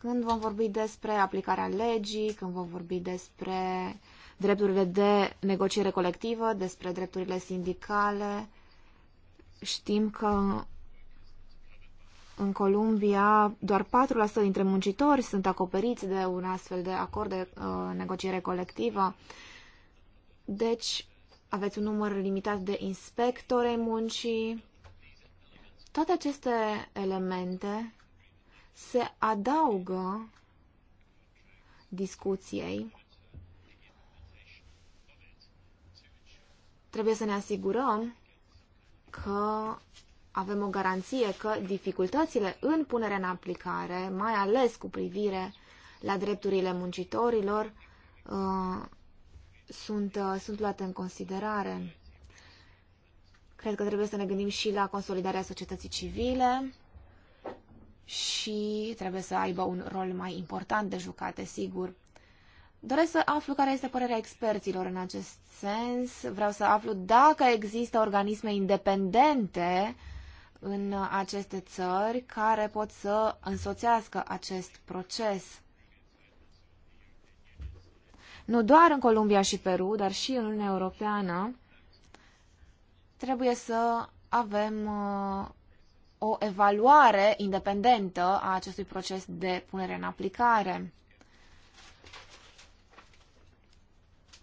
Când vom vorbi despre aplicarea legii, când vom vorbi despre drepturile de negociere colectivă, despre drepturile sindicale. Știm că în Columbia doar 4% dintre muncitori sunt acoperiți de un astfel de acord de uh, negociere colectivă. Deci, aveți un număr limitat de inspectori ai muncii. Toate aceste elemente se adaugă discuției Trebuie să ne asigurăm că avem o garanție că dificultățile în punerea în aplicare, mai ales cu privire la drepturile muncitorilor, uh, sunt, uh, sunt luate în considerare. Cred că trebuie să ne gândim și la consolidarea societății civile și trebuie să aibă un rol mai important de jucat, sigur, Doresc să aflu care este părerea experților în acest sens. Vreau să aflu dacă există organisme independente în aceste țări care pot să însoțească acest proces. Nu doar în Columbia și Peru, dar și în Uniunea Europeană trebuie să avem uh, o evaluare independentă a acestui proces de punere în aplicare.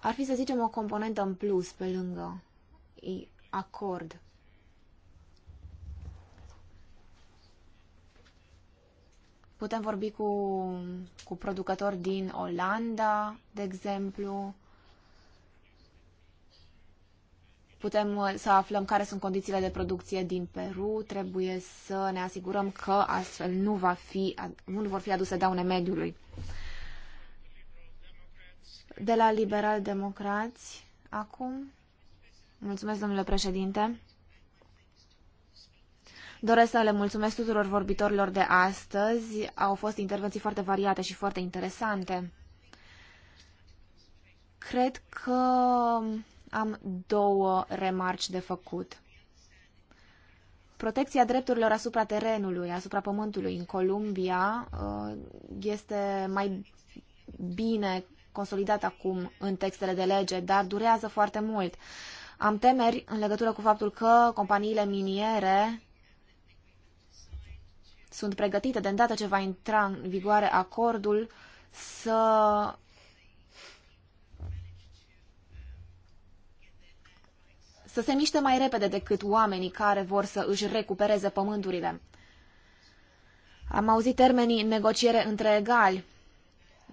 ar fi, să zicem, o componentă în plus pe lângă acord. Putem vorbi cu, cu producători din Olanda, de exemplu. Putem uh, să aflăm care sunt condițiile de producție din Peru. Trebuie să ne asigurăm că astfel nu, va fi, nu vor fi aduse daune mediului de la Liberal Democrați, acum. Mulțumesc, domnule președinte. Doresc să le mulțumesc tuturor vorbitorilor de astăzi. Au fost intervenții foarte variate și foarte interesante. Cred că am două remarci de făcut. Protecția drepturilor asupra terenului, asupra pământului în Columbia uh, este mai bine consolidat acum în textele de lege, dar durează foarte mult. Am temeri în legătură cu faptul că companiile miniere sunt pregătite de îndată ce va intra în vigoare acordul să să se miște mai repede decât oamenii care vor să își recupereze pământurile. Am auzit termenii negociere între egali.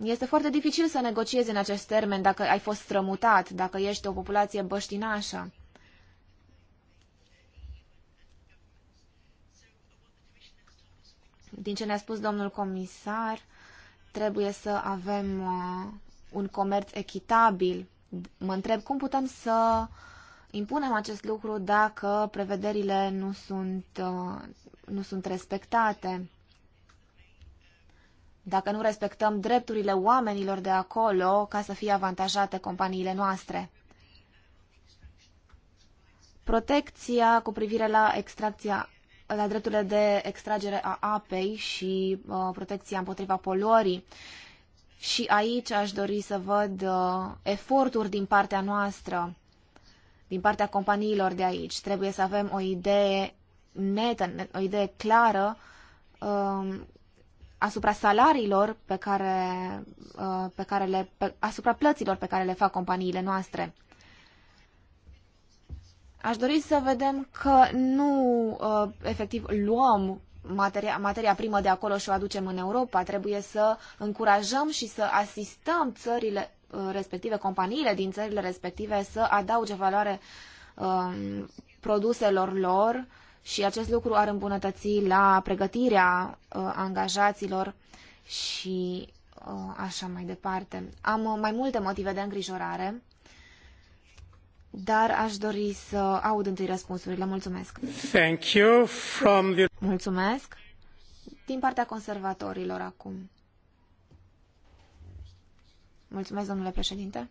Este foarte dificil să negociezi în acest termen dacă ai fost strămutat, dacă ești o populație băștinașă. Din ce ne-a spus domnul comisar, trebuie să avem uh, un comerț echitabil. Mă întreb cum putem să impunem acest lucru dacă prevederile nu sunt, uh, nu sunt respectate dacă nu respectăm drepturile oamenilor de acolo ca să fie avantajate companiile noastre. Protecția cu privire la extracția la drepturile de extragere a apei și uh, protecția împotriva poluării. Și aici aș dori să văd uh, eforturi din partea noastră, din partea companiilor de aici. Trebuie să avem o idee netă, o idee clară uh, asupra salariilor pe care, uh, pe care le, pe, asupra plăților pe care le fac companiile noastre. Aș dori să vedem că nu uh, efectiv luăm materia, materia primă de acolo și o aducem în Europa. Trebuie să încurajăm și să asistăm țările uh, respective, companiile din țările respective să adauge valoare um, produselor lor și acest lucru ar îmbunătăți la pregătirea uh, angajaților și uh, așa mai departe. Am uh, mai multe motive de îngrijorare, dar aș dori să aud întâi răspunsurile. Mulțumesc! Thank you from the... Mulțumesc! Din partea conservatorilor acum. Mulțumesc, domnule președinte!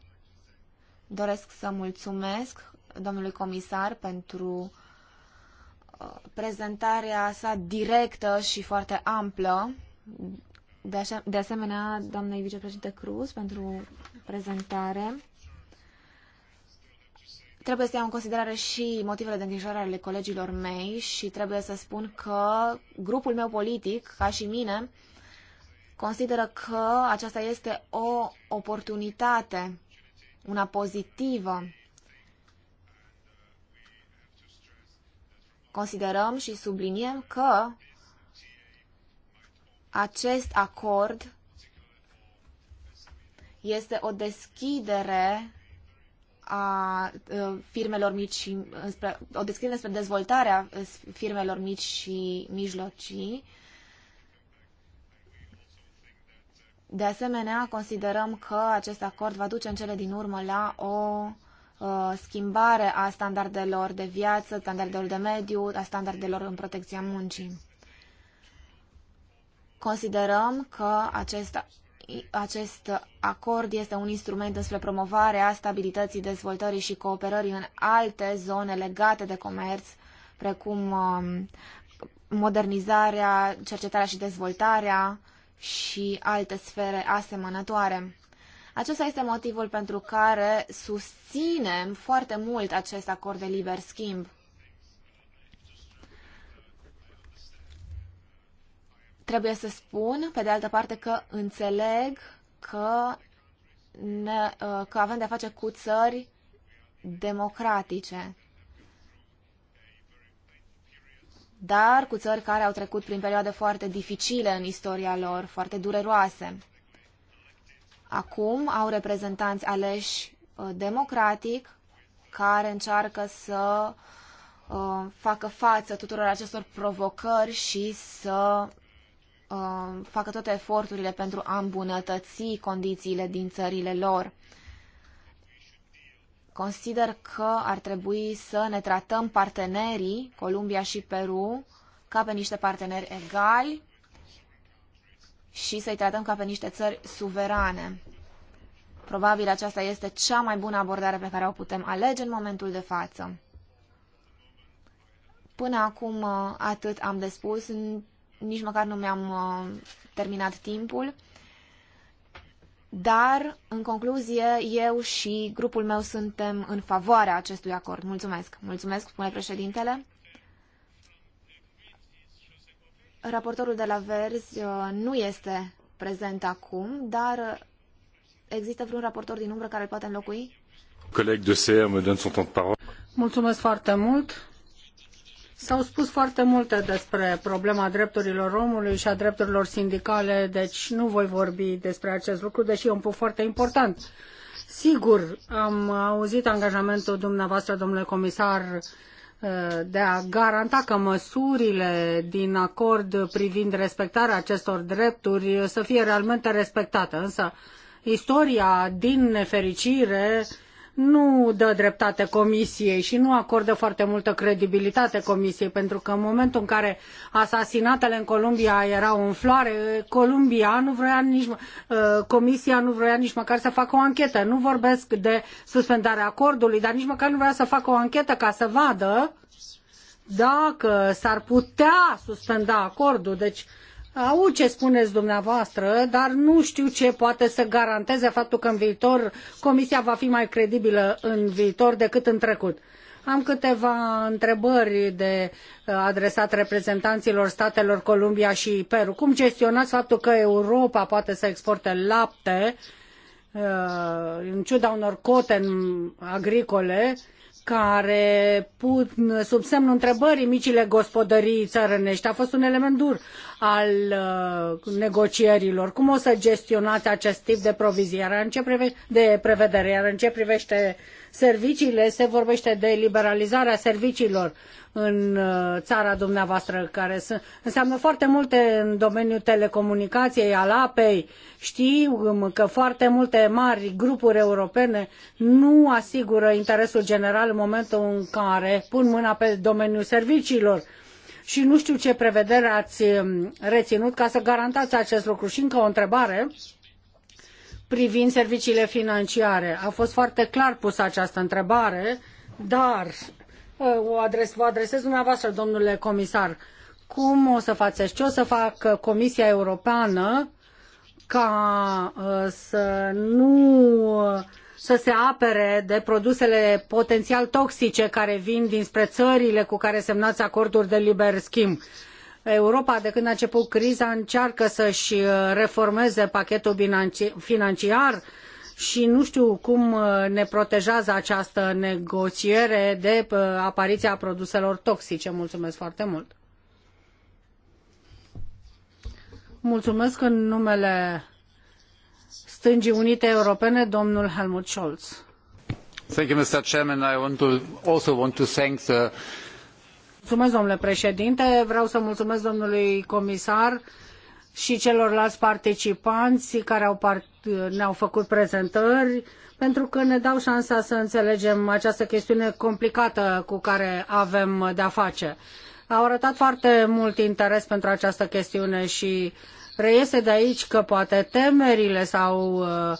Doresc să mulțumesc domnului comisar pentru uh, prezentarea sa directă și foarte amplă. De, așa, de asemenea, doamnei vicepreședinte Cruz, pentru prezentare. Trebuie să iau în considerare și motivele de îngrijorare ale colegilor mei și trebuie să spun că grupul meu politic, ca și mine, consideră că aceasta este o oportunitate, una pozitivă considerăm și subliniem că acest acord este o deschidere a ă, firmelor mici și înspre, o deschidere spre dezvoltarea ă, firmelor mici și mijlocii. De asemenea, considerăm că acest acord va duce în cele din urmă la o Uh, schimbare a standardelor de viață, standardelor de mediu, a standardelor în protecția muncii. Considerăm că acest, acest acord este un instrument înspre promovarea stabilității, dezvoltării și cooperării în alte zone legate de comerț, precum um, modernizarea, cercetarea și dezvoltarea și alte sfere asemănătoare. Acesta este motivul pentru care susținem foarte mult acest acord de liber schimb. Trebuie să spun, pe de altă parte, că înțeleg că, ne, uh, că avem de-a face cu țări democratice, dar cu țări care au trecut prin perioade foarte dificile în istoria lor, foarte dureroase. Acum au reprezentanți aleși uh, democratic care încearcă să uh, facă față tuturor acestor provocări și să uh, facă toate eforturile pentru a îmbunătăți condițiile din țările lor. Consider că ar trebui să ne tratăm partenerii, Columbia și Peru, ca pe niște parteneri egali și să-i tratăm ca pe niște țări suverane. Probabil aceasta este cea mai bună abordare pe care o putem alege în momentul de față. Până acum uh, atât am de spus, nici măcar nu mi-am uh, terminat timpul. Dar, în concluzie, eu și grupul meu suntem în favoarea acestui acord. Mulțumesc. Mulțumesc, spune președintele. Raportorul de la Verzi uh, nu este prezent acum, dar uh, există vreun raportor din umbră care îl poate înlocui? Coleg de CR me dă son temps de parole. Mulțumesc foarte mult. S-au spus foarte multe despre problema drepturilor omului și a drepturilor sindicale, deci nu voi vorbi despre acest lucru, deși e un punct foarte important. Sigur, am auzit angajamentul dumneavoastră, domnule comisar, de a garanta că măsurile din acord privind respectarea acestor drepturi să fie realmente respectate. Însă, istoria, din nefericire, uh, nu dă dreptate comisiei și nu acordă foarte multă credibilitate comisiei, pentru că în momentul în care asasinatele în Columbia erau în floare, Columbia nu vrea nici, uh, comisia nu vrea nici măcar să facă o anchetă. Nu vorbesc de suspendarea acordului, dar nici măcar nu vrea să facă o anchetă ca să vadă dacă s-ar putea suspenda acordul. Deci au ce spuneți dumneavoastră, dar nu știu ce poate să garanteze faptul că în viitor Comisia va fi mai credibilă în viitor decât în trecut. Am câteva întrebări de uh, adresat reprezentanților statelor Columbia și Peru. Cum gestionați faptul că Europa poate să exporte lapte uh, în ciuda unor cote agricole care put sub semnul întrebării micile gospodării țărănești. A fost un element dur al uh, negocierilor. Cum o să gestionați acest tip de provizie? Iar în ce de prevedere? Iar în ce privește uh, serviciile, se vorbește de liberalizarea serviciilor în uh, țara dumneavoastră, care sunt, înseamnă foarte multe în domeniul telecomunicației, al apei. Știu că foarte multe mari grupuri europene nu asigură interesul general în momentul în care pun mâna pe domeniul serviciilor și nu știu ce prevedere ați um, reținut ca să garantați acest lucru. Și încă o întrebare privind serviciile financiare. A fost foarte clar pusă această întrebare, dar uh, o adres, vă adresez dumneavoastră, domnule comisar. Cum o să faceți? Ce o să facă Comisia Europeană ca uh, să nu uh, să se apere de produsele potențial toxice care vin dinspre țările cu care semnați acorduri de liber schimb? Europa, de când a început criza, încearcă să-și uh, reformeze pachetul financiar și nu știu cum uh, ne protejează această negociere de uh, apariția produselor toxice. Mulțumesc foarte mult! Mulțumesc în numele Stângii Unite Europene, domnul Helmut Scholz. Thank you, Mr. Chairman. I want to, also want to thank the Mulțumesc, domnule președinte. Vreau să mulțumesc domnului comisar și celorlalți participanți care au part... ne-au făcut prezentări, pentru că ne dau șansa să înțelegem această chestiune complicată cu care avem de-a face. Au arătat foarte mult interes pentru această chestiune și reiese de aici că poate temerile sau uh,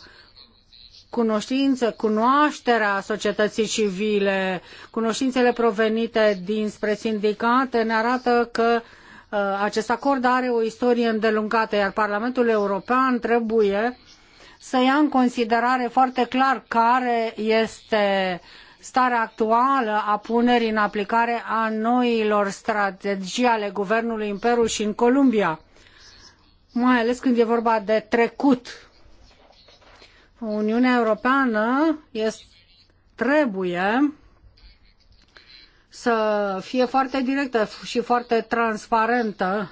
cunoștință, cunoașterea societății civile, cunoștințele provenite dinspre sindicate ne arată că uh, acest acord are o istorie îndelungată, iar Parlamentul European trebuie să ia în considerare foarte clar care este starea actuală a punerii în aplicare a noilor strategii ale guvernului în Peru și în Columbia, mai ales când e vorba de trecut Uniunea Europeană este, trebuie să fie foarte directă și foarte transparentă.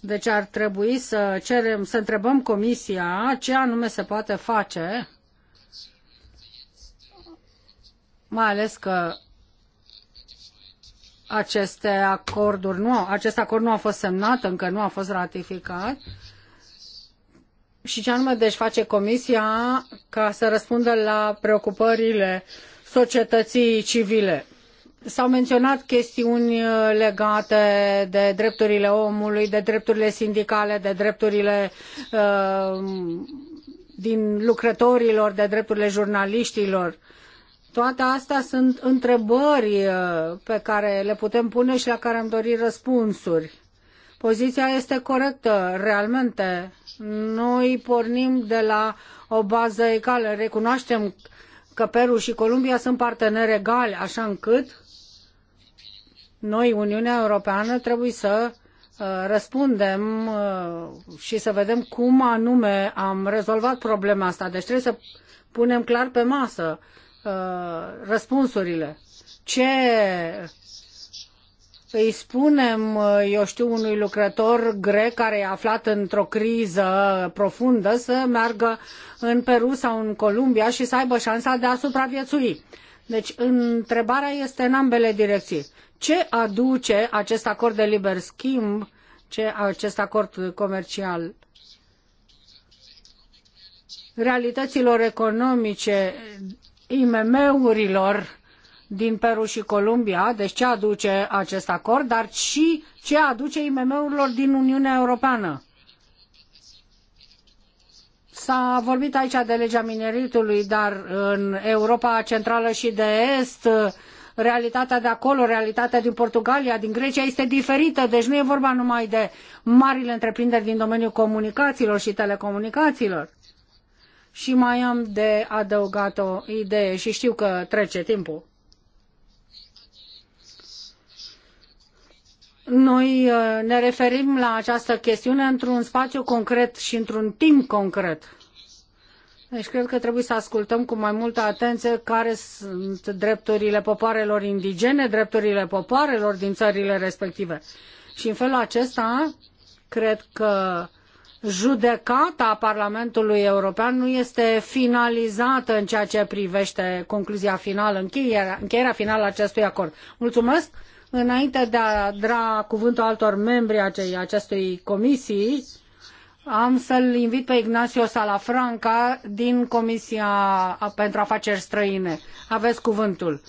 Deci ar trebui să cerem, să întrebăm Comisia ce anume se poate face, mai ales că aceste acorduri nu, acest acord nu a fost semnat, încă nu a fost ratificat și ce anume deci face Comisia ca să răspundă la preocupările societății civile. S-au menționat chestiuni uh, legate de drepturile omului, de drepturile sindicale, de drepturile uh, din lucrătorilor, de drepturile jurnaliștilor. Toate astea sunt întrebări uh, pe care le putem pune și la care am dori răspunsuri. Poziția este corectă, realmente noi pornim de la o bază egală. Recunoaștem că Peru și Columbia sunt parteneri egali, așa încât noi, Uniunea Europeană, trebuie să uh, răspundem uh, și să vedem cum anume am rezolvat problema asta. Deci trebuie să punem clar pe masă uh, răspunsurile. Ce îi spunem, eu știu, unui lucrător grec care e aflat într-o criză profundă să meargă în Peru sau în Columbia și să aibă șansa de a supraviețui. Deci întrebarea este în ambele direcții. Ce aduce acest acord de liber schimb, ce acest acord comercial realităților economice, IMM-urilor din Peru și Columbia, deci ce aduce acest acord, dar și ce aduce IMM-urilor din Uniunea Europeană. S-a vorbit aici de legea mineritului, dar în Europa Centrală și de Est, realitatea de acolo, realitatea din Portugalia, din Grecia este diferită, deci nu e vorba numai de marile întreprinderi din domeniul comunicațiilor și telecomunicațiilor. Și mai am de adăugat o idee și știu că trece timpul. Noi uh, ne referim la această chestiune într-un spațiu concret și într-un timp concret. Deci cred că trebuie să ascultăm cu mai multă atenție care sunt drepturile popoarelor indigene, drepturile popoarelor din țările respective. Și în felul acesta, cred că judecata Parlamentului European nu este finalizată în ceea ce privește concluzia finală, încheierea, încheierea finală a acestui acord. Mulțumesc! Înainte de a dra cuvântul altor membri acei, acestei comisii, am să-l invit pe Ignacio Salafranca din Comisia pentru Afaceri Străine. Aveți cuvântul.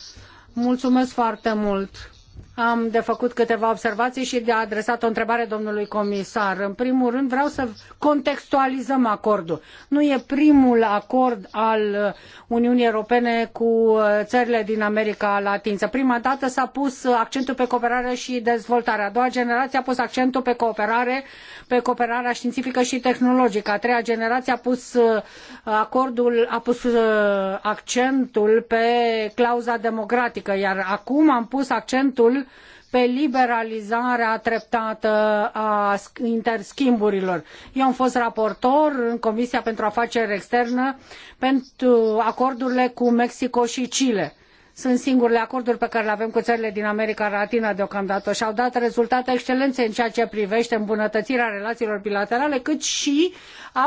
Mulțumesc foarte mult. Am de făcut câteva observații și de adresat o întrebare domnului comisar. În primul rând vreau să contextualizăm acordul. Nu e primul acord al Uniunii Europene cu uh, țările din America Latină. Prima dată s-a pus accentul pe cooperare și dezvoltare. A doua generație a pus accentul pe cooperare, pe cooperarea științifică și tehnologică. A treia generație a pus uh, acordul, a pus uh, accentul pe clauza democratică, iar acum am pus accentul pe liberalizarea treptată a interschimburilor. Eu am fost raportor în Comisia pentru Afaceri Externe pentru acordurile cu Mexico și Chile sunt singurele acorduri pe care le avem cu țările din America Latină deocamdată și au dat rezultate excelențe în ceea ce privește îmbunătățirea relațiilor bilaterale, cât și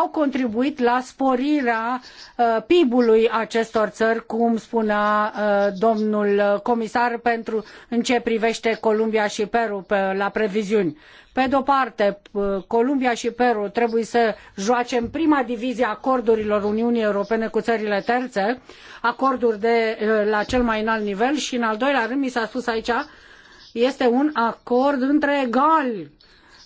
au contribuit la sporirea uh, PIB-ului acestor țări, cum spunea uh, domnul comisar pentru în ce privește Columbia și Peru pe, la previziuni. Pe de-o parte, Columbia și Peru trebuie să joace în prima divizie acordurilor Uniunii Europene cu țările terțe, acorduri de, eh, la cel mai înalt nivel și, în al doilea rând, mi s-a spus aici, este un acord între egali.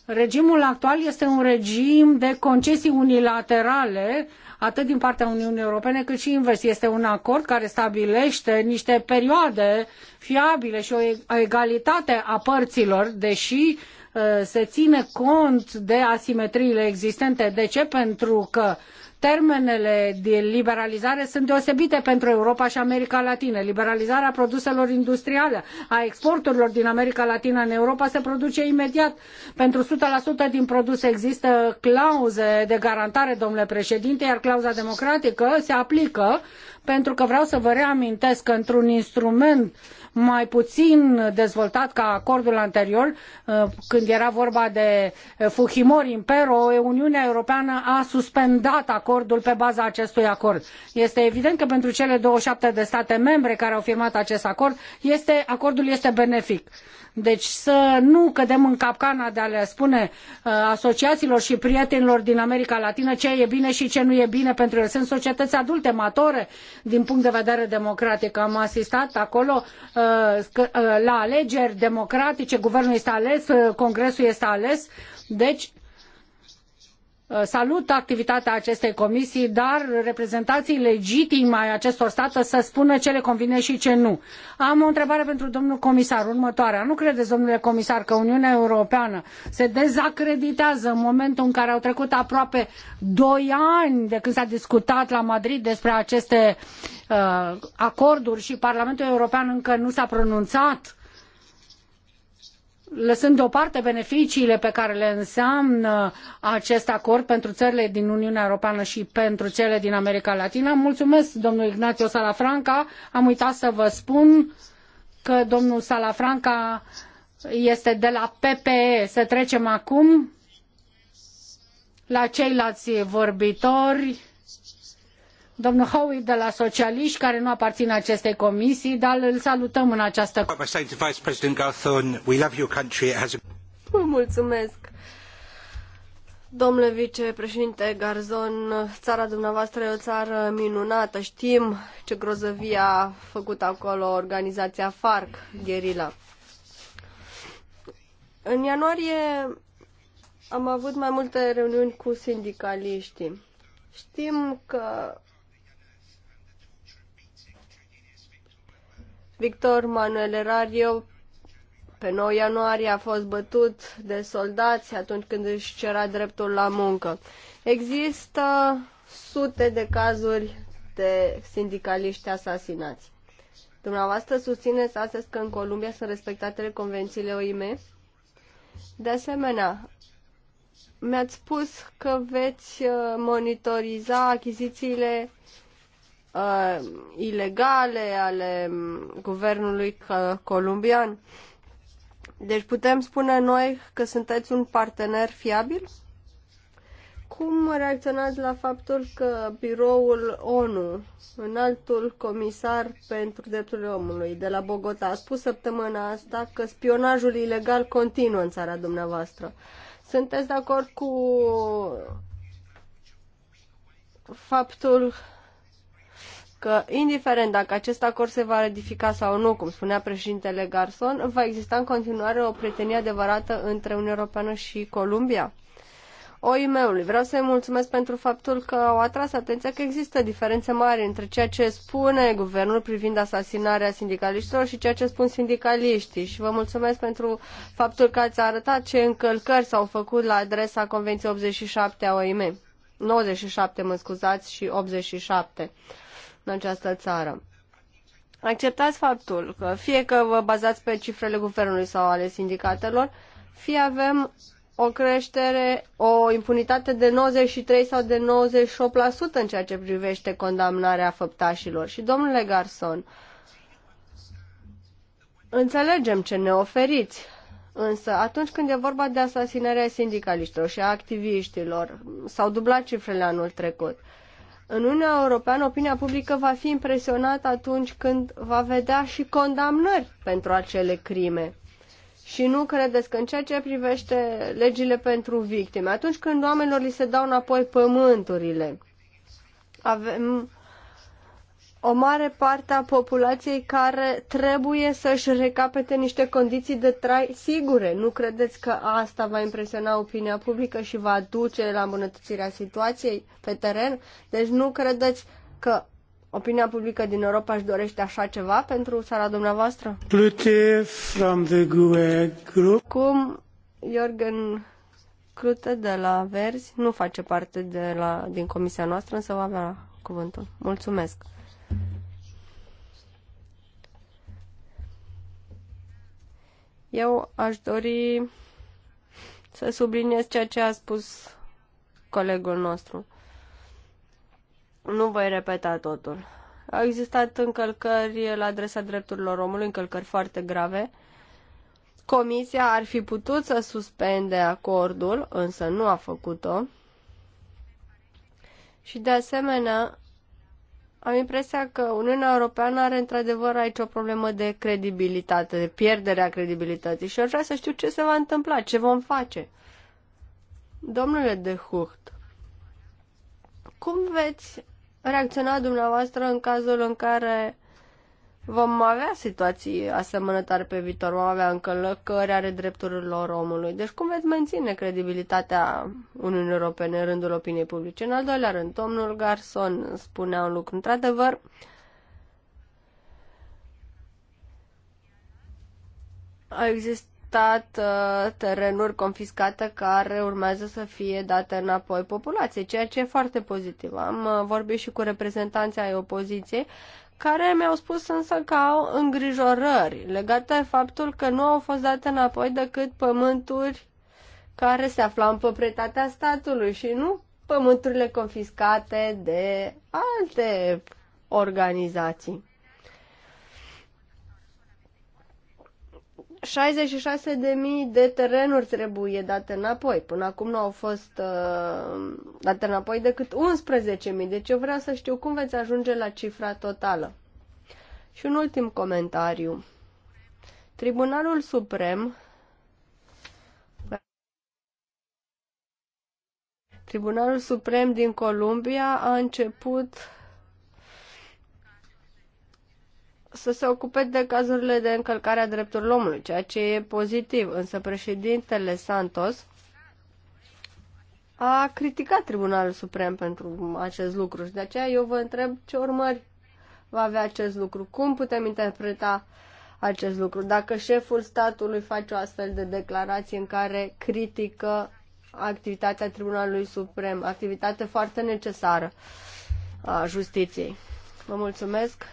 Regimul actual este un regim de concesii unilaterale, atât din partea Uniunii Europene, cât și invers. Este un acord care stabilește niște perioade fiabile și o egalitate a părților, deși Uh, se ține cont de asimetriile existente. De ce? Pentru că termenele de liberalizare sunt deosebite pentru Europa și America Latină. Liberalizarea produselor industriale, a exporturilor din America Latină în Europa se produce imediat. Pentru 100% din produse există clauze de garantare, domnule președinte, iar clauza democratică se aplică pentru că vreau să vă reamintesc că într-un instrument uh, mai puțin dezvoltat ca acordul anterior, uh, când era vorba de uh, Fujimori Impero, Uniunea Europeană a suspendat acordul pe baza acestui acord. Este evident că pentru cele 27 de state membre care au firmat acest acord, este, acordul este benefic deci să nu cădem în capcana de a le spune uh, asociațiilor și prietenilor din America Latină ce e bine și ce nu e bine pentru ele. Sunt societăți adulte, matore, din punct de vedere democratic. Am asistat acolo uh, uh la alegeri democratice, guvernul este ales, uh, congresul este ales. Deci Uh, salut activitatea acestei comisii, dar reprezentanții legitimi ai acestor state să spună ce le convine și ce nu. Am o întrebare pentru domnul comisar, următoarea. Nu credeți, domnule comisar, că Uniunea Europeană se dezacreditează în momentul în care au trecut aproape doi ani de când s-a discutat la Madrid despre aceste uh, acorduri și Parlamentul European încă nu s-a pronunțat? lăsând deoparte beneficiile pe care le înseamnă acest acord pentru țările din Uniunea Europeană și pentru cele din America Latina, mulțumesc domnul Ignacio Salafranca. Am uitat să vă spun că domnul Salafranca este de la PPE. Să trecem acum la ceilalți vorbitori domnul Howitt de la Socialiști, care nu aparține acestei comisii, dar îl salutăm în această... Vă mulțumesc! Domnule vicepreședinte Garzon, țara dumneavoastră e o țară minunată. Știm ce grozăvie a făcut acolo organizația FARC, gherila. În ianuarie am avut mai multe reuniuni cu sindicaliștii. Știm că Victor Manuel Erario pe 9 ianuarie a fost bătut de soldați atunci când își cerea dreptul la muncă. Există sute de cazuri de sindicaliști asasinați. Dumneavoastră susțineți astăzi că în Columbia sunt respectate convențiile OIM? De asemenea, mi-ați spus că veți uh, monitoriza achizițiile uh, ilegale ale guvernului uh, columbian. Deci putem spune noi că sunteți un partener fiabil? Cum reacționați la faptul că biroul ONU, înaltul comisar pentru drepturile omului de la Bogota, a spus săptămâna asta că spionajul ilegal continuă în țara dumneavoastră? Sunteți de acord cu faptul că, indiferent dacă acest acord se va ratifica sau nu, cum spunea președintele Garson, va exista în continuare o prietenie adevărată între Uniunea Europeană și Columbia? OIM-ului. Vreau să-i mulțumesc pentru faptul că au atras atenția că există diferențe mari între ceea ce spune guvernul privind asasinarea sindicaliștilor și ceea ce spun sindicaliștii. Și vă mulțumesc pentru faptul că ați arătat ce încălcări s-au făcut la adresa Convenției 87 a OIM. 97, mă scuzați, și 87 în această țară. Acceptați faptul că fie că vă bazați pe cifrele guvernului sau ale sindicatelor, fie avem o creștere, o impunitate de 93 sau de 98% în ceea ce privește condamnarea făptașilor. Și domnule Garson, înțelegem ce ne oferiți, însă atunci când e vorba de asasinarea sindicaliștilor și a activiștilor, s-au dublat cifrele anul trecut. În Uniunea Europeană, opinia publică va fi impresionată atunci când va vedea și condamnări pentru acele crime. Și nu credeți că în ceea ce privește legile pentru victime, atunci când oamenilor li se dau înapoi pământurile, avem o mare parte a populației care trebuie să-și recapete niște condiții de trai sigure. Nu credeți că asta va impresiona opinia publică și va duce la îmbunătățirea situației pe teren? Deci nu credeți că opinia publică din Europa își dorește așa ceva pentru țara dumneavoastră? Plute from the GUE group. Cum Jorgen Clute de la Verzi nu face parte de la, din comisia noastră, însă va avea cuvântul. Mulțumesc! Eu aș dori să subliniez ceea ce a spus colegul nostru. Nu voi repeta totul. Au existat încălcări la adresa drepturilor omului, încălcări foarte grave. Comisia ar fi putut să suspende acordul, însă nu a făcut-o. Și de asemenea, am impresia că Uniunea Europeană are într-adevăr aici o problemă de credibilitate, de pierderea credibilității și aș vrea să știu ce se va întâmpla, ce vom face. Domnule de Hurt, cum veți reacționa dumneavoastră în cazul în care vom avea situații asemănătoare pe viitor, vom avea încălcări ale drepturilor omului. Deci cum veți menține credibilitatea Uniunii Europene în rândul opiniei publice? În al doilea rând, domnul Garson spunea un lucru. Într-adevăr, A existat uh, terenuri confiscate care urmează să fie date înapoi populației, ceea ce e foarte pozitiv. Am uh, vorbit și cu reprezentanții ai opoziției care mi-au spus însă că au îngrijorări legate de faptul că nu au fost date înapoi decât pământuri care se aflau în proprietatea statului și nu pământurile confiscate de alte organizații. 66.000 de terenuri trebuie date înapoi. Până acum nu au fost uh, date înapoi decât 11.000. Deci eu vreau să știu cum veți ajunge la cifra totală. Și un ultim comentariu. Tribunalul Suprem Tribunalul Suprem din Columbia a început să se ocupe de cazurile de încălcare a drepturilor omului, ceea ce e pozitiv. Însă președintele Santos a criticat Tribunalul Suprem pentru acest lucru și de aceea eu vă întreb ce urmări va avea acest lucru. Cum putem interpreta acest lucru? Dacă șeful statului face o astfel de declarație în care critică activitatea Tribunalului Suprem, activitate foarte necesară a justiției. Vă mulțumesc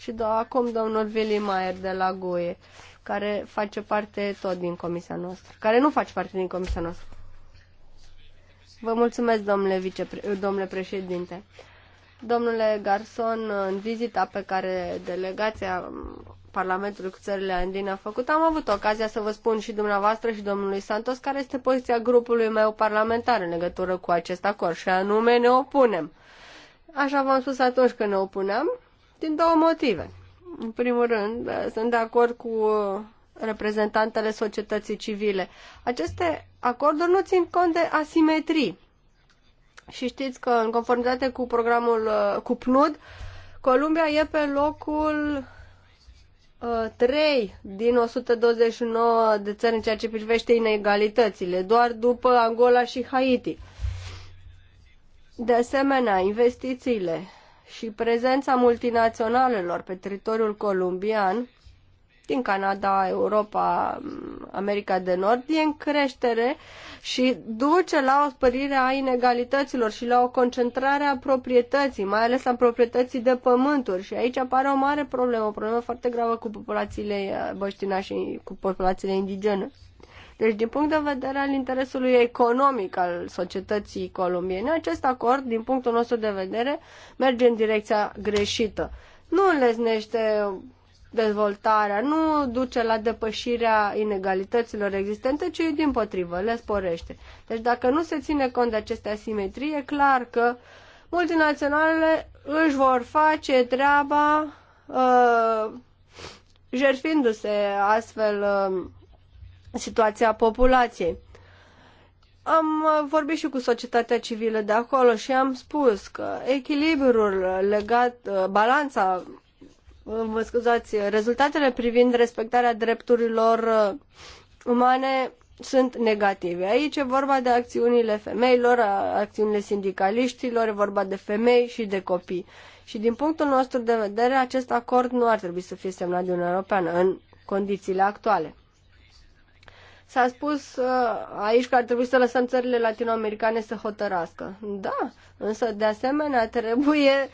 și do- acum domnul Vili Maier de la Goie, care face parte tot din comisia noastră, care nu face parte din comisia noastră. Vă mulțumesc, domnule, vicepre- domnule președinte. Domnule Garson, în vizita pe care delegația Parlamentului cu țările andine a făcut, am avut ocazia să vă spun și dumneavoastră și domnului Santos care este poziția grupului meu parlamentar în legătură cu acest acord și anume ne opunem. Așa v-am spus atunci când ne opuneam din două motive. În primul rând, eh, sunt de acord cu eh, reprezentantele societății civile. Aceste acorduri nu țin cont de asimetrii. Și știți că, în conformitate cu programul eh, cu PNUD, Columbia e pe locul 3 din 129 de țări în ceea ce privește inegalitățile, doar după Angola și Haiti. De asemenea, investițiile și prezența multinaționalelor pe teritoriul columbian, din Canada, Europa, America de Nord, e în creștere și duce la o spărire a inegalităților și la o concentrare a proprietății, mai ales a proprietății de pământuri. Și aici apare o mare problemă, o problemă foarte gravă cu populațiile băștinașe, cu populațiile indigene. Deci, din punct de vedere al interesului economic al societății colombiene, acest acord, din punctul nostru de vedere, merge în direcția greșită. Nu înleznește dezvoltarea, nu duce la depășirea inegalităților existente, ci din potrivă, le sporește. Deci dacă nu se ține cont de aceste asimetrie, e clar că multinaționalele își vor face treaba uh, jerfindu se astfel uh, situația populației. Am uh, vorbit și cu societatea civilă de acolo și am spus că echilibrul legat, uh, balanța, uh, mă scuzați, rezultatele privind respectarea drepturilor umane sunt negative. Aici e vorba de acțiunile femeilor, acțiunile sindicaliștilor, e vorba de femei și de copii. Și din punctul nostru de vedere, acest acord nu ar trebui să fie semnat de Uniunea Europeană în condițiile actuale. S-a spus uh, aici că ar trebui să lăsăm țările latinoamericane să hotărască. Da, însă de asemenea trebuie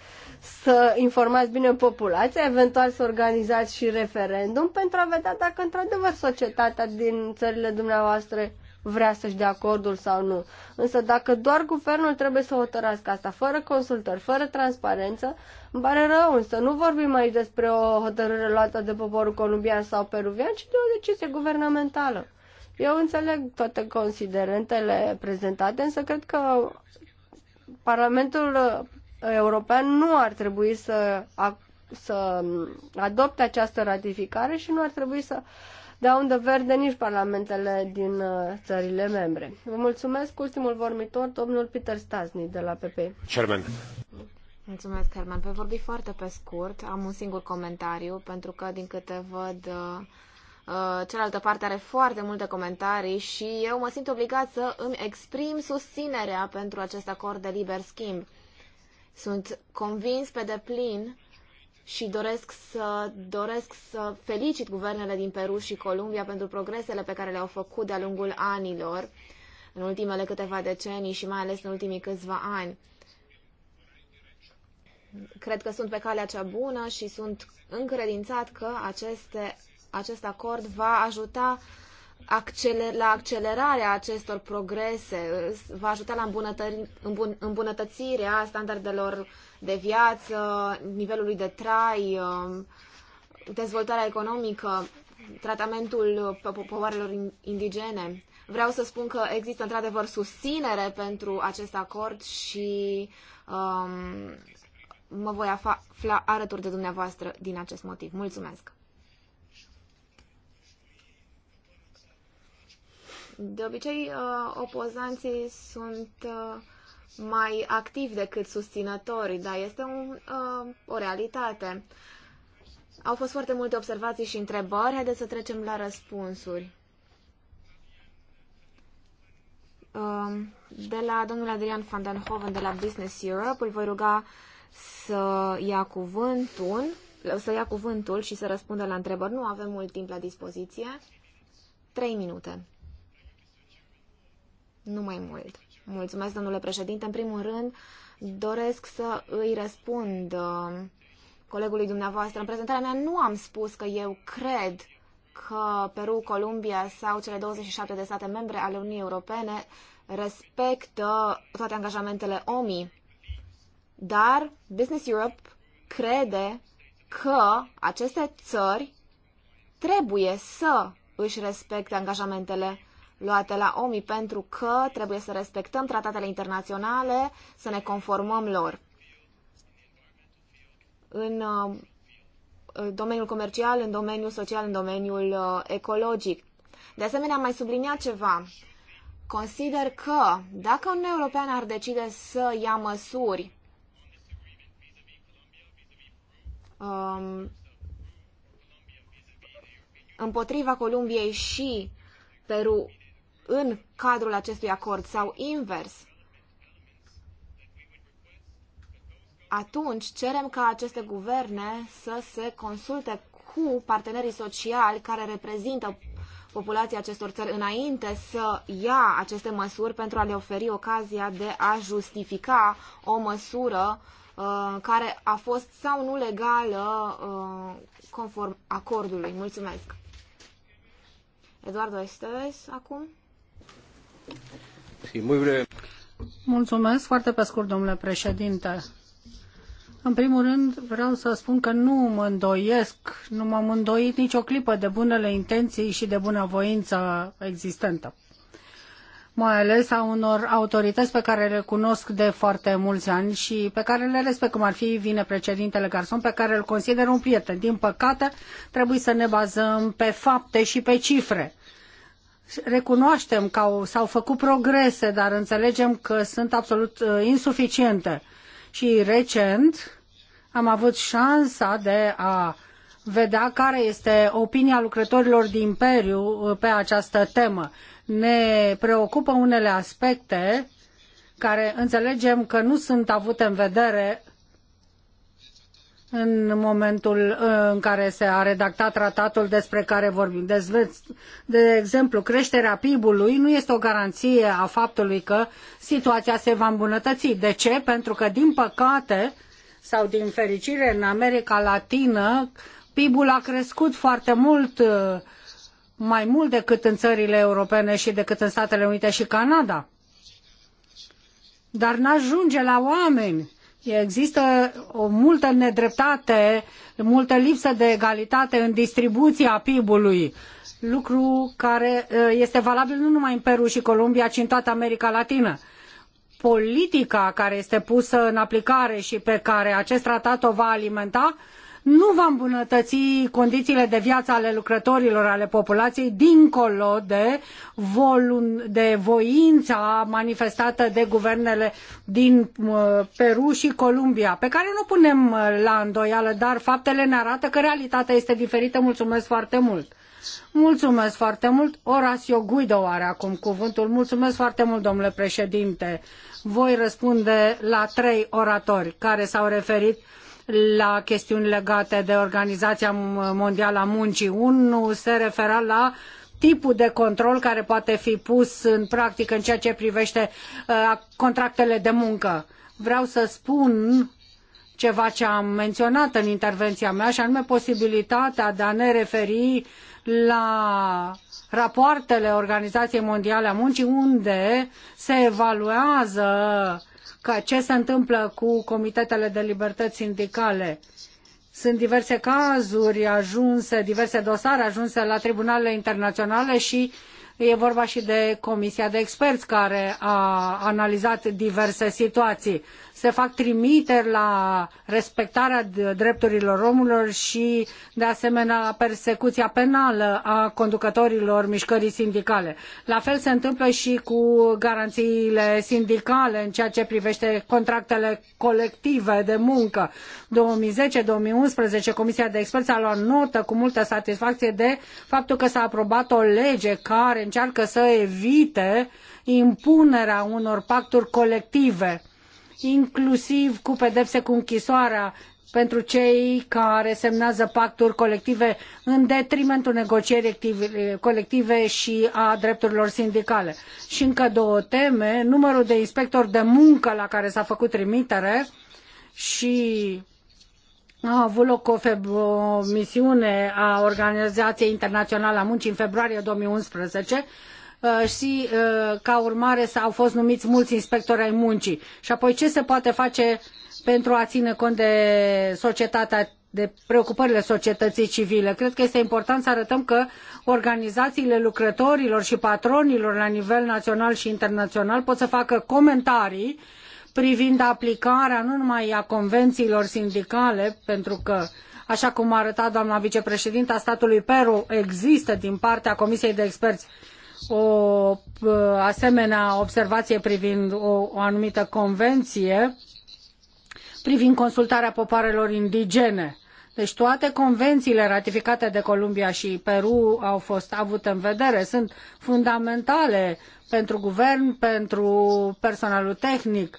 să informați bine populația, eventual să organizați și referendum pentru a vedea dacă într-adevăr societatea din țările dumneavoastră vrea să-și dea acordul sau nu. Însă dacă doar guvernul trebuie să hotărască asta, fără consultări, fără transparență, îmi pare rău, însă nu vorbim aici despre o hotărâre luată de poporul columbian sau peruvian, ci de o decizie guvernamentală. Eu înțeleg toate considerentele prezentate, însă cred că Parlamentul European nu ar trebui să, a, să adopte această ratificare și nu ar trebui să dea undă verde nici parlamentele din uh, țările membre. Vă mulțumesc. Ultimul vorbitor, domnul Peter Stasny de la PP. Chairman. Mulțumesc, Herman. Voi vorbi foarte pe scurt. Am un singur comentariu, pentru că, din câte văd, uh, Uh, cealaltă parte are foarte multe comentarii și eu mă simt obligat să îmi exprim susținerea pentru acest acord de liber schimb. Sunt convins pe deplin și doresc să, doresc să felicit guvernele din Peru și Columbia pentru progresele pe care le-au făcut de-a lungul anilor, în ultimele câteva decenii și mai ales în ultimii câțiva ani. Cred că sunt pe calea cea bună și sunt încredințat că aceste acest acord va ajuta acceler- la accelerarea acestor progrese, va ajuta la îmbun- îmbunătățirea standardelor de viață, nivelului de trai, um, dezvoltarea economică, tratamentul popoarelor indigene. Vreau să spun că există într-adevăr susținere pentru acest acord și um, mă voi afla alături de dumneavoastră din acest motiv. Mulțumesc! De obicei, uh, opozanții sunt uh, mai activi decât susținătorii, dar este un, uh, o realitate. Au fost foarte multe observații și întrebări. Haideți să trecem la răspunsuri. Um, de la domnul Adrian van den Hoven de la Business Europe, îl voi ruga să ia cuvântul, să ia cuvântul și să răspundă la întrebări. Nu avem mult timp la dispoziție. Trei minute nu mai mult. Mulțumesc, domnule președinte. În primul rând, doresc să îi răspund uh, colegului dumneavoastră. În prezentarea mea nu am spus că eu cred că Peru, Columbia sau cele 27 de state membre ale Uniunii Europene respectă toate angajamentele OMI, dar Business Europe crede că aceste țări trebuie să își respecte angajamentele luate la OMI pentru că trebuie să respectăm tratatele internaționale, să ne conformăm lor. În uh, domeniul comercial, în domeniul social, în domeniul uh, ecologic. De asemenea, am mai subliniat ceva. Consider că dacă un european ar decide să ia măsuri um, împotriva Columbiei și Peru în cadrul acestui acord sau invers. Atunci cerem ca aceste guverne să se consulte cu partenerii sociali care reprezintă populația acestor țări înainte să ia aceste măsuri pentru a le oferi ocazia de a justifica o măsură uh, care a fost sau nu legală uh, conform acordului. Mulțumesc! Eduardo Esteves, acum. Mulțumesc foarte pe scurt, domnule președinte. În primul rând, vreau să spun că nu mă îndoiesc, nu m-am îndoit nicio clipă de bunele intenții și de bunăvoință existentă mai ales a unor autorități pe care le cunosc de foarte mulți ani și pe care le respect, cum ar fi președintele Garson, pe care îl consider un prieten. Din păcate, trebuie să ne bazăm pe fapte și pe cifre recunoaștem că au, s-au făcut progrese, dar înțelegem că sunt absolut uh, insuficiente. Și recent am avut șansa de a vedea care este opinia lucrătorilor din Imperiu uh, pe această temă. Ne preocupă unele aspecte care înțelegem că nu sunt avute în vedere în momentul uh, în care se a redactat tratatul despre care vorbim. Deci, de exemplu, creșterea PIB-ului nu este o garanție a faptului că situația se va îmbunătăți. De ce? Pentru că, din păcate sau din fericire, în America Latină, PIB-ul a crescut foarte mult uh, mai mult decât în țările europene și decât în Statele Unite și Canada. Dar n-ajunge la oameni Există o multă nedreptate, multă lipsă de egalitate în distribuția PIB-ului, lucru care uh, este valabil nu numai în Peru și Columbia, ci în toată America Latină politica care este pusă în aplicare și pe care acest tratat o va alimenta nu va îmbunătăți condițiile de viață ale lucrătorilor, ale populației, dincolo de, volun, de voința manifestată de guvernele din uh, Peru și Columbia, pe care nu punem uh, la îndoială, dar faptele ne arată că realitatea este diferită. Mulțumesc foarte mult! Mulțumesc foarte mult. Orasio Guido are acum cuvântul. Mulțumesc foarte mult, domnule președinte. Voi răspunde la trei oratori care s-au referit la chestiuni legate de Organizația Mondială a Muncii. Unul se refera la tipul de control care poate fi pus în practică în ceea ce privește uh, contractele de muncă. Vreau să spun ceva ce am menționat în intervenția mea, și anume posibilitatea de a ne referi la rapoartele Organizației Mondiale a Muncii, unde se evaluează că ce se întâmplă cu comitetele de libertăți sindicale. Sunt diverse cazuri ajunse, diverse dosare ajunse la tribunalele internaționale și uh, E vorba și de comisia de experți care a analizat diverse situații. Se fac trimiteri la respectarea drepturilor omului și, de asemenea, persecuția penală a conducătorilor mișcării sindicale. La fel se întâmplă și cu garanțiile sindicale în ceea ce privește contractele colective de muncă. 2010-2011, Comisia de Experți a luat notă cu multă satisfacție de faptul că s-a aprobat o lege care încearcă să evite impunerea unor pacturi colective, inclusiv cu pedepse cu închisoarea pentru cei care semnează pacturi colective în detrimentul negocierii colective și a drepturilor sindicale. Și încă două teme, numărul de inspectori de muncă la care s-a făcut trimitere și a avut loc o, o misiune a Organizației Internaționale a Muncii în februarie 2011 uh, și uh, ca urmare au fost numiți mulți inspectori ai muncii. Și apoi ce se poate face pentru a ține cont de societatea de preocupările societății civile. Cred că este important să arătăm că organizațiile lucrătorilor și patronilor la nivel național și internațional pot să facă comentarii uh, privind aplicarea nu numai a convențiilor sindicale, pentru că, așa cum a arătat doamna vicepreședintă a statului Peru, există din partea Comisiei de Experți o uh, asemenea observație privind o, o anumită convenție privind consultarea popoarelor indigene. Deci toate convențiile ratificate de Columbia și Peru au fost avute în vedere, sunt fundamentale pentru guvern, pentru personalul tehnic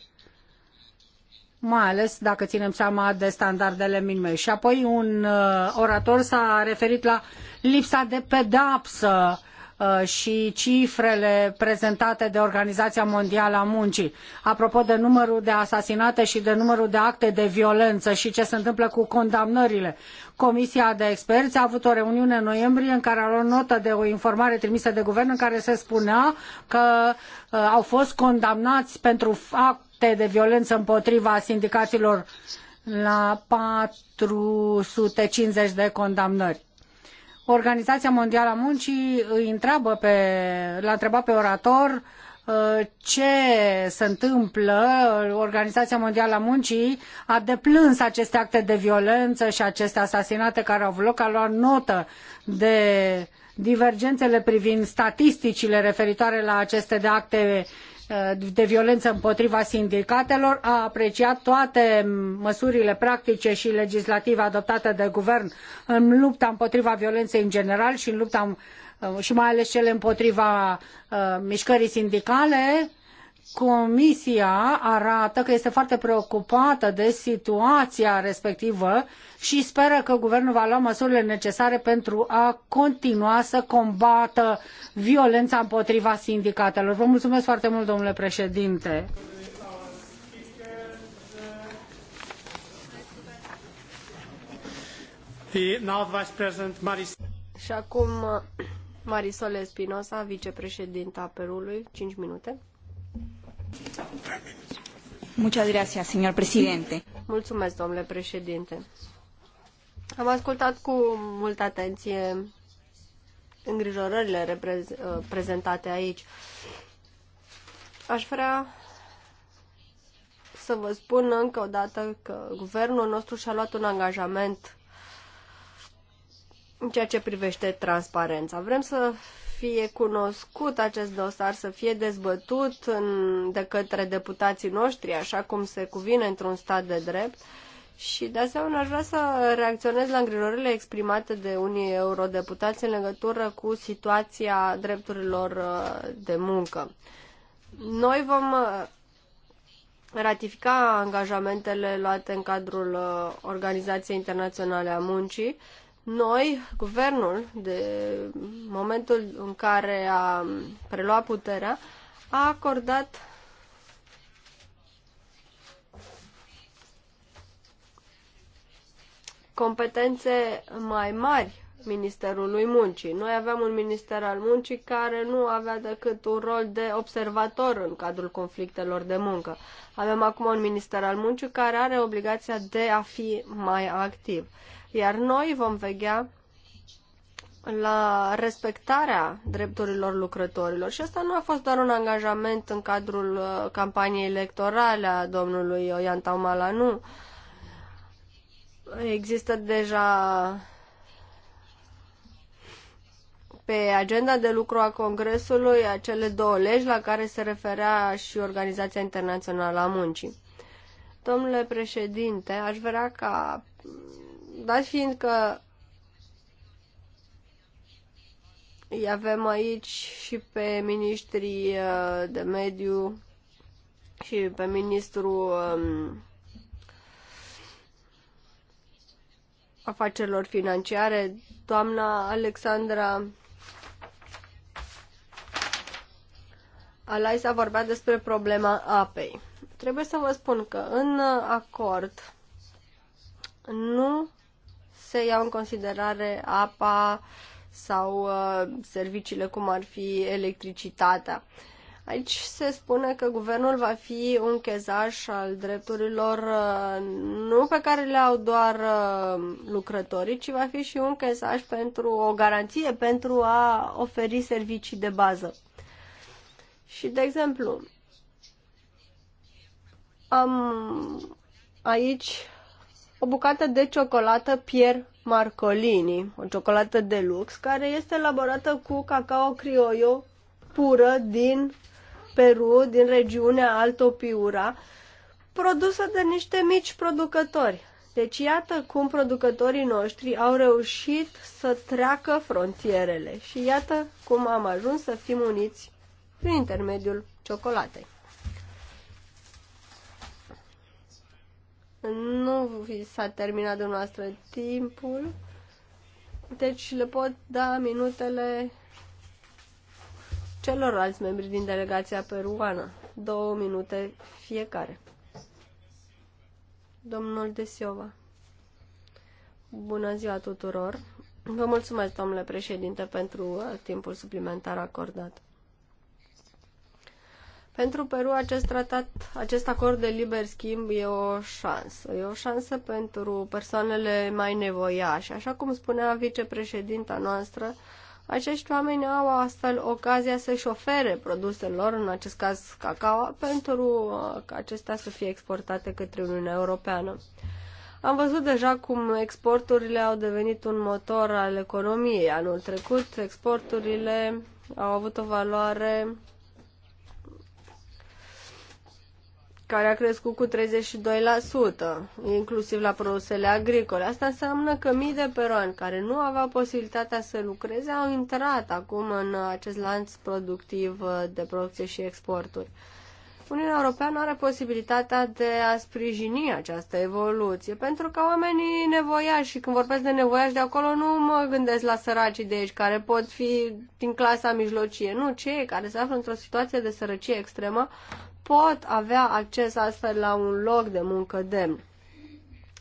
mai ales dacă ținem seama de standardele minime. Și apoi un uh, orator s-a referit la lipsa de pedapsă uh, și cifrele prezentate de Organizația Mondială a Muncii. Apropo de numărul de asasinate și de numărul de acte de violență și ce se întâmplă cu condamnările. Comisia de experți a avut o reuniune în noiembrie în care a luat notă de o informare trimisă de guvern în care se spunea că uh, au fost condamnați pentru de violență împotriva sindicaților la 450 de condamnări. Organizația Mondială a Muncii îi întreabă pe, l-a întrebat pe orator uh, ce se întâmplă. Organizația Mondială a Muncii a deplâns aceste acte de violență și aceste asasinate care au avut loc, a luat notă de divergențele privind statisticile referitoare la aceste de acte Uh, de violență împotriva sindicatelor, a apreciat toate măsurile practice și legislative adoptate de guvern în lupta împotriva violenței în general și în lupta uh, și mai ales cele împotriva uh, mișcării sindicale Comisia arată că este foarte preocupată de situația respectivă și speră că guvernul va lua măsurile necesare pentru a continua să combată violența împotriva sindicatelor. Vă mulțumesc foarte mult, domnule președinte. Și acum uh, Marisol Espinosa, vicepreședinta Perului, 5 minute. Muchas gracias, señor presidente. Mulțumesc, domnule președinte. Am ascultat cu multă atenție îngrijorările prezentate aici. Aș vrea să vă spun încă o dată că guvernul nostru și-a luat un angajament în ceea ce privește transparența. Vrem să fie cunoscut acest dosar, să fie dezbătut în, de către deputații noștri, așa cum se cuvine într-un stat de drept. Și de asemenea aș vrea să reacționez la îngrijorările exprimate de unii eurodeputați în legătură cu situația drepturilor uh, de muncă. Noi vom uh, ratifica angajamentele luate în cadrul uh, Organizației Internaționale a Muncii noi, guvernul, de momentul în care a preluat puterea, a acordat competențe mai mari Ministerului Muncii. Noi aveam un minister al muncii care nu avea decât un rol de observator în cadrul conflictelor de muncă. Avem acum un minister al muncii care are obligația de a fi mai activ. Iar noi vom vegea la respectarea drepturilor lucrătorilor. Și asta nu a fost doar un angajament în cadrul uh, campaniei electorale a domnului Ioan Taumala, nu. Există deja pe agenda de lucru a Congresului acele două legi la care se referea și Organizația Internațională a Muncii. Domnule președinte, aș vrea ca dat fiind că îi avem aici și pe ministrii uh, de mediu și pe ministrul um, afacerilor financiare, doamna Alexandra Alaisa vorbea despre problema apei. Trebuie să vă spun că în acord nu se iau în considerare apa sau uh, serviciile cum ar fi electricitatea. Aici se spune că guvernul va fi un chezaș al drepturilor uh, nu pe care le au doar uh, lucrătorii, ci va fi și un chezaș pentru o garanție pentru a oferi servicii de bază. Și, de exemplu, am aici o bucată de ciocolată Pierre Marcolini, o ciocolată de lux, care este elaborată cu cacao criollo pură din Peru, din regiunea Alto Piura, produsă de niște mici producători. Deci iată cum producătorii noștri au reușit să treacă frontierele și iată cum am ajuns să fim uniți prin intermediul ciocolatei. Nu s-a terminat dumneavoastră timpul, deci le pot da minutele celorlalți membri din delegația peruană. Două minute fiecare. Domnul Desiova. Bună ziua tuturor! Vă mulțumesc, domnule președinte, pentru uh, timpul suplimentar acordat. Pentru Peru acest tratat, acest acord de liber schimb e o șansă. E o șansă pentru persoanele mai nevoiașe. Așa cum spunea vicepreședinta noastră, acești oameni au astfel ocazia să-și ofere produselor, în acest caz cacao, pentru uh, ca acestea să fie exportate către Uniunea Europeană. Am văzut deja cum exporturile au devenit un motor al economiei. Anul trecut, exporturile au avut o valoare care a crescut cu 32%, inclusiv la produsele agricole. Asta înseamnă că mii de peruani care nu aveau posibilitatea să lucreze au intrat acum în acest lanț productiv de producție și exporturi. Uniunea Europeană are posibilitatea de a sprijini această evoluție, pentru că oamenii nevoiași, și când vorbesc de nevoiași de acolo, nu mă gândesc la săracii de aici, care pot fi din clasa mijlocie, nu, cei care se află într-o situație de sărăcie extremă pot avea acces astfel la un loc de muncă demn.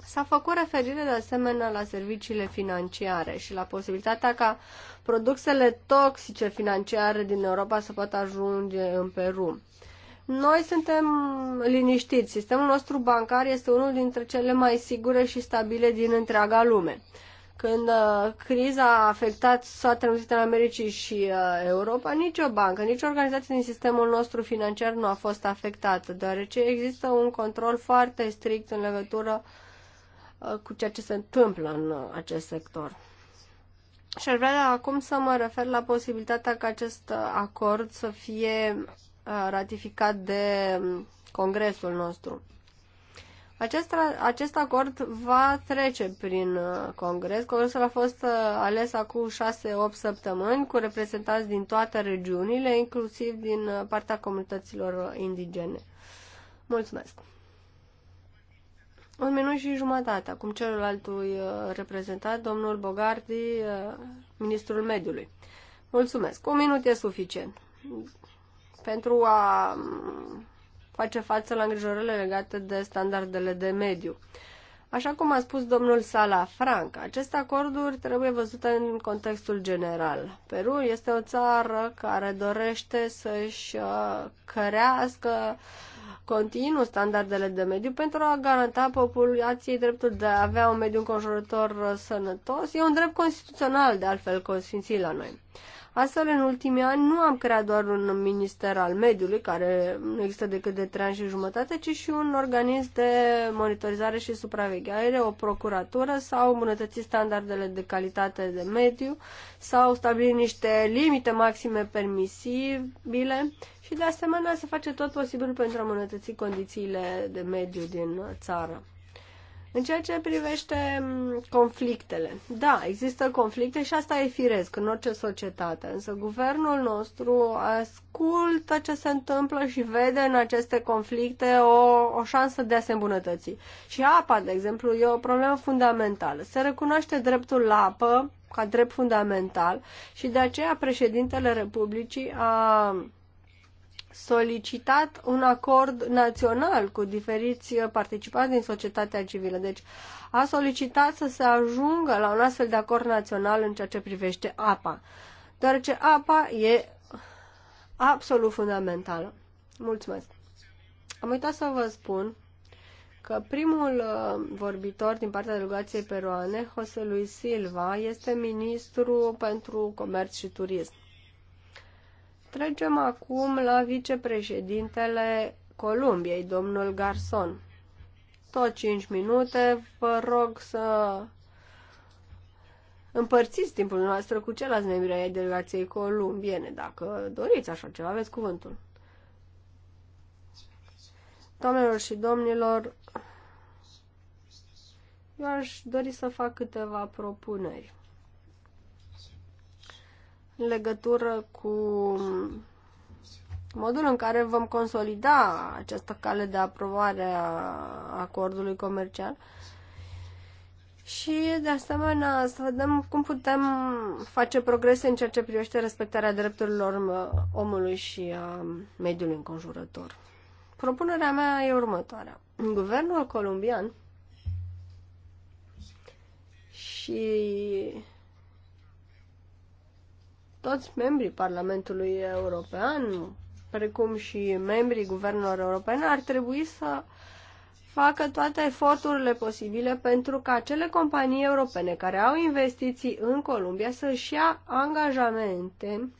S-a făcut referire de asemenea la serviciile financiare și la posibilitatea ca produsele toxice financiare din Europa să poată ajunge în Peru. Noi suntem liniștiți. Sistemul nostru bancar este unul dintre cele mai sigure și stabile din întreaga lume. Când uh, criza a afectat Statele Unite ale Americii și uh, Europa, nicio bancă, nicio organizație din sistemul nostru financiar nu a fost afectată, deoarece există un control foarte strict în legătură uh, cu ceea ce se întâmplă în uh, acest sector. Și aș vrea acum să mă refer la posibilitatea ca acest uh, acord să fie uh, ratificat de um, Congresul nostru. Acest, acest acord va trece prin uh, Congres. Congresul a fost uh, ales acum 6-8 săptămâni cu reprezentanți din toate regiunile, inclusiv din uh, partea comunităților indigene. Mulțumesc! Un minut și jumătate. Acum celălaltui reprezentant, domnul Bogardi, ministrul mediului. Mulțumesc. Un minut e suficient pentru a face față la îngrijorările legate de standardele de mediu. Așa cum a spus domnul Sala Frank, aceste acorduri trebuie văzute în contextul general. Peru este o țară care dorește să-și uh, cărească continuu standardele de mediu pentru a garanta populației dreptul de a avea un mediu înconjurător uh, sănătos. E un drept constituțional, de altfel, consfințit la noi. Astfel, în ultimii ani nu am creat doar un minister al mediului, care nu există decât de trei ani și jumătate, ci și un organism de monitorizare și supraveghere, o procuratură sau îmbunătăți standardele de calitate de mediu sau stabili niște limite maxime permisibile și de asemenea se face tot posibil pentru a îmbunătăți condițiile de mediu din țară. În ceea ce privește mm, conflictele, da, există conflicte și asta e firesc în orice societate, însă guvernul nostru ascultă ce se întâmplă și vede în aceste conflicte o, o șansă de a se îmbunătăți. Și apa, de exemplu, e o problemă fundamentală. Se recunoaște dreptul la apă ca drept fundamental și de aceea președintele Republicii a solicitat un acord național cu diferiți participanți din societatea civilă. Deci a solicitat să se ajungă la un astfel de acord național în ceea ce privește apa, deoarece apa e absolut fundamentală. Mulțumesc! Am uitat să vă spun că primul uh, vorbitor din partea delegației peruane, José Luis Silva, este ministru pentru comerț și turism. Trecem acum la vicepreședintele Columbiei, domnul Garson. Tot 5 minute, vă rog să împărțiți timpul noastră cu celălalt membri ai delegației columbiene, dacă doriți așa ceva, aveți cuvântul. Doamnelor și domnilor, eu aș dori să fac câteva propuneri în legătură cu modul în care vom consolida această cale de aprobare a acordului comercial și, de asemenea, să vedem cum putem face progrese în ceea ce privește respectarea drepturilor omului și a mediului înconjurător. Propunerea mea e următoarea. Guvernul colombian și toți membrii Parlamentului European, precum și membrii guvernelor europene, ar trebui să facă toate eforturile posibile pentru ca acele companii europene care au investiții în Columbia să-și ia angajamente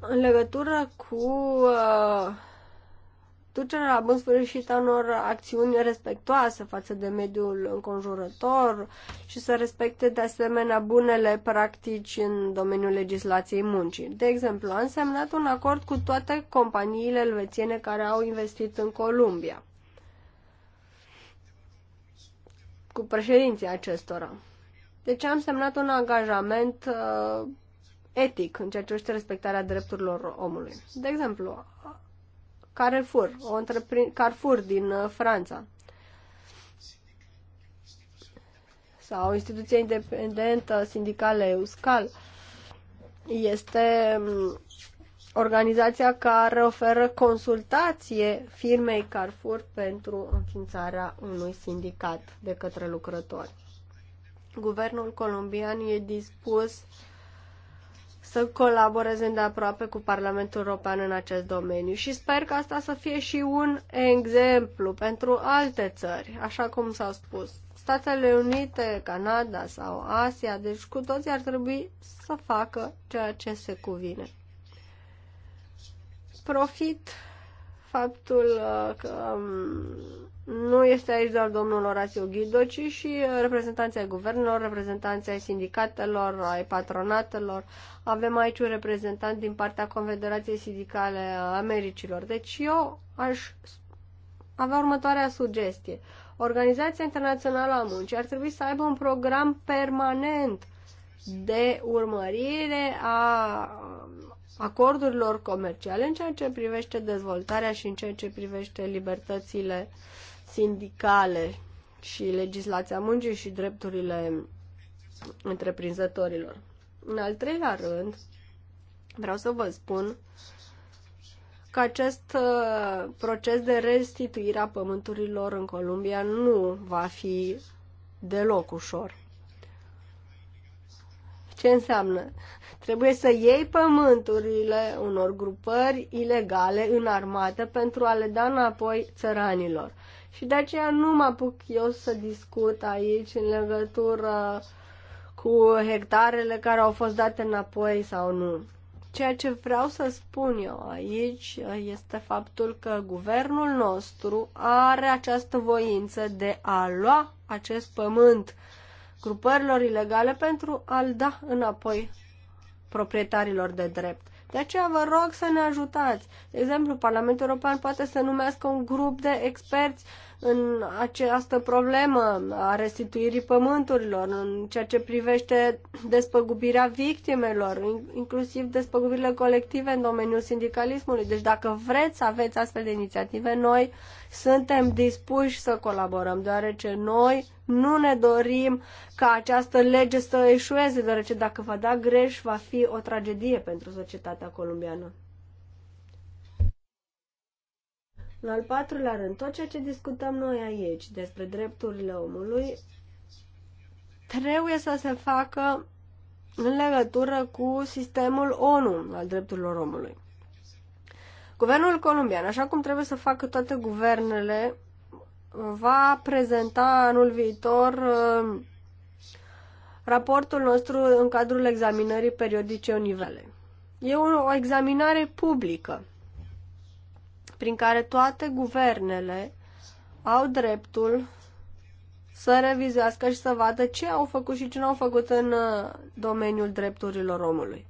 în legătură cu uh, ducerea la bun sfârșit a unor acțiuni respectoase față de mediul înconjurător și să respecte de asemenea bunele practici în domeniul legislației muncii. De exemplu, am semnat un acord cu toate companiile elvețiene care au investit în Columbia, cu președinții acestora. Deci am semnat un angajament uh, etic în ceea ce respectarea drepturilor omului. De exemplu, Carrefour, o întreprin- Carrefour din uh, Franța. Sau o instituție independentă sindicală Euskal. Este um, organizația care oferă consultație firmei Carrefour pentru înființarea unui sindicat de către lucrători. Guvernul colombian e dispus uh, să colaboreze de aproape cu Parlamentul European în acest domeniu și sper că asta să fie și un exemplu pentru alte țări, așa cum s-a spus. Statele Unite, Canada sau Asia, deci cu toții ar trebui să facă ceea ce se cuvine. Profit faptul uh, că um, nu este aici doar domnul Orațiu Ghido, ci și uh, reprezentanții ai guvernelor, reprezentanții ai sindicatelor, ai patronatelor. Avem aici un reprezentant din partea Confederației Sindicale a Americilor. Deci eu aș avea următoarea sugestie. Organizația Internațională a Muncii ar trebui să aibă un program permanent de urmărire a um, acordurilor comerciale în ceea ce privește dezvoltarea și în ceea ce privește libertățile sindicale și legislația muncii și drepturile întreprinzătorilor. În al treilea rând, vreau să vă spun că acest uh, proces de restituire a pământurilor în Columbia nu va fi deloc ușor. Ce înseamnă? Trebuie să iei pământurile unor grupări ilegale înarmate pentru a le da înapoi țăranilor și de aceea nu mă apuc eu să discut aici în legătură cu hectarele care au fost date înapoi sau nu. Ceea ce vreau să spun eu aici este faptul că guvernul nostru are această voință de a lua acest pământ grupărilor ilegale pentru a-l da înapoi proprietarilor de drept. De aceea vă rog să ne ajutați. De exemplu, Parlamentul European poate să numească un grup de experți uh, în această problemă a restituirii pământurilor, în ceea ce privește despăgubirea victimelor, inclusiv despăgubirile colective în domeniul sindicalismului. Deci dacă vreți să aveți astfel de inițiative, noi suntem dispuși să colaborăm, deoarece noi nu ne dorim ca această lege să eșueze, deoarece dacă va da greș, va fi o tragedie pentru societatea columbiană. În al patrulea rând, tot ceea ce discutăm noi aici despre drepturile omului trebuie să se facă în legătură cu sistemul ONU al drepturilor omului. Guvernul colombian, așa cum trebuie să facă toate guvernele, va prezenta anul viitor uh, raportul nostru în cadrul examinării periodice univele. E o examinare publică prin care toate guvernele au dreptul să revizuiască și să vadă ce au făcut și ce nu au făcut în uh, domeniul drepturilor omului.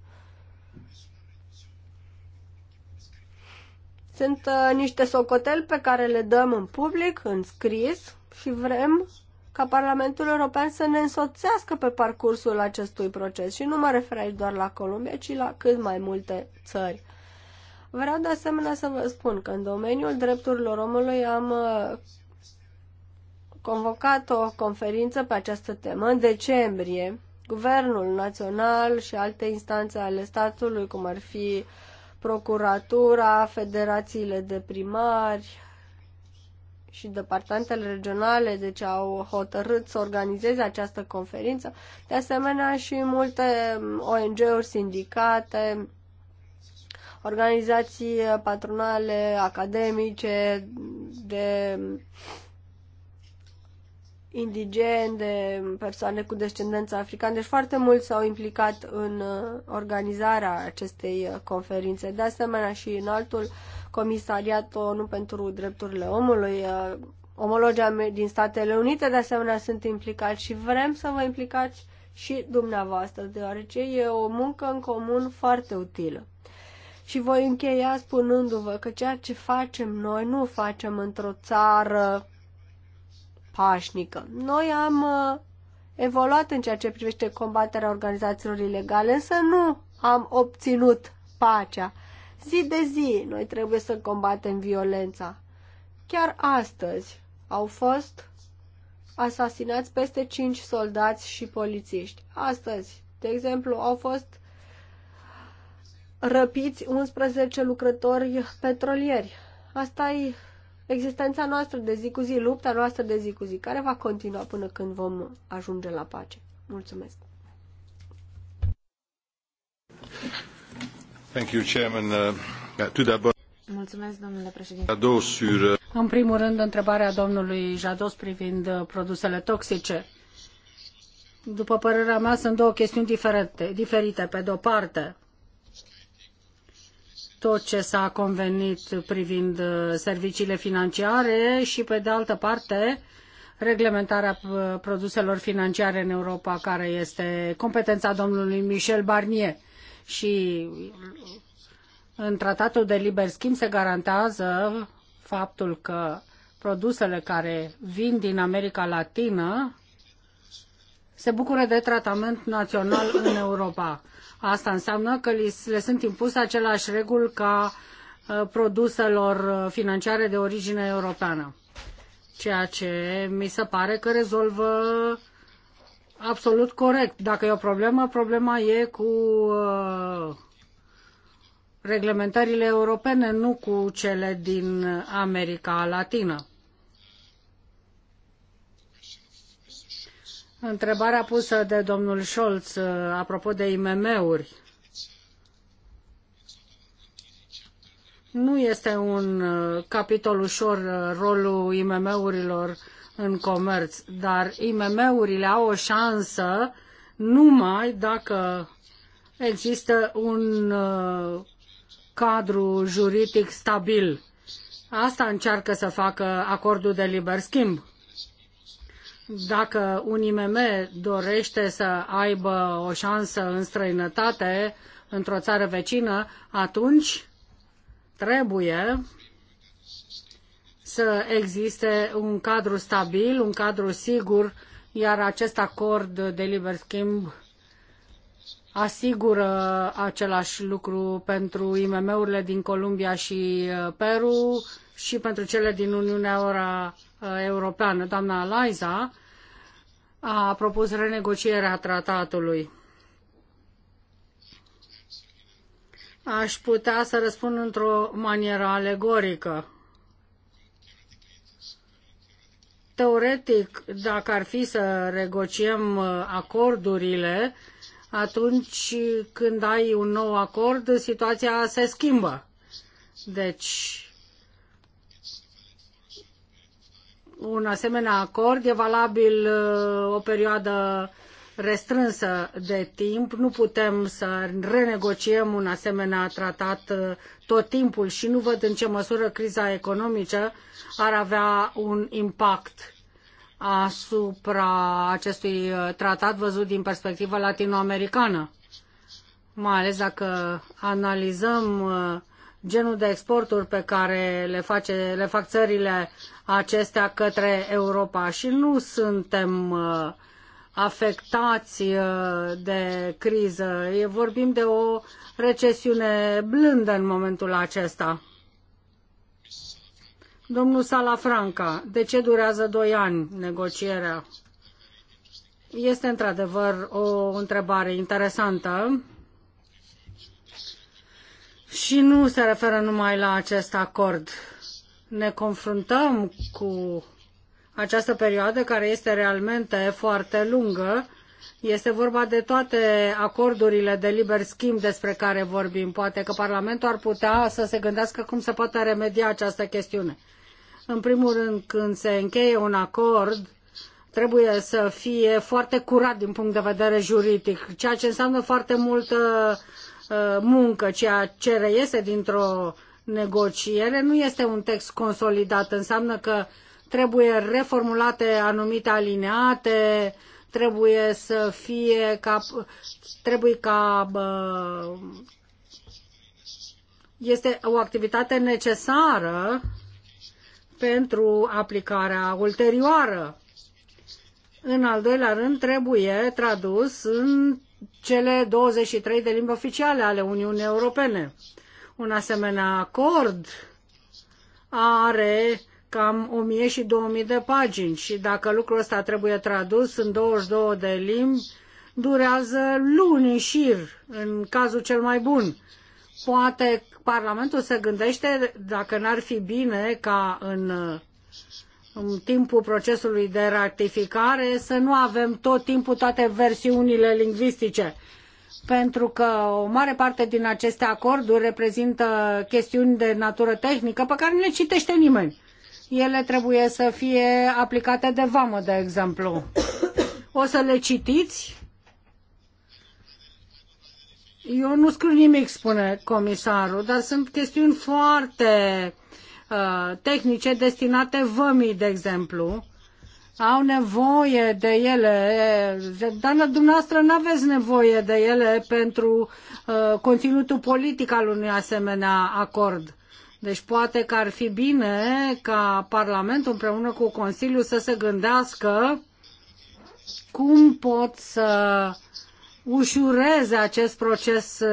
Sunt uh, niște socoteli pe care le dăm în public, în scris și vrem ca Parlamentul European să ne însoțească pe parcursul acestui proces. Și nu mă refer aici doar la Columbia, ci la cât mai multe țări. Vreau de asemenea să vă spun că în domeniul drepturilor omului am uh, convocat o conferință pe această temă în decembrie. Guvernul național și alte instanțe ale statului, cum ar fi procuratura, federațiile de primari și departamentele regionale, deci au hotărât să organizeze această conferință. De asemenea și multe um, ONG-uri, sindicate, organizații patronale, academice, de indigeni, de persoane cu descendență africană. Deci foarte mulți s-au implicat în uh, organizarea acestei uh, conferințe. De asemenea și în altul comisariat ONU pentru drepturile omului, uh, omologia din Statele Unite, de asemenea sunt implicați și vrem să vă implicați și dumneavoastră, deoarece e o muncă în comun foarte utilă. Și voi încheia spunându-vă că ceea ce facem noi nu facem într-o țară pașnică. Noi am uh, evoluat în ceea ce privește combaterea organizațiilor ilegale, însă nu am obținut pacea. Zi de zi noi trebuie să combatem violența. Chiar astăzi au fost asasinați peste 5 soldați și polițiști. Astăzi, de exemplu, au fost răpiți 11 lucrători petrolieri. Asta e existența noastră de zi cu zi, lupta noastră de zi cu zi, care va continua până când vom ajunge la pace. Mulțumesc! Thank you, Chairman. Uh, tout d'abord, Mulțumesc, domnule președinte. Uh, În primul rând, întrebarea domnului Jados privind uh, produsele toxice. După părerea mea, sunt două chestiuni diferite. diferite. Pe de-o parte, tot ce s-a convenit privind uh, serviciile financiare și, pe de altă parte, reglementarea uh, produselor financiare în Europa, care este competența domnului Michel Barnier. Și în tratatul de liber schimb se garantează faptul că produsele care vin din America Latină se bucură de tratament național în Europa. Asta înseamnă că le sunt impuse aceleași reguli ca uh, produselor uh, financiare de origine europeană. Ceea ce mi se pare că rezolvă absolut corect. Dacă e o problemă, problema e cu uh, reglementările europene, nu cu cele din America Latină. Întrebarea pusă de domnul Scholz uh, apropo de IMM-uri nu este un uh, capitol ușor uh, rolul IMM-urilor în comerț, dar IMM-urile au o șansă numai dacă există un cadru juridic stabil. Asta încearcă să facă acordul de liber schimb. Dacă un IMM dorește să aibă o șansă în străinătate, într-o țară vecină, atunci trebuie să existe un cadru stabil, un cadru sigur, iar acest acord de liber schimb asigură același lucru pentru IMM-urile din Columbia și uh, Peru și pentru cele din Uniunea Uh, europeană, doamna Laiza, a propus renegocierea tratatului. Aș putea să răspund într-o manieră alegorică. Teoretic, dacă ar fi să negociem uh, acordurile, atunci când ai un nou acord, situația se schimbă. Deci, un asemenea acord e valabil uh, o perioadă restrânsă de timp. Nu putem să renegociem un asemenea tratat uh, tot timpul și nu văd în ce măsură criza economică ar avea un impact asupra acestui uh, tratat văzut din perspectivă latinoamericană. Mai ales dacă analizăm genul de exporturi pe care le, face, le fac țările acestea către Europa și nu suntem uh, afectați uh, de criză. Vorbim de o recesiune blândă în momentul acesta. Domnul Salafranca, de ce durează doi ani negocierea? Este într-adevăr o întrebare interesantă și nu se referă numai la acest acord ne confruntăm cu această perioadă care este realmente foarte lungă. Este vorba de toate acordurile de liber schimb despre care vorbim. Poate că Parlamentul ar putea să se gândească cum se poate remedia această chestiune. În primul rând, când se încheie un acord, trebuie să fie foarte curat din punct de vedere juridic, ceea ce înseamnă foarte multă uh, muncă, ceea ce reiese dintr-o negociere. Nu este un text consolidat, înseamnă că trebuie reformulate anumite alineate, trebuie să fie ca, trebuie ca este o activitate necesară pentru aplicarea ulterioară. În al doilea rând, trebuie tradus în cele 23 de limbi oficiale ale Uniunii Europene. Un asemenea acord are cam 1000 și 2000 de pagini și dacă lucrul ăsta trebuie tradus în 22 de limbi, durează luni în șir, în cazul cel mai bun. Poate Parlamentul se gândește dacă n-ar fi bine ca în, în timpul procesului de ratificare să nu avem tot timpul toate versiunile lingvistice pentru că o mare parte din aceste acorduri reprezintă chestiuni de natură tehnică pe care nu le citește nimeni. Ele trebuie să fie aplicate de vamă, de exemplu. O să le citiți? Eu nu scriu nimic, spune comisarul, dar sunt chestiuni foarte uh, tehnice destinate vămii, de exemplu au nevoie de ele, dar dumneavoastră nu aveți nevoie de ele pentru uh, conținutul politic al unui asemenea acord. Deci poate că ar fi bine ca Parlamentul împreună cu Consiliul să se gândească cum pot să ușureze acest proces uh,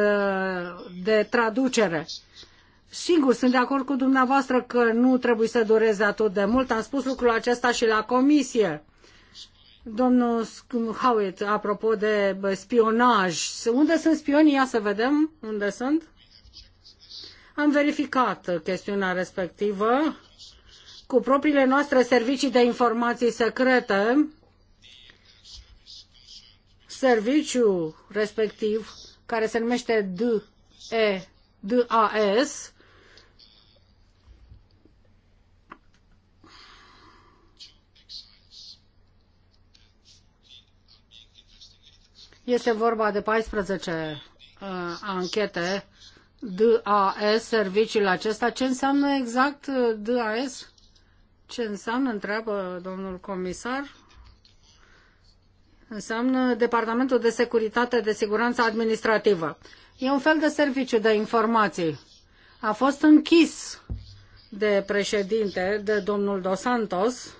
de traducere. Sigur, sunt de acord cu dumneavoastră că nu trebuie să dureze atât de mult. Am spus lucrul acesta și la comisie. Domnul Howitt, apropo de spionaj, unde sunt spionii? Ia să vedem unde sunt. Am verificat chestiunea respectivă cu propriile noastre servicii de informații secrete. serviciu respectiv, care se numește DE, DAS, Este vorba de 14 uh, anchete DAS, serviciul acesta. Ce înseamnă exact uh, DAS? Ce înseamnă, întreabă domnul comisar? Înseamnă Departamentul de Securitate de Siguranță Administrativă. E un fel de serviciu de informații. A fost închis de președinte, de domnul Dos Santos,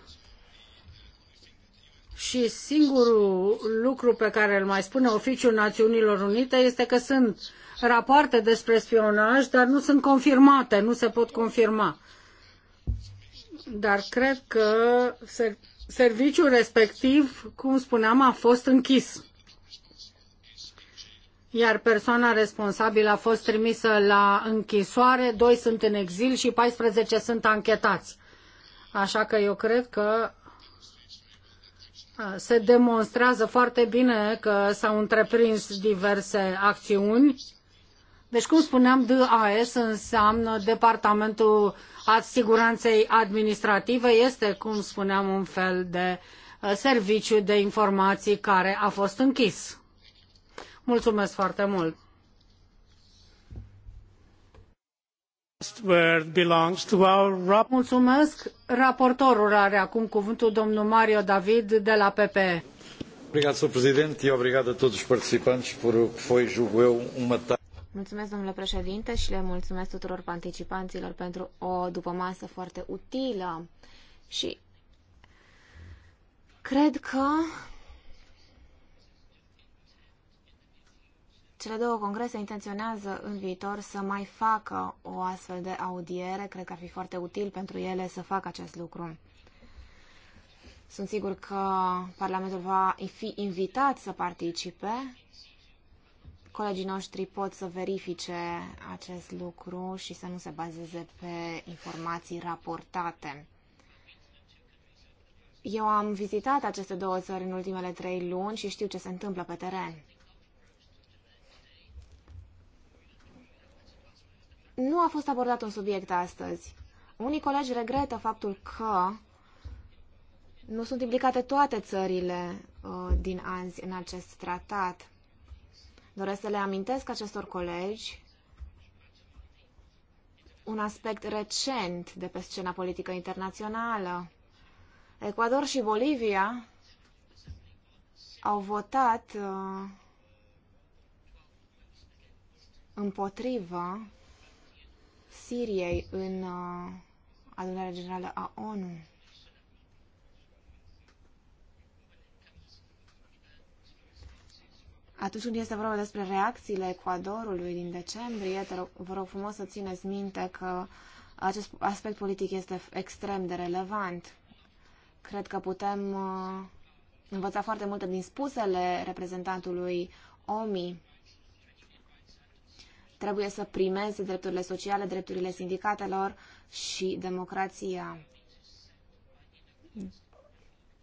și singurul lucru pe care îl mai spune Oficiul Națiunilor Unite este că sunt rapoarte despre spionaj, dar nu sunt confirmate, nu se pot confirma. Dar cred că serviciul respectiv, cum spuneam, a fost închis. Iar persoana responsabilă a fost trimisă la închisoare, doi sunt în exil și 14 sunt anchetați. Așa că eu cred că se demonstrează foarte bine că s-au întreprins diverse acțiuni. Deci, cum spuneam, DAS înseamnă Departamentul Siguranței Administrative, este, cum spuneam, un fel de serviciu de informații care a fost închis. Mulțumesc foarte mult! Mulțumesc. Raportorul are acum cuvântul domnul Mario David de la PPE. Obrigado, Sr. Presidente, e obrigado a todos os participantes por o que foi, julgo eu, uma Mulțumesc, domnule președinte, și le mulțumesc tuturor participanților pentru o dupămasă foarte utilă și cred că Cele două congrese intenționează în viitor să mai facă o astfel de audiere. Cred că ar fi foarte util pentru ele să facă acest lucru. Sunt sigur că Parlamentul va fi invitat să participe. Colegii noștri pot să verifice acest lucru și să nu se bazeze pe informații raportate. Eu am vizitat aceste două țări în ultimele trei luni și știu ce se întâmplă pe teren. Nu a fost abordat un subiect astăzi. Unii colegi regretă faptul că nu sunt implicate toate țările uh, din anzi în acest tratat. Doresc să le amintesc acestor colegi un aspect recent de pe scena politică internațională. Ecuador și Bolivia au votat uh, împotrivă Siriei în uh, adunarea generală a ONU. Atunci când este vorba despre reacțiile Ecuadorului din decembrie, te rog, vă rog frumos să țineți minte că acest aspect politic este extrem de relevant. Cred că putem uh, învăța foarte multe din spusele reprezentantului OMI Trebuie să primeze drepturile sociale, drepturile sindicatelor și democrația.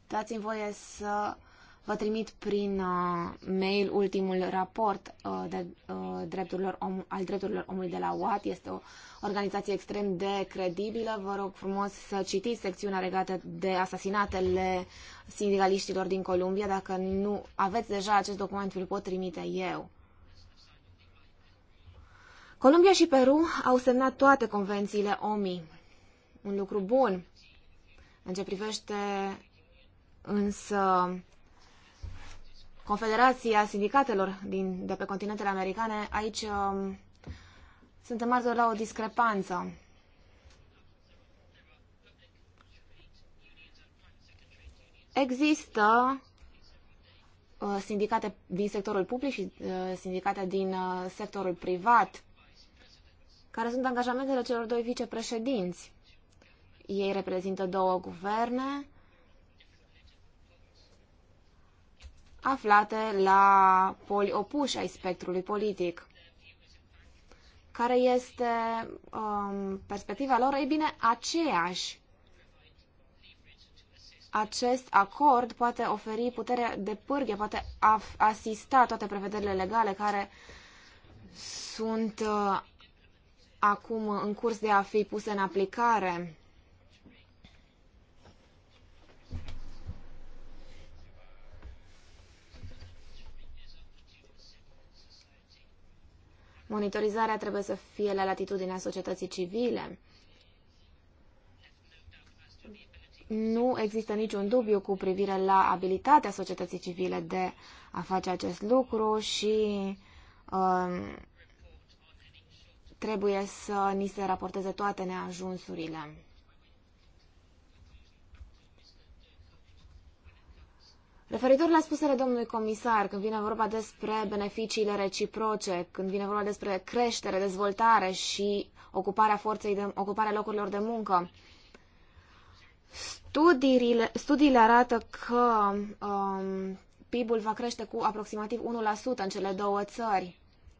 Dați-mi voie să vă trimit prin uh, mail ultimul raport uh, de, uh, drepturilor om, al drepturilor omului de la OAT. Este o organizație extrem de credibilă. Vă rog frumos să citiți secțiunea legată de asasinatele sindicaliștilor din Columbia. Dacă nu aveți deja acest document, vi-l pot trimite eu. Columbia și Peru au semnat toate convențiile OMI. Un lucru bun. În ce privește însă Confederația Sindicatelor din, de pe continentele americane, aici um, suntem martori la o discrepanță. Există uh, sindicate din sectorul public și uh, sindicate din uh, sectorul privat care sunt angajamentele celor doi vicepreședinți. Ei reprezintă două guverne aflate la poli opuși ai spectrului politic. Care este um, perspectiva lor? Ei bine, aceeași acest acord poate oferi putere de pârghie, poate asista toate prevederile legale care sunt uh, acum în curs de a fi puse în aplicare. Monitorizarea trebuie să fie la latitudinea societății civile. Nu există niciun dubiu cu privire la abilitatea societății civile de a face acest lucru și uh, trebuie să ni se raporteze toate neajunsurile. Referitor la spusele domnului comisar, când vine vorba despre beneficiile reciproce, când vine vorba despre creștere, dezvoltare și ocuparea forței de, ocuparea locurilor de muncă, studiile, studiile arată că um, PIB-ul va crește cu aproximativ 1% în cele două țări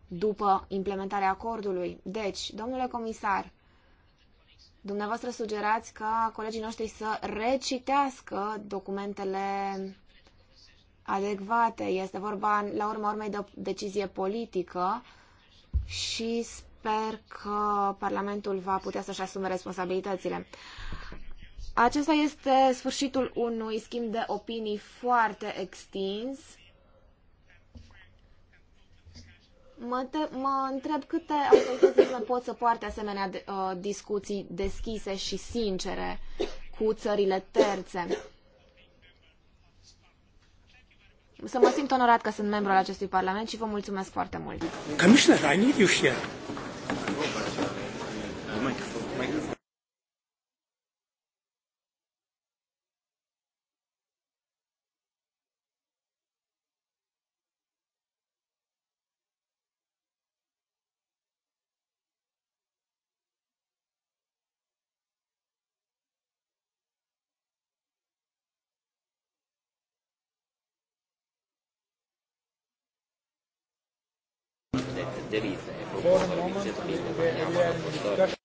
după implementarea acordului. Deci, domnule comisar, dumneavoastră sugerați ca colegii noștri să recitească documentele adecvate. Este vorba, la urma urmei, de decizie politică și sper că Parlamentul va putea să-și asume responsabilitățile. Acesta este sfârșitul unui schimb de opinii foarte extins. Mă, te, mă întreb câte autoritățile pot să poarte asemenea de, uh, discuții deschise și sincere cu țările terțe. Să mă simt onorat că sunt membru al acestui parlament și vă mulțumesc foarte mult. Commissioner, I need you here. Tenerife e propunerea de vicepreședinte Dumneavoastră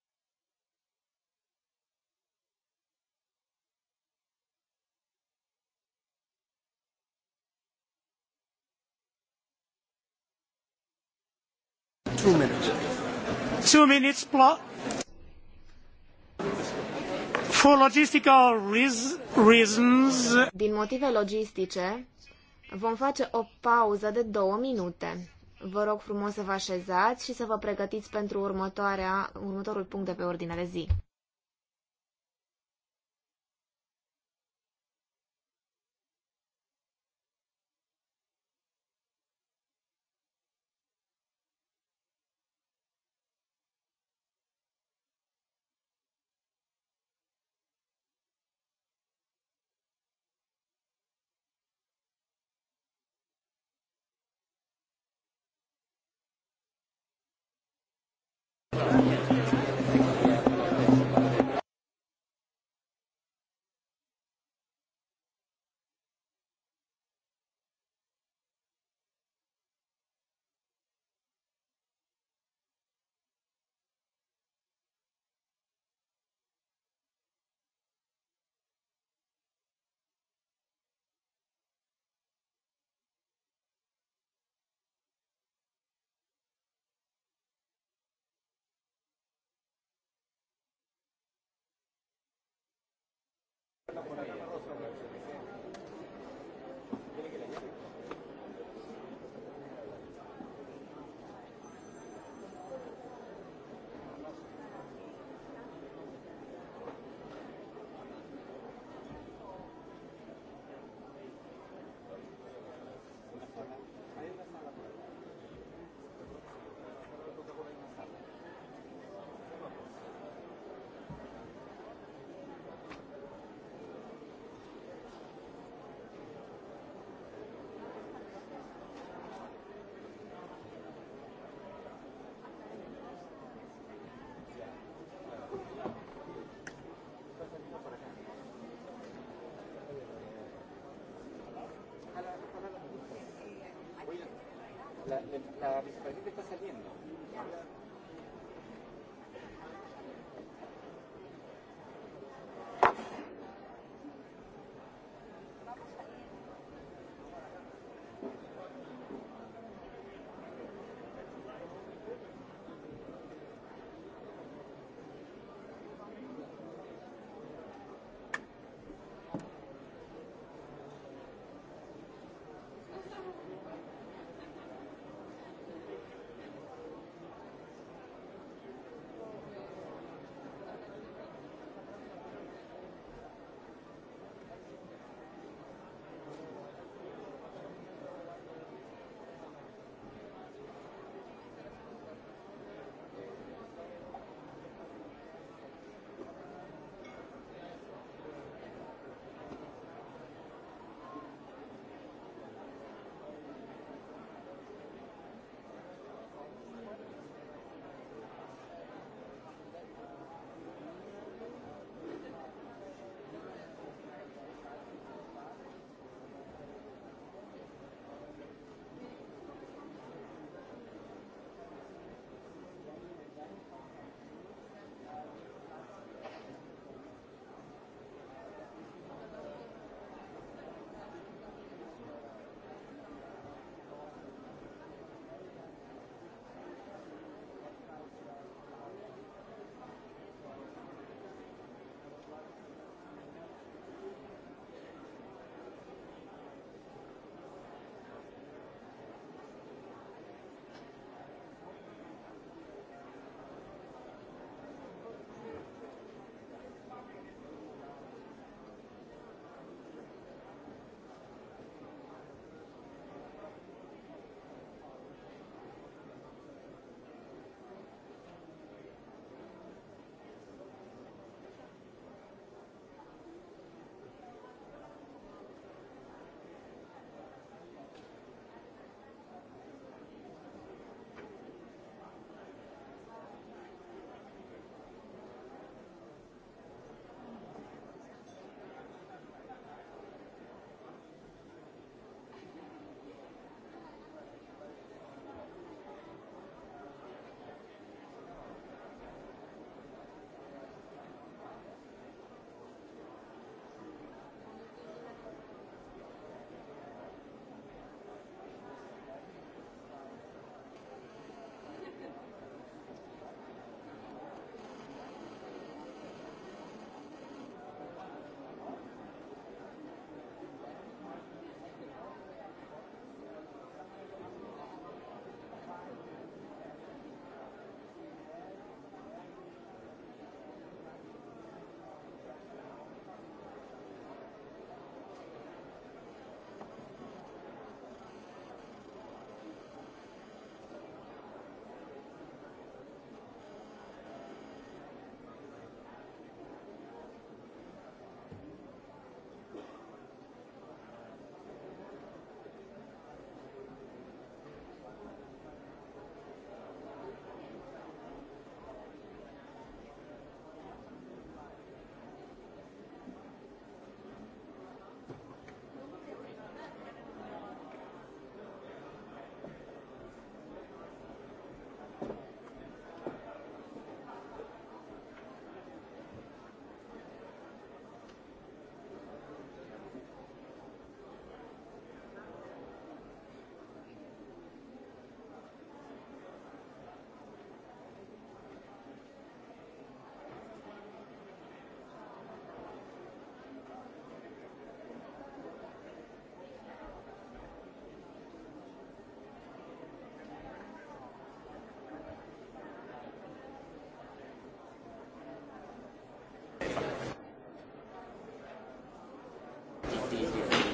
Two minutes. Two minutes plus. For logistical reasons. Din motive logistice, vom face o pauză de două minute. Vă rog frumos să vă așezați și să vă pregătiți pentru următoarea, următorul punct de pe ordinea de zi. le, la vicepresidente está saliendo.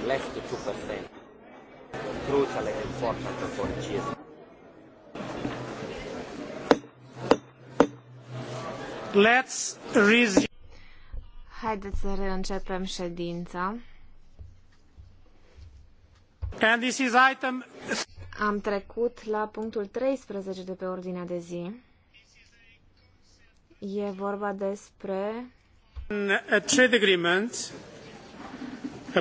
left 2%. Crucial and important for cheese. Let's resume. Haideți să reîncepem ședința. And this is item... Am trecut la punctul 13 de pe ordinea de zi. E vorba despre... A trade agreement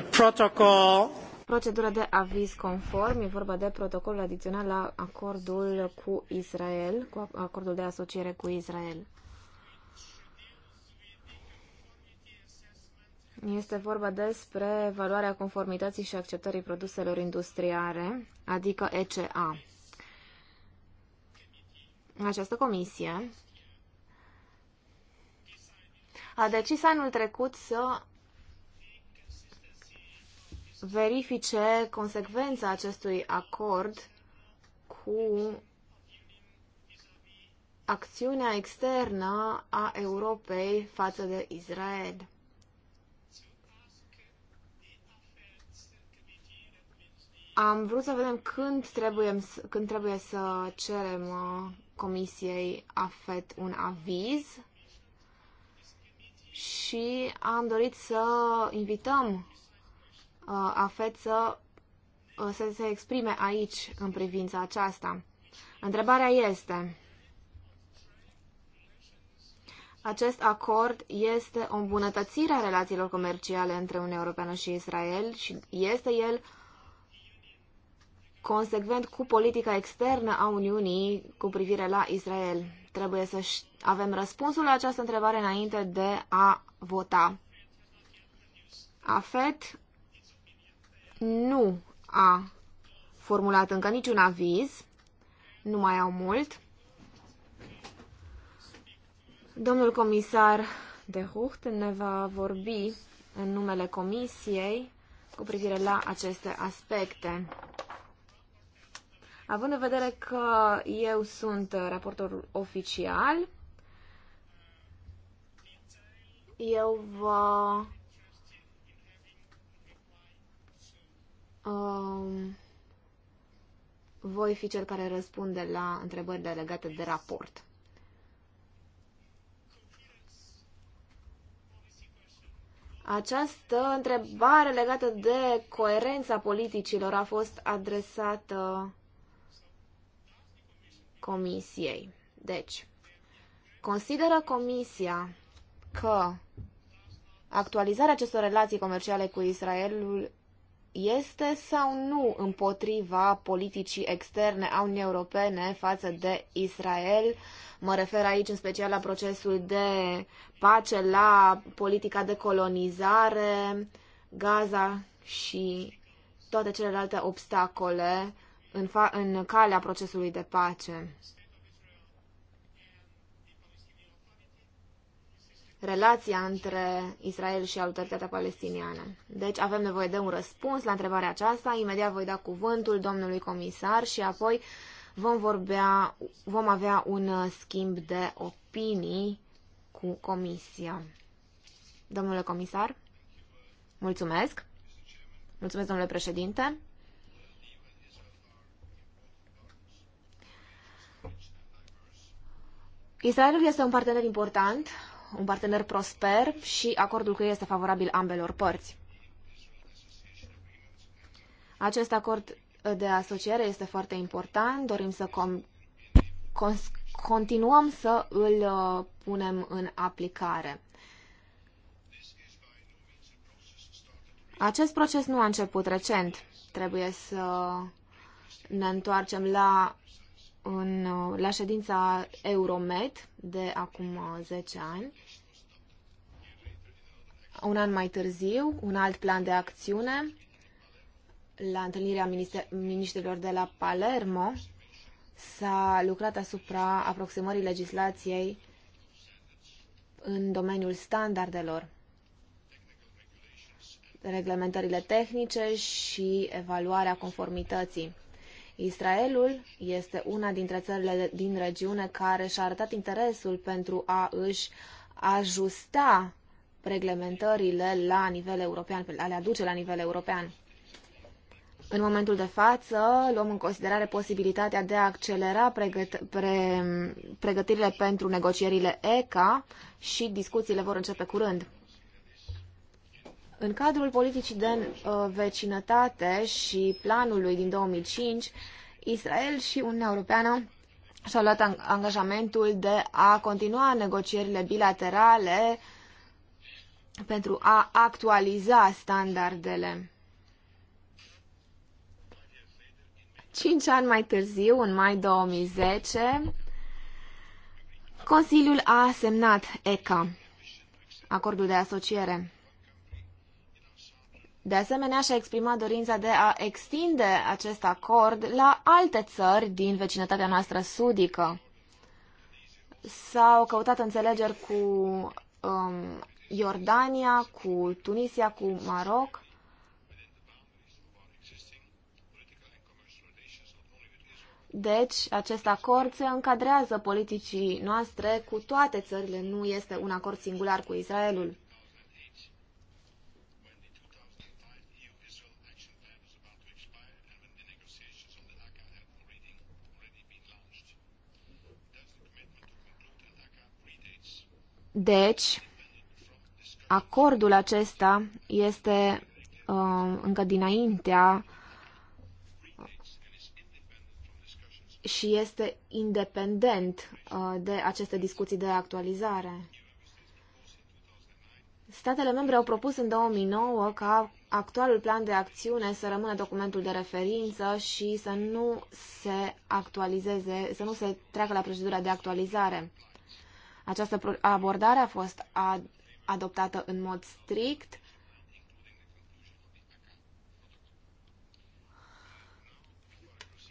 protocol procedură de aviz conform, e vorba de protocolul adițional la acordul cu Israel, cu acordul de asociere cu Israel. Este vorba despre evaluarea conformității și acceptării produselor industriare, adică ECA. Această comisie a decis anul trecut să verifice consecvența acestui acord cu acțiunea externă a Europei față de Israel. Am vrut să vedem când trebuie, când trebuie să cerem uh, Comisiei AFET un aviz și am dorit să invităm Uh, AFET să, uh, să se exprime aici în privința aceasta. Întrebarea este, acest acord este o îmbunătățire a relațiilor comerciale între Uniunea Europeană și Israel și este el consecvent cu politica externă a Uniunii cu privire la Israel. Trebuie să avem răspunsul la această întrebare înainte de a vota. AFET nu a formulat încă niciun aviz, nu mai au mult. Domnul comisar de Hucht ne va vorbi în numele comisiei cu privire la aceste aspecte. Având în vedere că eu sunt raportorul oficial, eu vă Um, voi fi cel care răspunde la întrebările legate de raport. Această întrebare legată de coerența politicilor a fost adresată Comisiei. Deci, consideră Comisia că actualizarea acestor relații comerciale cu Israelul este sau nu împotriva politicii externe a Uniunii Europene față de Israel? Mă refer aici în special la procesul de pace, la politica de colonizare, Gaza și toate celelalte obstacole în, fa- în calea procesului de pace. relația între Israel și autoritatea palestiniană. Deci avem nevoie de un răspuns la întrebarea aceasta. Imediat voi da cuvântul domnului comisar și apoi vom, vorbea, vom avea un uh, schimb de opinii cu comisia. Domnule comisar, mulțumesc. Mulțumesc, domnule președinte. Israelul este un partener important un partener prosper și acordul cu ei este favorabil ambelor părți. Acest acord de asociere este foarte important. Dorim să continuăm să îl uh, punem în aplicare. Acest proces nu a început recent. Trebuie să ne întoarcem la în, uh, la ședința Euromed de acum 10 uh, ani. Un an mai târziu, un alt plan de acțiune la întâlnirea ministrilor de la Palermo s-a lucrat asupra aproximării legislației în domeniul standardelor, reglementările tehnice și evaluarea conformității. Israelul este una dintre țările din regiune care și-a arătat interesul pentru a își ajusta reglementările la nivel european, a le aduce la nivel european. În momentul de față, luăm în considerare posibilitatea de a accelera pregăt- pre- pregătirile pentru negocierile ECA și discuțiile vor începe curând. În cadrul politicii de uh, vecinătate și planului din 2005, Israel și Uniunea Europeană și-au luat angajamentul de a continua negocierile bilaterale pentru a actualiza standardele. Cinci ani mai târziu, în mai 2010, Consiliul a semnat ECA, acordul de asociere. De asemenea, și-a exprimat dorința de a extinde acest acord la alte țări din vecinătatea noastră sudică. S-au căutat înțelegeri cu um, Iordania, cu Tunisia, cu Maroc. Deci, acest acord se încadrează politicii noastre cu toate țările, nu este un acord singular cu Israelul. Deci, acordul acesta este uh, încă dinaintea și este independent uh, de aceste discuții de actualizare. Statele membre au propus în 2009 ca actualul plan de acțiune să rămână documentul de referință și să nu se actualizeze, să nu se treacă la procedura de actualizare. Această abordare a fost ad adoptată în mod strict.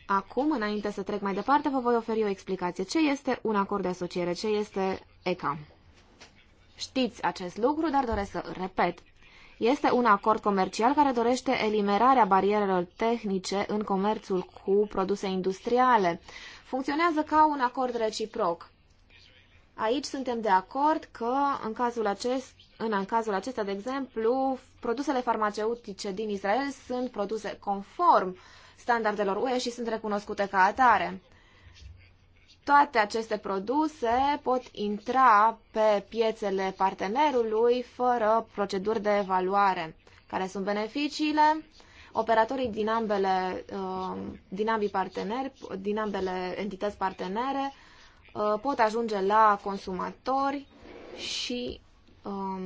Acum, înainte să trec mai departe, vă voi oferi o explicație. Ce este un acord de asociere? Ce este ECA? Știți acest lucru, dar doresc să repet. Este un acord comercial care dorește eliminarea barierelor tehnice în comerțul cu produse industriale. Funcționează ca un acord reciproc. Aici suntem de acord că în cazul, acest, în cazul acesta, de exemplu, produsele farmaceutice din Israel sunt produse conform standardelor UE și sunt recunoscute ca atare. Toate aceste produse pot intra pe piețele partenerului fără proceduri de evaluare. Care sunt beneficiile? Operatorii din ambele, uh, din ambii parteneri, din ambele entități partenere, Uh, pot ajunge la consumatori și um,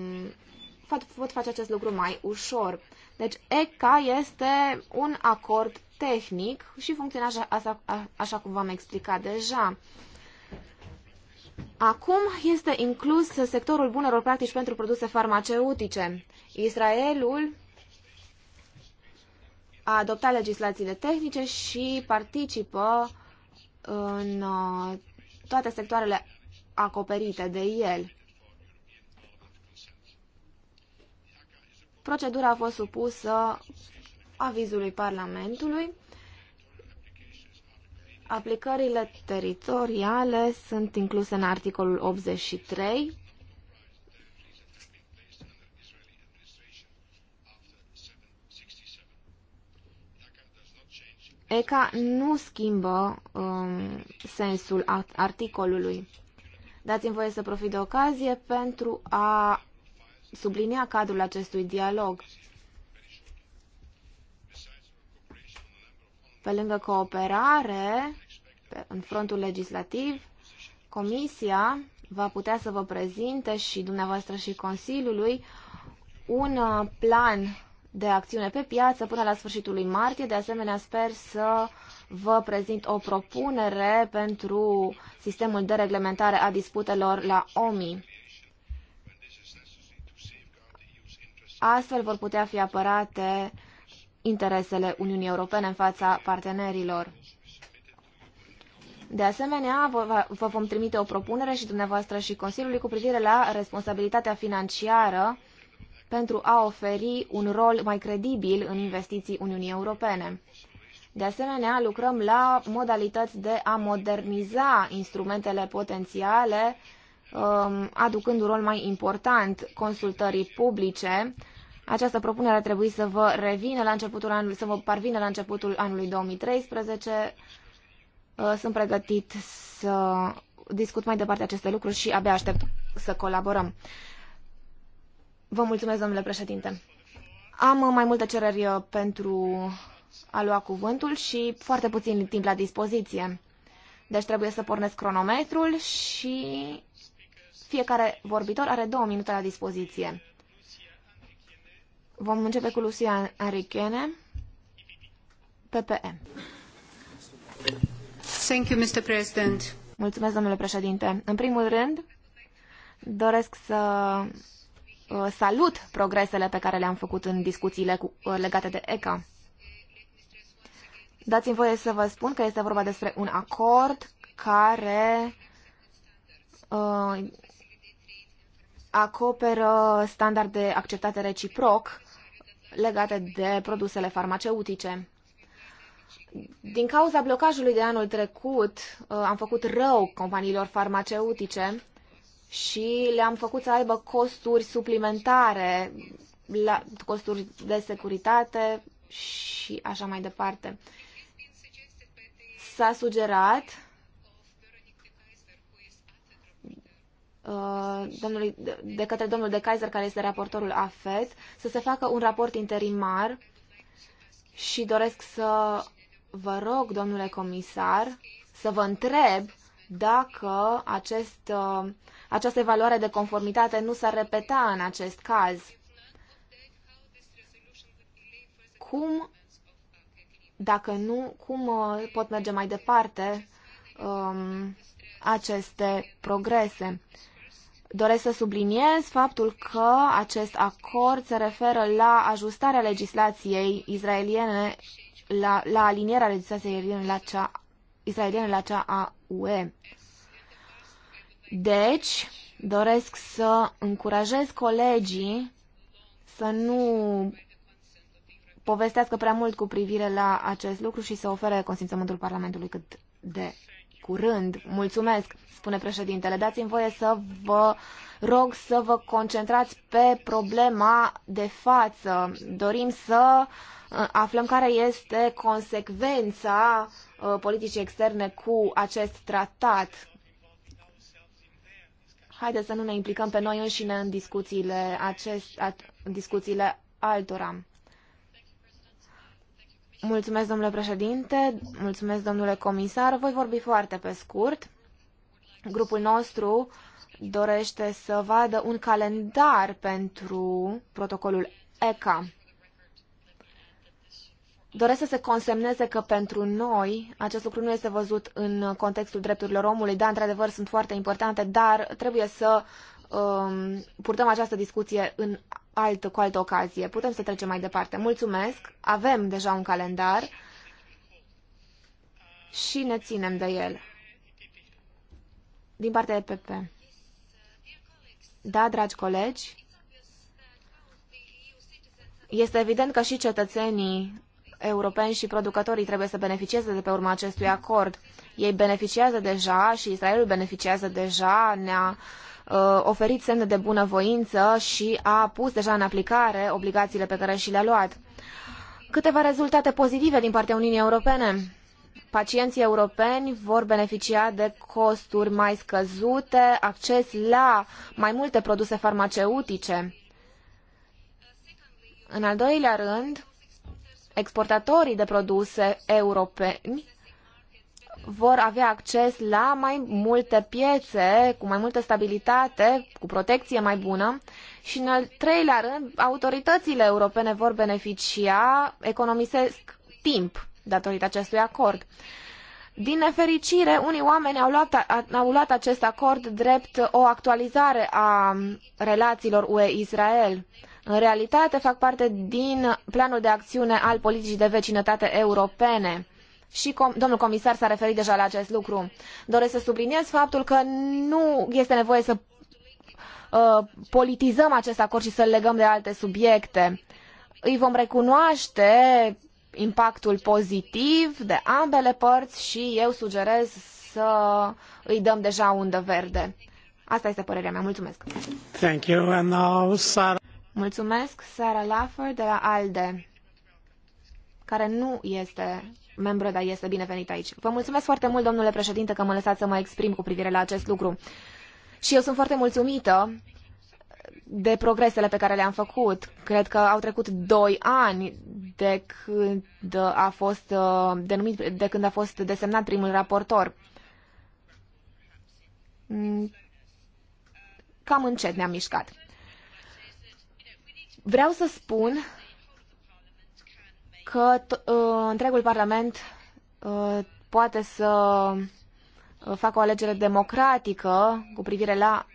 pot face acest lucru mai ușor. Deci ECA este un acord tehnic și funcționează așa, așa cum v-am explicat deja. Acum este inclus sectorul bunelor practici pentru produse farmaceutice. Israelul a adoptat legislațiile tehnice și participă în uh, toate sectoarele acoperite de el. Procedura a fost supusă avizului Parlamentului. Aplicările teritoriale sunt incluse în articolul 83 ECA nu schimbă um, sensul articolului. Dați-mi voie să profit de ocazie pentru a sublinia cadrul acestui dialog. Pe lângă cooperare, pe, în frontul legislativ, Comisia va putea să vă prezinte și dumneavoastră și Consiliului un uh, plan de acțiune pe piață până la sfârșitul lui martie. De asemenea, sper să vă prezint o propunere pentru sistemul de reglementare a disputelor la OMI. Astfel vor putea fi apărate interesele Uniunii Europene în fața partenerilor. De asemenea, vă vom trimite o propunere și dumneavoastră și Consiliului cu privire la responsabilitatea financiară pentru a oferi un rol mai credibil în investiții Uniunii Europene. De asemenea, lucrăm la modalități de a moderniza instrumentele potențiale, um, aducând un rol mai important consultării publice. Această propunere ar trebui să vă revină la începutul anului, să vă parvină la începutul anului 2013. Uh, sunt pregătit să discut mai departe aceste lucruri și abia aștept să colaborăm. Vă mulțumesc, domnule președinte. Am mai multe cereri uh, pentru a lua cuvântul și foarte puțin timp la dispoziție. Deci trebuie să pornesc cronometrul și fiecare vorbitor are două minute la dispoziție. Vom începe cu Lucia Enrichene, PPM. Thank you, Mr. President. Mulțumesc, domnule președinte. În primul rând, doresc să Uh, salut progresele pe care le-am făcut în discuțiile cu, uh, legate de ECA. Dați-mi voie să vă spun că este vorba despre un acord care uh, acoperă standarde acceptate reciproc legate de produsele farmaceutice. Din cauza blocajului de anul trecut, uh, am făcut rău companiilor farmaceutice și le-am făcut să aibă costuri suplimentare, la, costuri de securitate și așa mai departe. S-a sugerat uh, domnului, de către domnul de Kaiser, care este raportorul AFET, să se facă un raport interimar și doresc să vă rog, domnule comisar, să vă întreb dacă acest uh, această evaluare de conformitate nu s-ar repeta în acest caz. Cum, dacă nu, cum uh, pot merge mai departe um, aceste progrese? Doresc să subliniez faptul că acest acord se referă la ajustarea legislației izraeliene, la, la alinierea legislației izraeliene la cea, la cea a UE. Deci, doresc să încurajez colegii să nu povestească prea mult cu privire la acest lucru și să ofere consimțământul Parlamentului cât de curând. Mulțumesc, spune președintele. Dați-mi voie să vă rog să vă concentrați pe problema de față. Dorim să uh, aflăm care este consecvența uh, politicii externe cu acest tratat haideți să nu ne implicăm pe noi înșine în discuțiile, acest, în discuțiile altora. Mulțumesc, domnule președinte, mulțumesc, domnule comisar. Voi vorbi foarte pe scurt. Grupul nostru dorește să vadă un calendar pentru protocolul ECA doresc să se consemneze că pentru noi acest lucru nu este văzut în contextul drepturilor omului. Da, într-adevăr, sunt foarte importante, dar trebuie să um, purtăm această discuție în altă, cu altă ocazie. Putem să trecem mai departe. Mulțumesc, avem deja un calendar și ne ținem de el. Din partea EPP. Da, dragi colegi, este evident că și cetățenii europeni și producătorii trebuie să beneficieze de pe urma acestui acord. Ei beneficiază deja și Israelul beneficiază deja, ne-a uh, oferit semne de bunăvoință și a pus deja în aplicare obligațiile pe care și le-a luat. Câteva rezultate pozitive din partea Uniunii Europene. Pacienții europeni vor beneficia de costuri mai scăzute, acces la mai multe produse farmaceutice. În al doilea rând, exportatorii de produse europeni vor avea acces la mai multe piețe, cu mai multă stabilitate, cu protecție mai bună și, în al treilea rând, autoritățile europene vor beneficia, economisesc timp datorită acestui acord. Din nefericire, unii oameni au luat, au luat acest acord drept o actualizare a relațiilor UE-Israel în realitate fac parte din planul de acțiune al politicii de vecinătate europene. Și com domnul comisar s-a referit deja la acest lucru. Doresc să subliniez faptul că nu este nevoie să uh, politizăm acest acord și să-l legăm de alte subiecte. Îi vom recunoaște impactul pozitiv de ambele părți și eu sugerez să îi dăm deja undă verde. Asta este părerea mea. Mulțumesc. Thank you. And now, Sarah. Mulțumesc, Sarah Laffer de la ALDE, care nu este membră, dar este binevenită aici. Vă mulțumesc foarte mult, domnule președinte, că mă lăsați să mă exprim cu privire la acest lucru. Și eu sunt foarte mulțumită de progresele pe care le-am făcut. Cred că au trecut doi ani de când a fost uh, denumit, de când a fost desemnat primul raportor. Cam încet ne-am mișcat. Vreau să spun că ă, întregul Parlament ă, poate să ă, facă o alegere democratică cu privire la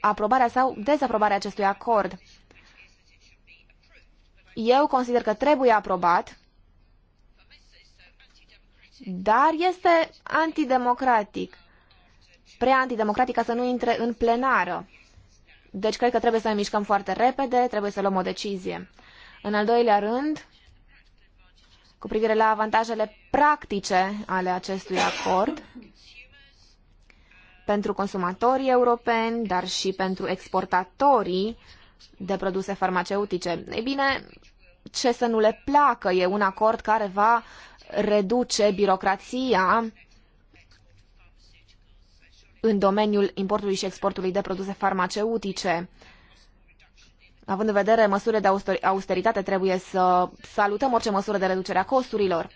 aprobarea sau dezaprobarea acestui acord. Eu consider că trebuie aprobat, dar este antidemocratic, prea antidemocratic ca să nu intre în plenară. Deci cred că trebuie să ne mișcăm foarte repede, trebuie să luăm o decizie. În al doilea rând, cu privire la avantajele practice ale acestui acord pentru consumatorii europeni, dar și pentru exportatorii de produse farmaceutice. Ei bine, ce să nu le placă, e un acord care va reduce birocrația în domeniul importului și exportului de produse farmaceutice. Având în vedere măsurile de austeritate, trebuie să salutăm orice măsură de reducere a costurilor.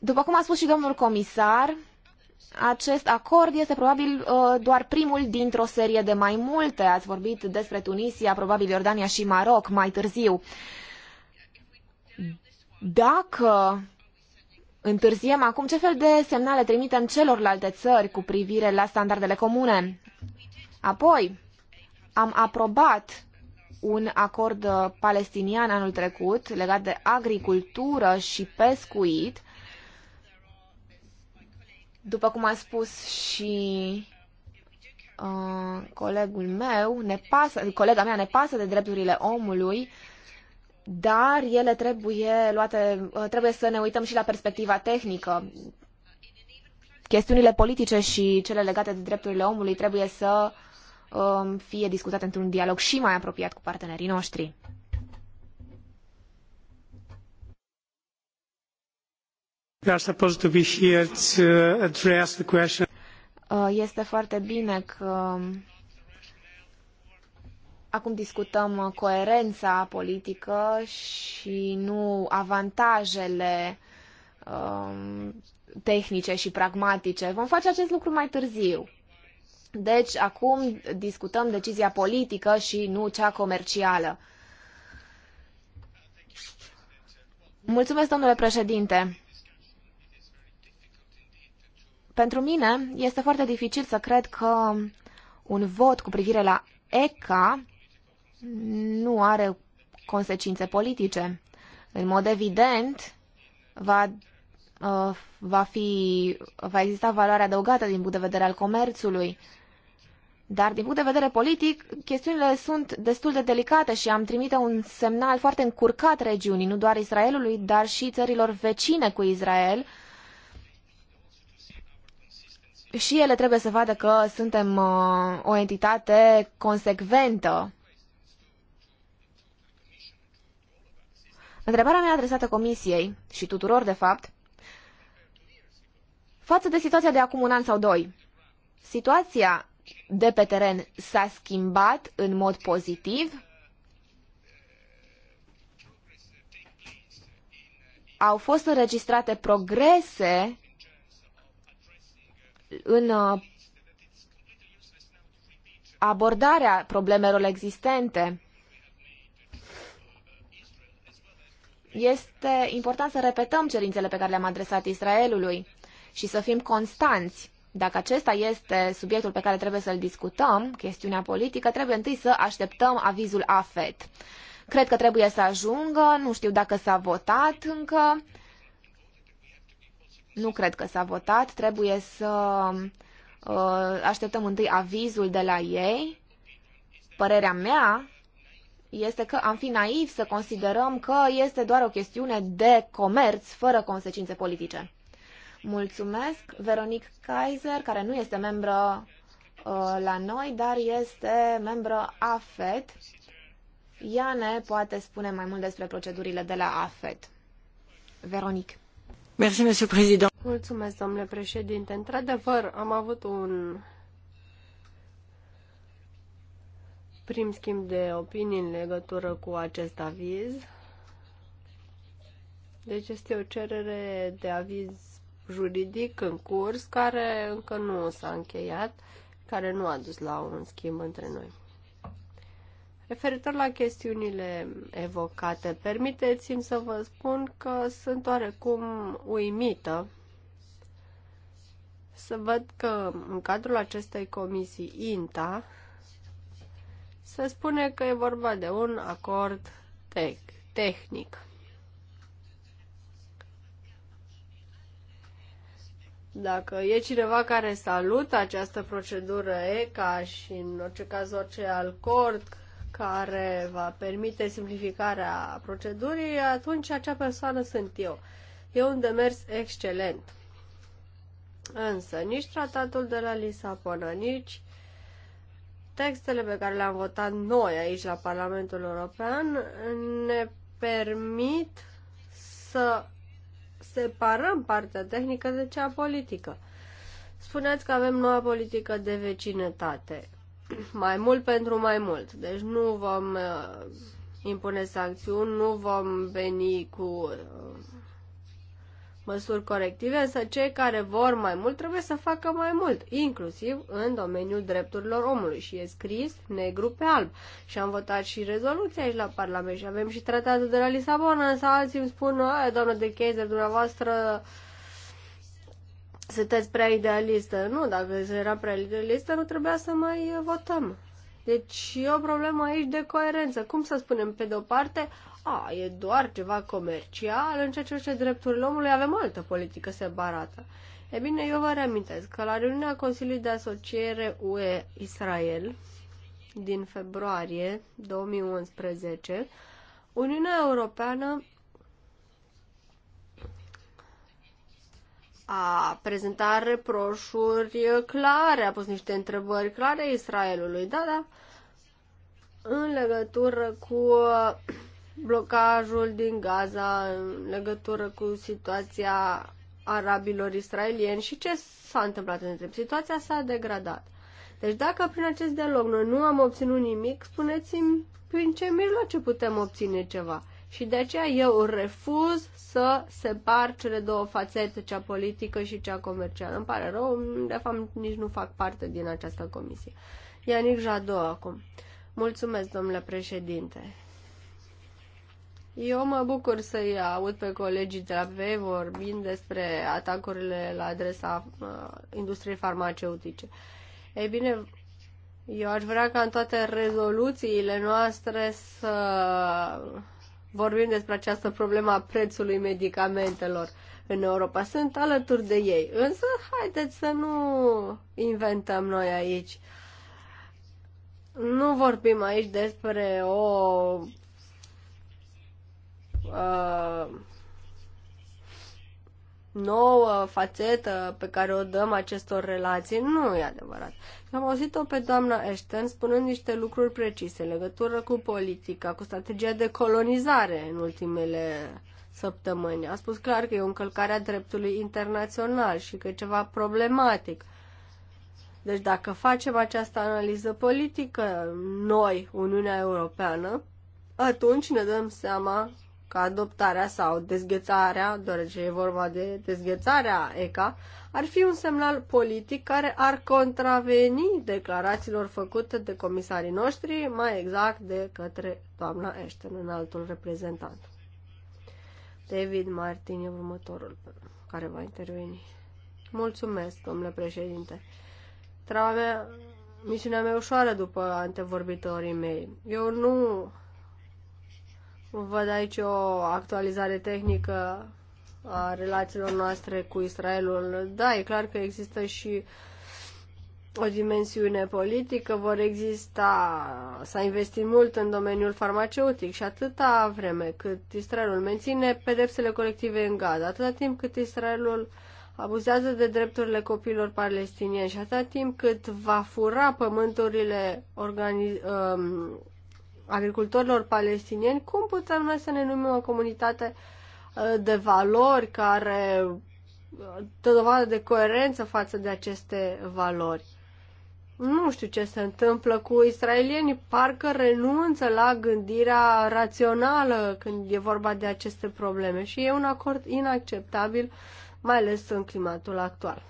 După cum a spus și domnul comisar, acest acord este probabil uh, doar primul dintr-o serie de mai multe. Ați vorbit despre Tunisia, probabil Iordania și Maroc mai târziu. Dacă întârziem acum, ce fel de semnale trimitem celorlalte țări cu privire la standardele comune? Apoi, am aprobat un acord uh, palestinian anul trecut legat de agricultură și pescuit. După cum a spus și uh, colegul meu, ne pasă, colega mea ne pasă de drepturile omului, uh, dar ele trebuie luate, uh, trebuie să ne uităm și la perspectiva tehnică. Chestiunile politice și cele legate de drepturile omului trebuie să um, fie discutate într-un dialog și mai apropiat cu partenerii noștri. Uh, uh, este foarte bine că um, Acum discutăm uh, coerența politică și nu avantajele um, tehnice și pragmatice. Vom face acest lucru mai târziu. Deci, acum discutăm decizia politică și nu cea comercială. Mulțumesc, domnule președinte. Pentru mine este foarte dificil să cred că un vot cu privire la ECA nu are consecințe politice. În mod evident, va, uh, va, fi, va exista valoare adăugată din punct de vedere al comerțului, dar din punct de vedere politic, chestiunile sunt destul de delicate și am trimite un semnal foarte încurcat regiunii, nu doar Israelului, dar și țărilor vecine cu Israel. Și ele trebuie să vadă că suntem uh, o entitate consecventă Întrebarea mea adresată Comisiei și tuturor, de fapt, față de situația de acum un an sau doi, situația de pe teren s-a schimbat în mod pozitiv? Au fost înregistrate progrese în uh, abordarea problemelor existente? este important să repetăm cerințele pe care le-am adresat Israelului și să fim constanți. Dacă acesta este subiectul pe care trebuie să-l discutăm, chestiunea politică, trebuie întâi să așteptăm avizul AFET. Cred că trebuie să ajungă, nu știu dacă s-a votat încă. Nu cred că s-a votat, trebuie să uh, așteptăm întâi avizul de la ei. Părerea mea este că am fi naiv să considerăm că este doar o chestiune de comerț fără consecințe politice. Mulțumesc, Veronic Kaiser, care nu este membră uh, la noi, dar este membră AFET. Ea ne poate spune mai mult despre procedurile de la AFET. Veronic. Mulțumesc, domnule președinte. Într-adevăr, am avut un prim schimb de opinii în legătură cu acest aviz. Deci este o cerere de aviz juridic în curs care încă nu s-a încheiat, care nu a dus la un schimb între noi. Referitor la chestiunile evocate, permiteți-mi să vă spun că sunt oarecum uimită să văd că în cadrul acestei comisii INTA se spune că e vorba de un acord tec tehnic. Dacă e cineva care salută această procedură ECA și în orice caz orice acord care va permite simplificarea procedurii, atunci acea persoană sunt eu. E un demers excelent. Însă, nici tratatul de la Lisabona, nici Textele pe care le-am votat noi aici la Parlamentul European ne permit să separăm partea tehnică de cea politică. Spuneți că avem noua politică de vecinătate. Mai mult pentru mai mult. Deci nu vom uh, impune sancțiuni, nu vom veni cu uh, măsuri corective, însă cei care vor mai mult trebuie să facă mai mult, inclusiv în domeniul drepturilor omului. Și e scris negru pe alb. Și am votat și rezoluția aici la Parlament și avem și tratatul de la Lisabona, însă alții îmi spun, doamnă de Kaiser, dumneavoastră sunteți prea idealistă. Nu, dacă era prea idealistă, nu trebuia să mai votăm. Deci e o problemă aici de coerență. Cum să spunem, pe de o parte, a, e doar ceva comercial, în ceea ce privește drepturile omului avem altă politică separată. E bine, eu vă reamintesc că la reuniunea Consiliului de Asociere UE-Israel din februarie 2011, Uniunea Europeană a prezentat reproșuri clare, a pus niște întrebări clare Israelului, da, da, în legătură cu blocajul din Gaza în legătură cu situația arabilor israelieni și ce s-a întâmplat între timp. Situația s-a degradat. Deci dacă prin acest dialog noi nu am obținut nimic, spuneți-mi prin ce mijloace putem obține ceva. Și de aceea eu refuz să separ cele două fațete, cea politică și cea comercială. Îmi pare rău, de fapt nici nu fac parte din această comisie. Ianic Jadot acum. Mulțumesc, domnule președinte. Eu mă bucur să-i aud pe colegii de la PV vorbind despre atacurile la adresa uh, industriei farmaceutice. Ei bine, eu aș vrea ca în toate rezoluțiile noastre să vorbim despre această problemă a prețului medicamentelor în Europa. Sunt alături de ei, însă haideți să nu inventăm noi aici. Nu vorbim aici despre o Uh, nouă fațetă pe care o dăm acestor relații, nu e adevărat. Am auzit-o pe doamna Ashton spunând niște lucruri precise în legătură cu politica, cu strategia de colonizare în ultimele săptămâni. A spus clar că e o încălcare a dreptului internațional și că e ceva problematic. Deci dacă facem această analiză politică, noi, Uniunea Europeană, atunci ne dăm seama că adoptarea sau dezghețarea, deoarece e vorba de dezghețarea ECA, ar fi un semnal politic care ar contraveni declarațiilor făcute de comisarii noștri, mai exact de către doamna Ashton, în altul reprezentant. David Martin e următorul care va interveni. Mulțumesc, domnule președinte. Treaba mea, misiunea mea ușoară după antevorbitorii mei. Eu nu Văd aici o actualizare tehnică a relațiilor noastre cu Israelul. Da, e clar că există și o dimensiune politică, vor exista, s-a investit mult în domeniul farmaceutic și atâta vreme cât Israelul menține pedepsele colective în Gaza, atâta timp cât Israelul abuzează de drepturile copiilor palestinieni și atâta timp cât va fura pământurile organiz- um, agricultorilor palestinieni, cum putem noi să ne numim o comunitate uh, de valori care uh, dă dovadă de coerență față de aceste valori? Nu știu ce se întâmplă cu israelienii, parcă renunță la gândirea rațională când e vorba de aceste probleme și e un acord inacceptabil, mai ales în climatul actual.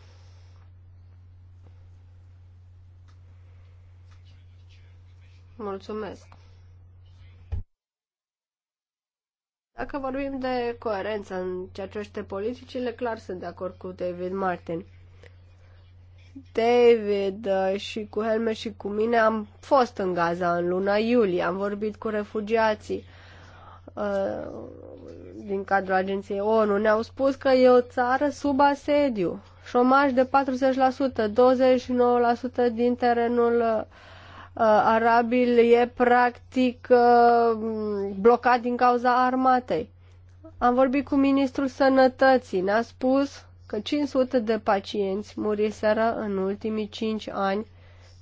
Mulțumesc. Dacă vorbim de coerență în ceea ce oște politicile, clar sunt de acord cu David Martin. David uh, și cu Helme și cu mine am fost în Gaza în luna iulie, am vorbit cu refugiații uh, din cadrul agenției ONU. Ne-au spus că e o țară sub asediu, șomaj de 40%, 29% din terenul uh, Uh, arabil e practic uh, blocat din cauza armatei. Am vorbit cu ministrul sănătății, ne-a spus că 500 de pacienți muriseră în ultimii 5 ani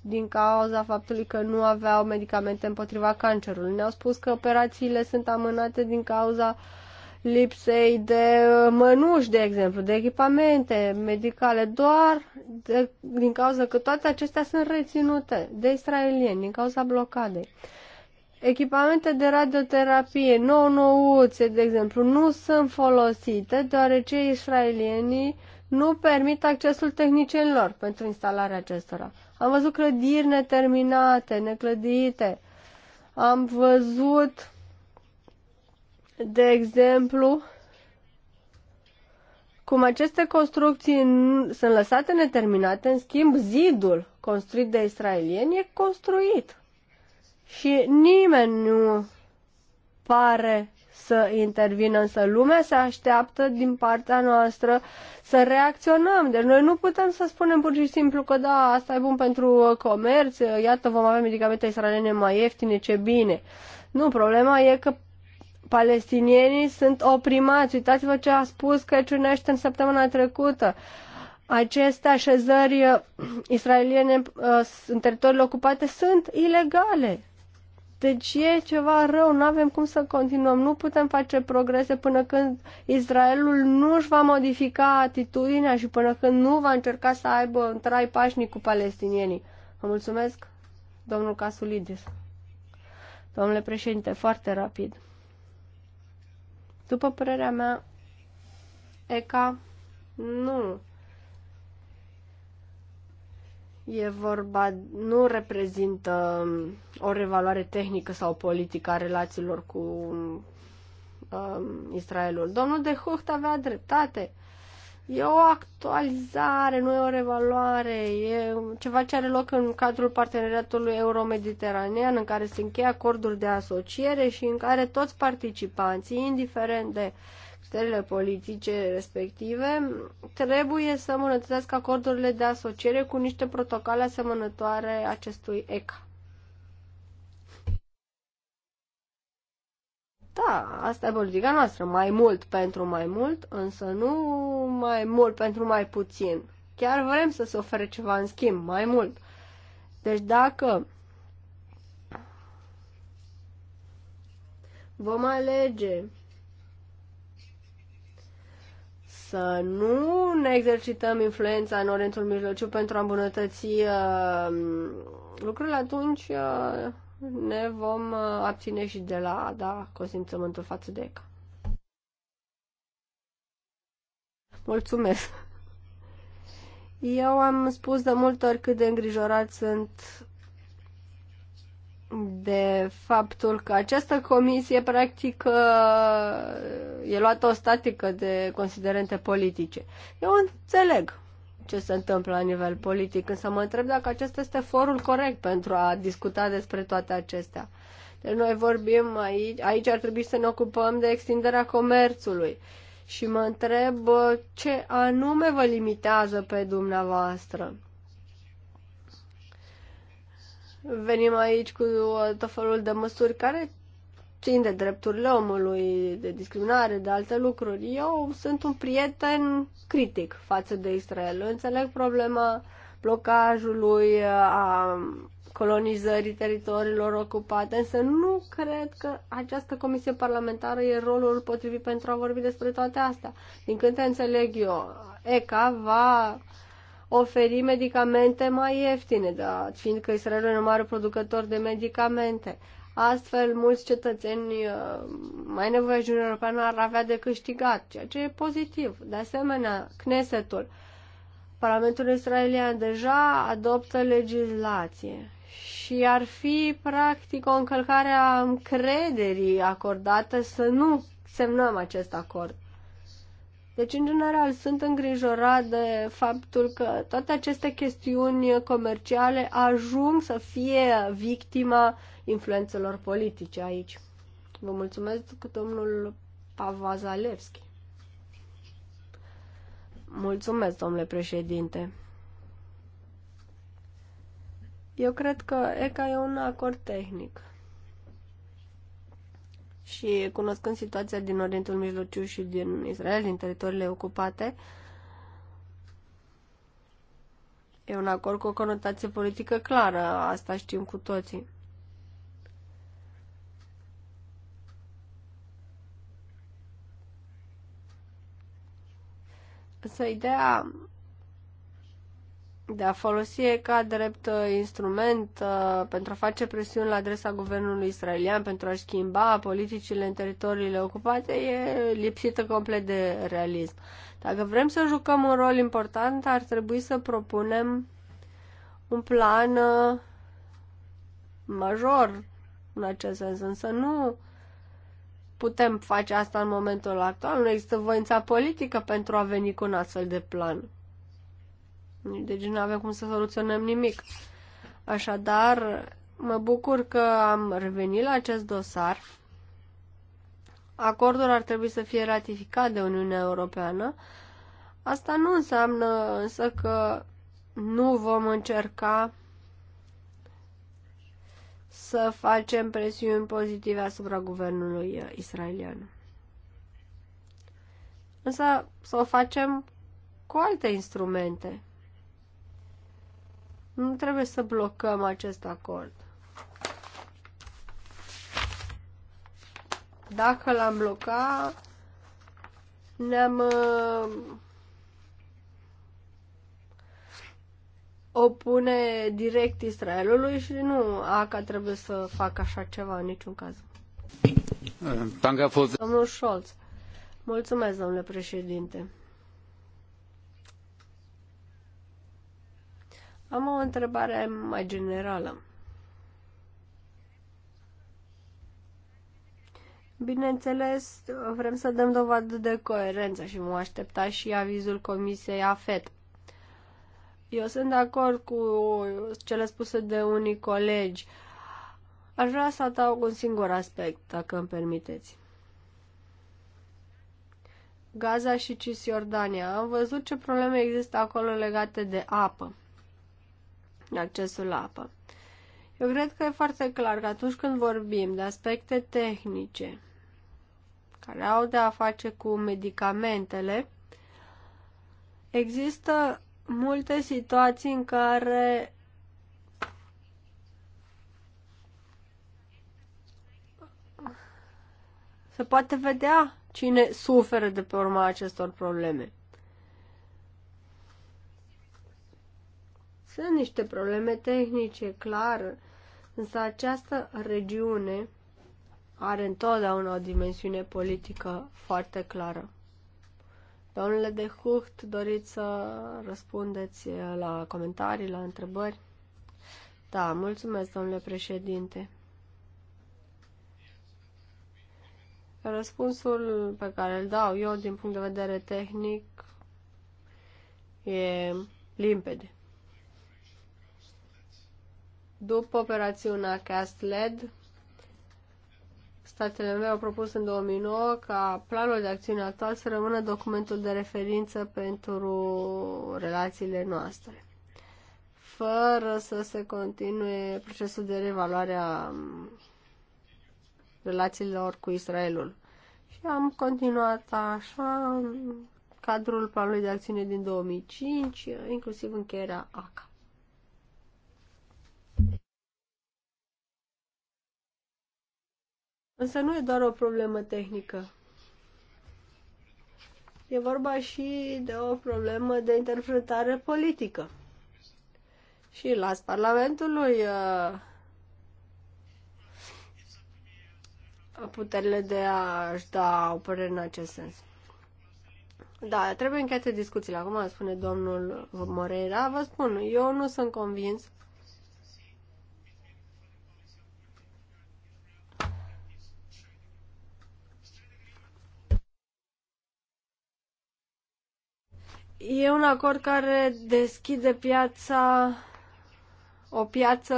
din cauza faptului că nu aveau medicamente împotriva cancerului. Ne-au spus că operațiile sunt amânate din cauza uh, lipsei de uh, mănuși, de exemplu, de echipamente medicale, doar de, din cauza că toate acestea sunt reținute de israelieni, din cauza blocadei. Echipamente de radioterapie nou nouțe, de exemplu, nu sunt folosite deoarece israelienii nu permit accesul tehnicienilor pentru instalarea acestora. Am văzut clădiri neterminate, neclădite. Am văzut de exemplu, cum aceste construcții sunt lăsate neterminate, în schimb, zidul construit de israelieni e construit. Și nimeni nu pare să intervină, însă lumea se așteaptă din partea noastră să reacționăm. Deci noi nu putem să spunem pur și simplu că da, asta e bun pentru comerț, iată vom avea medicamente israeliene mai ieftine, ce bine. Nu, problema e că palestinienii sunt oprimați. Uitați-vă ce a spus Crăciun în săptămâna trecută. Aceste așezări uh, israeliene uh, în teritoriile ocupate sunt ilegale. Deci e ceva rău, nu avem cum să continuăm, nu putem face progrese până când Israelul nu își va modifica atitudinea și până când nu va încerca să aibă un trai pașnic cu palestinienii. Vă mulțumesc, domnul Casulidis. Domnule președinte, foarte rapid. După părerea mea, ECA nu e vorba, nu reprezintă o revaloare tehnică sau politică a relațiilor cu um, Israelul. Domnul de Hucht avea dreptate. E o actualizare, nu e o revaloare, e ceva ce are loc în cadrul parteneriatului euromediteranean, în care se încheie acorduri de asociere și în care toți participanții, indiferent de criteriile politice respective, trebuie să îmbunătățească acordurile de asociere cu niște protocoale asemănătoare acestui ECA. Da, asta e politica noastră. Mai mult pentru mai mult, însă nu mai mult pentru mai puțin. Chiar vrem să se ofere ceva în schimb, mai mult. Deci dacă vom alege să nu ne exercităm influența în Orientul Mijlociu pentru a îmbunătăți uh, lucrurile, atunci uh, ne vom uh, abține și de la a da consimțământul față de ECA. Mulțumesc! Eu am spus de multe ori cât de îngrijorat sunt de faptul că această comisie practic uh, e luată o statică de considerente politice. Eu înțeleg ce se întâmplă la nivel politic, însă mă întreb dacă acesta este forul corect pentru a discuta despre toate acestea. Deci noi vorbim aici, aici ar trebui să ne ocupăm de extinderea comerțului și mă întreb ce anume vă limitează pe dumneavoastră. Venim aici cu tot felul de măsuri care țin de drepturile omului, de discriminare, de alte lucruri. Eu sunt un prieten critic față de Israel. Înțeleg problema blocajului, a colonizării teritoriilor ocupate, însă nu cred că această comisie parlamentară e rolul potrivit pentru a vorbi despre toate astea. Din câte înțeleg eu, ECA va oferi medicamente mai ieftine, da, fiindcă Israelul e un mare producător de medicamente. Astfel, mulți cetățeni uh, mai nevoiași din Europeană ar avea de câștigat, ceea ce e pozitiv. De asemenea, Knesetul, Parlamentul israelian, deja adoptă legislație și ar fi practic o încălcare a încrederii acordată să nu semnăm acest acord. Deci, în general, sunt îngrijorat de faptul că toate aceste chestiuni comerciale ajung să fie victima influențelor politice aici. Vă mulțumesc cu domnul Pavazalevski. Mulțumesc, domnule președinte. Eu cred că ECA e un acord tehnic. Și cunoscând situația din Orientul Mijlociu și din Israel, din teritoriile ocupate, e un acord cu o conotație politică clară, asta știm cu toții. Însă ideea de a folosi ca drept uh, instrument uh, pentru a face presiuni la adresa guvernului israelian pentru a schimba politicile în teritoriile ocupate e lipsită complet de realism. Dacă vrem să jucăm un rol important, ar trebui să propunem un plan uh, major în acest sens, însă nu putem face asta în momentul actual. Nu există voința politică pentru a veni cu un astfel de plan. Deci nu avem cum să soluționăm nimic. Așadar, mă bucur că am revenit la acest dosar. Acordul ar trebui să fie ratificat de Uniunea Europeană. Asta nu înseamnă însă că nu vom încerca să facem presiuni pozitive asupra guvernului uh, israelian. Însă să o facem cu alte instrumente. Nu trebuie să blocăm acest acord. Dacă l-am blocat, ne-am uh, opune direct Israelului și nu ACA trebuie să facă așa ceva în niciun caz. Domnul Scholz. Mulțumesc, domnule președinte. Am o întrebare mai generală. Bineînțeles, vrem să dăm dovadă de coerență și mă aștepta și avizul Comisiei AFET. Eu sunt de acord cu cele spuse de unii colegi. Aș vrea să adaug un singur aspect, dacă îmi permiteți. Gaza și Cisjordania. Am văzut ce probleme există acolo legate de apă, de accesul la apă. Eu cred că e foarte clar că atunci când vorbim de aspecte tehnice care au de a face cu medicamentele, există multe situații în care se poate vedea cine suferă de pe urma acestor probleme. Sunt niște probleme tehnice, clar, însă această regiune are întotdeauna o dimensiune politică foarte clară. Domnule de Hucht, doriți să răspundeți la comentarii, la întrebări? Da, mulțumesc, domnule președinte. Răspunsul pe care îl dau eu din punct de vedere tehnic e limpede. După operațiunea Cast LED, Statele Unite au propus în 2009 ca planul de acțiune actual să rămână documentul de referință pentru relațiile noastre, fără să se continue procesul de revaluare a relațiilor cu Israelul. Și am continuat așa cadrul planului de acțiune din 2005, inclusiv încheierea ACA. Însă nu e doar o problemă tehnică. E vorba și de o problemă de interpretare politică. Și la Parlamentului uh, puterile de a-și da o părere în acest sens. Da, trebuie încheiate discuțiile. Acum spune domnul Moreira, vă spun, eu nu sunt convins E un acord care deschide piața, o piață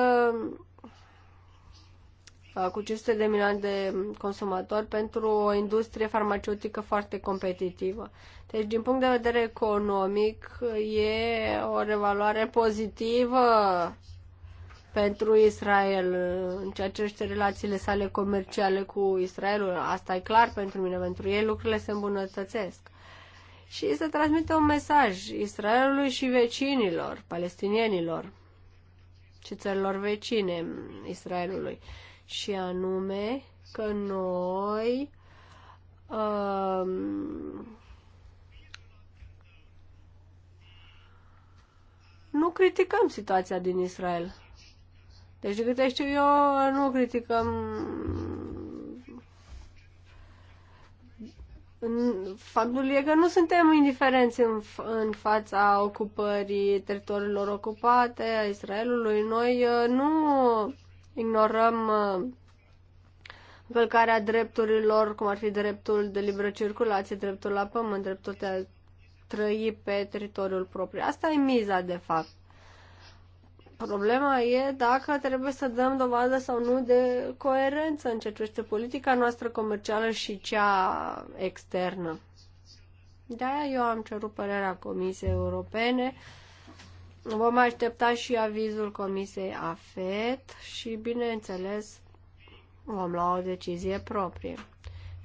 uh, cu 500 de milioane de consumatori pentru o industrie farmaceutică foarte competitivă. Deci, din punct de vedere economic, e o revaloare pozitivă pentru Israel în ceea ce este relațiile sale comerciale cu Israelul. Asta e clar pentru mine, pentru ei lucrurile se îmbunătățesc și să transmită un mesaj Israelului și vecinilor, palestinienilor și țărilor vecine Israelului. Și anume că noi um, nu criticăm situația din Israel. Deci, de câte știu eu, nu criticăm Faptul e că nu suntem indiferenți în, în fața ocupării teritoriilor ocupate a Israelului. Noi uh, nu ignorăm uh, încălcarea drepturilor, cum ar fi dreptul de liberă circulație, dreptul la pământ, dreptul de a trăi pe teritoriul propriu. Asta e miza, de fapt. Problema e dacă trebuie să dăm dovadă sau nu de coerență în ceea ce este politica noastră comercială și cea externă. De-aia eu am cerut părerea Comisiei Europene. Vom aștepta și avizul Comisiei AFET și, bineînțeles, vom lua o decizie proprie.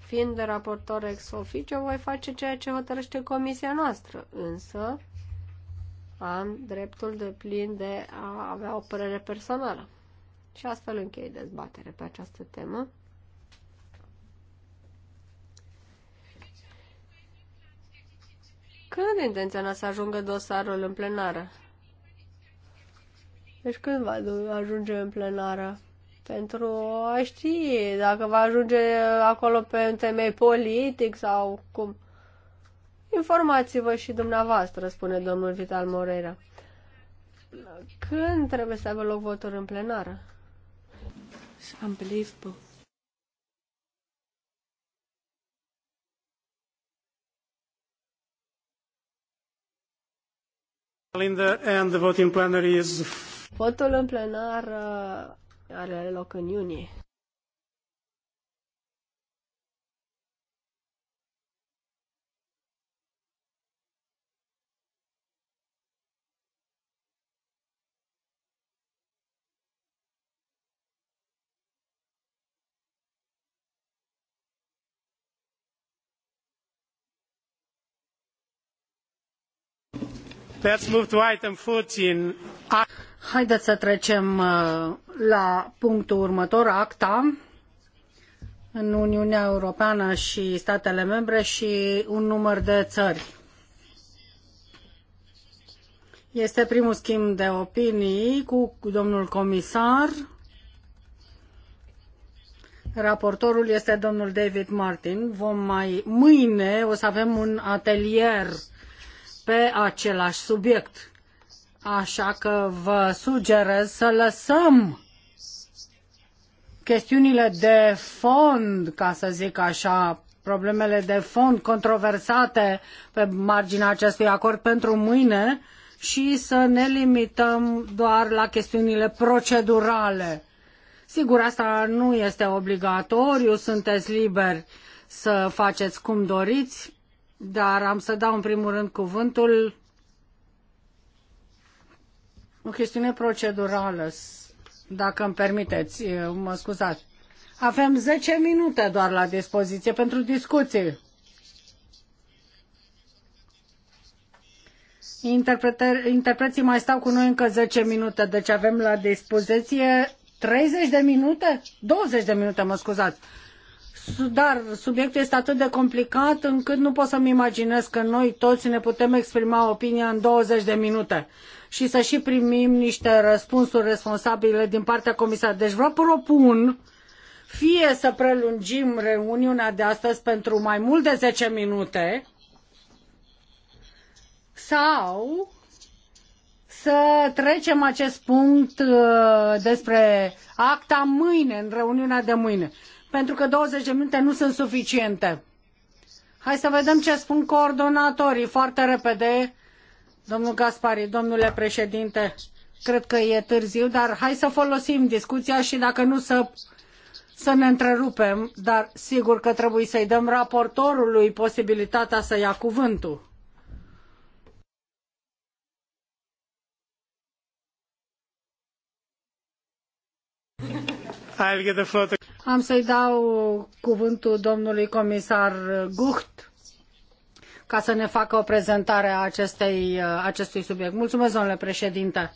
Fiind de raportor ex officio, voi face ceea ce hotărăște comisia noastră, însă am dreptul de plin de a avea o părere personală. Și astfel închei dezbatere pe această temă. Când intenționa să ajungă dosarul în plenară? Deci când va ajunge în plenară? Pentru a ști dacă va ajunge acolo pe un temei politic sau cum. Informați-vă și dumneavoastră, spune domnul Vital Moreira. Când trebuie să aibă loc votul în plenară? Unbelievable. And the voting plenary is... Votul în plenar are loc în iunie. Haideți să trecem uh, la punctul următor, acta în Uniunea Europeană și statele membre și un număr de țări. Este primul schimb de opinii cu domnul comisar. Raportorul este domnul David Martin. Vom mai mâine o să avem un atelier uh, pe același subiect. Așa că vă sugerez să lăsăm chestiunile de fond, ca să zic așa, problemele de fond controversate pe marginea acestui acord pentru mâine și să ne limităm doar la chestiunile procedurale. Sigur, asta nu este obligatoriu, sunteți liberi să faceți cum doriți, dar am să dau în primul rând cuvântul o chestiune procedurală, dacă îmi permiteți, mă scuzați. Avem 10 minute doar la dispoziție pentru discuții. Interpreter, interpreții mai stau cu noi încă 10 minute, deci avem la dispoziție 30 de minute? 20 de minute, mă scuzați dar subiectul este atât de complicat încât nu pot să-mi imaginez că noi toți ne putem exprima opinia în 20 de minute și să și primim niște răspunsuri responsabile din partea comisarului. Deci vă propun fie să prelungim reuniunea de astăzi pentru mai mult de 10 minute sau să trecem acest punct uh, despre acta mâine, în reuniunea de mâine pentru că 20 de minute nu sunt suficiente. Hai să vedem ce spun coordonatorii foarte repede. Domnul Gaspari, domnule președinte, cred că e târziu, dar hai să folosim discuția și dacă nu să, să ne întrerupem, dar sigur că trebuie să-i dăm raportorului posibilitatea să ia cuvântul. Am să-i dau cuvântul domnului comisar Gucht ca să ne facă o prezentare a acestei, acestui subiect. Mulțumesc, domnule președinte.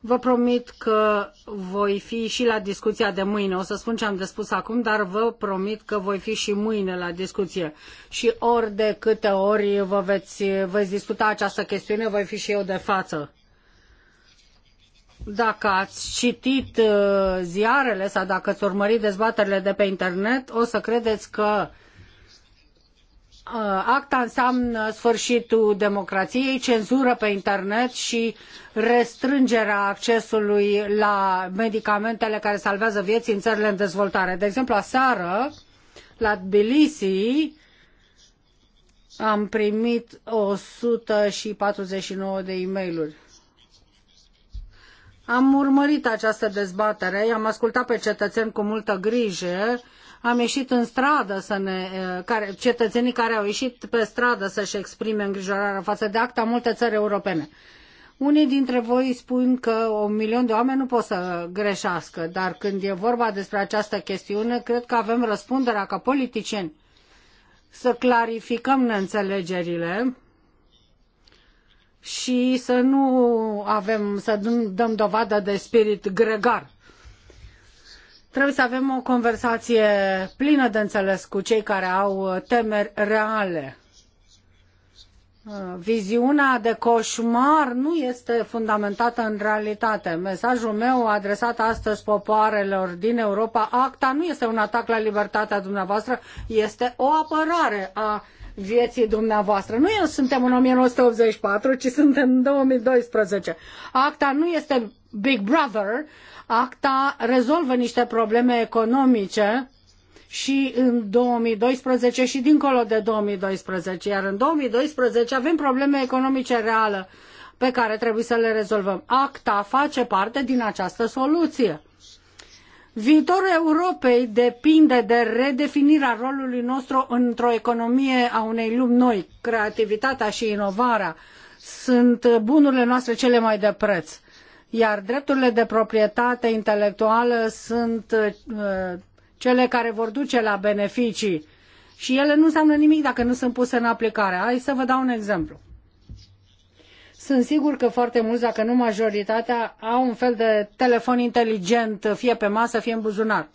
Vă promit că voi fi și la discuția de mâine. O să spun ce am de spus acum, dar vă promit că voi fi și mâine la discuție. Și ori de câte ori vă veți, veți discuta această chestiune, voi fi și eu de față. Dacă ați citit uh, ziarele sau dacă ați urmărit dezbaterile de pe internet, o să credeți că uh, acta înseamnă sfârșitul democrației, cenzură pe internet și restrângerea accesului la medicamentele care salvează vieți în țările în dezvoltare. De exemplu, aseară, la Tbilisi, am primit 149 de e-mail-uri. Am urmărit această dezbatere, i-am ascultat pe cetățeni cu multă grijă, am ieșit în stradă să ne, eh, care, cetățenii care au ieșit pe stradă să-și exprime îngrijorarea față de acta multe țări europene. Unii dintre voi spun că un milion de oameni nu pot să greșească, dar când e vorba despre această chestiune, cred că avem răspunderea ca politicieni să clarificăm neînțelegerile și să nu avem, să dăm dovadă de spirit gregar. Trebuie să avem o conversație plină de înțeles cu cei care au temeri reale. Viziunea de coșmar nu este fundamentată în realitate. Mesajul meu adresat astăzi popoarelor din Europa, acta, nu este un atac la libertatea dumneavoastră, este o apărare a vieții dumneavoastră. Nu eu suntem în 1984, ci suntem în 2012. Acta nu este Big Brother, acta rezolvă niște probleme economice și în 2012 și dincolo de 2012, iar în 2012 avem probleme economice reale pe care trebuie să le rezolvăm. Acta face parte din această soluție. Viitorul Europei depinde de redefinirea rolului nostru într-o economie a unei lumi noi. Creativitatea și inovarea sunt bunurile noastre cele mai de preț, iar drepturile de proprietate intelectuală sunt uh, cele care vor duce la beneficii și ele nu înseamnă nimic dacă nu sunt puse în aplicare. Hai să vă dau un exemplu. Sunt sigur că foarte mulți, dacă nu majoritatea, au un fel de telefon inteligent, fie pe masă, fie în buzunar.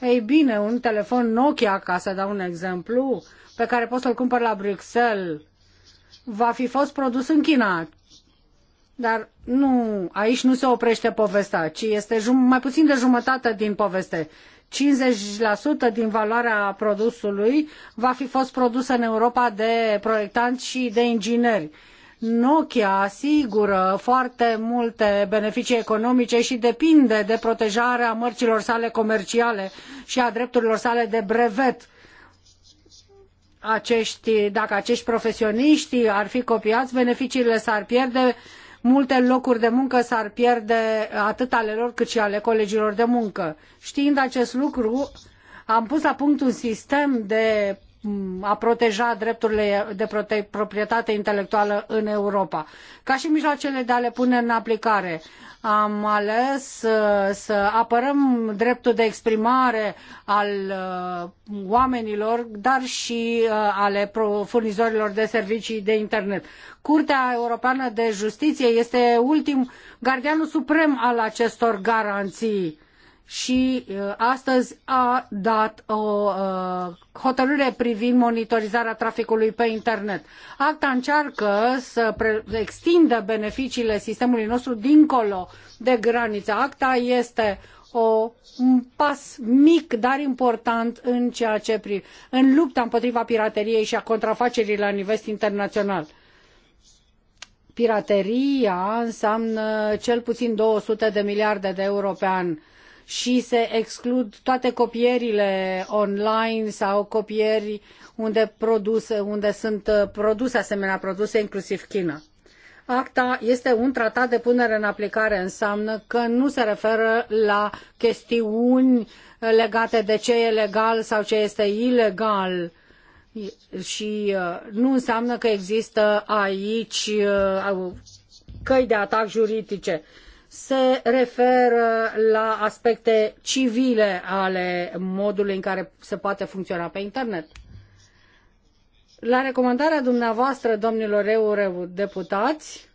Ei bine, un telefon Nokia, ca să dau un exemplu, pe care pot să-l cumpăr la Bruxelles, va fi fost produs în China. Dar nu, aici nu se oprește povestea, ci este mai puțin de jumătate din poveste. 50% din valoarea produsului va fi fost produsă în Europa de proiectanți și de ingineri Nokia asigură foarte multe beneficii economice și depinde de protejarea mărcilor sale comerciale și a drepturilor sale de brevet. Acești, dacă acești profesioniști ar fi copiați, beneficiile s-ar pierde, multe locuri de muncă s-ar pierde atât ale lor cât și ale colegilor de muncă. Știind acest lucru, am pus la punct un sistem de a proteja drepturile de prote proprietate intelectuală în Europa, ca și mijloacele de a le pune în aplicare. Am ales uh, să, apărăm dreptul de exprimare al uh, oamenilor, dar și uh, ale furnizorilor de servicii de internet. Curtea Europeană de Justiție este ultim gardianul suprem al acestor garanții și uh, astăzi a dat o uh, hotărâre privind monitorizarea traficului pe internet. Acta încearcă să extindă beneficiile sistemului nostru dincolo de graniță. Acta este o, un pas mic, dar important în ceea ce pri, în lupta împotriva pirateriei și a contrafacerii la nivel internațional. Pirateria înseamnă cel puțin 200 de miliarde de euro pe an și se exclud toate copierile online sau copieri unde, produse, unde sunt uh, produse asemenea produse, inclusiv China. Acta este un tratat de punere în aplicare, înseamnă că nu se referă la chestiuni uh, legate de ce e legal sau ce este ilegal și uh, nu înseamnă că există aici căi de atac juridice se referă la aspecte civile ale modului în care se poate funcționa pe internet. La recomandarea dumneavoastră, domnilor eurodeputați,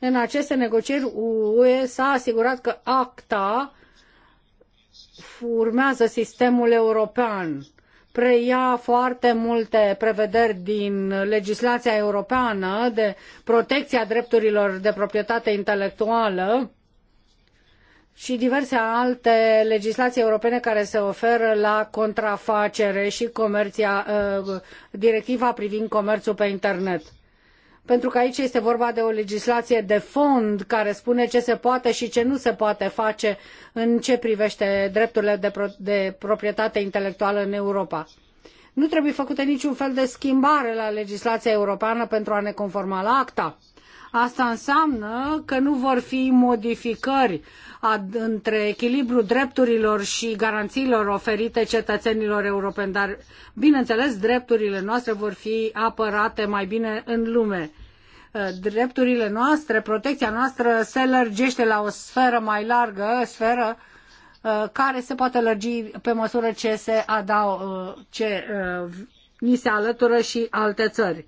în aceste negocieri UE s-a asigurat că ACTA urmează sistemul european preia foarte multe prevederi din legislația europeană de protecția drepturilor de proprietate intelectuală și diverse alte legislații europene care se oferă la contrafacere și comerția, uh, directiva privind comerțul pe internet pentru că aici este vorba de o legislație de fond care spune ce se poate și ce nu se poate face în ce privește drepturile de, pro- de proprietate intelectuală în Europa. Nu trebuie făcută niciun fel de schimbare la legislația europeană pentru a ne conforma la acta. Asta înseamnă că nu vor fi modificări între echilibrul drepturilor și garanțiilor oferite cetățenilor europeni, dar, bineînțeles, drepturile noastre vor fi apărate mai bine în lume. Uh, drepturile noastre, protecția noastră se lărgește la o sferă mai largă, sferă uh, care se poate lărgi pe măsură ce se adau, uh, ce ni se alătură și alte țări.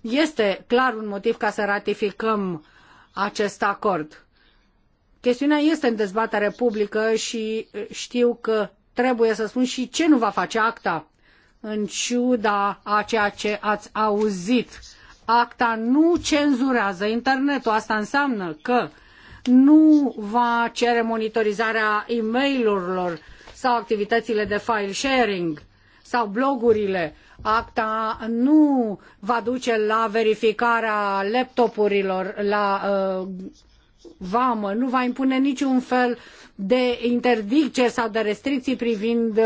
Este clar un motiv ca să ratificăm acest acord. Chestiunea este în dezbatere publică și știu că trebuie să spun și ce nu va face acta, în ciuda a ceea ce ați auzit acta nu cenzurează internetul. Asta înseamnă că nu va cere monitorizarea e mail sau activitățile de file sharing sau blogurile. Acta nu va duce la verificarea laptopurilor, la uh, vamă, nu va impune niciun fel de interdicție sau de restricții privind uh,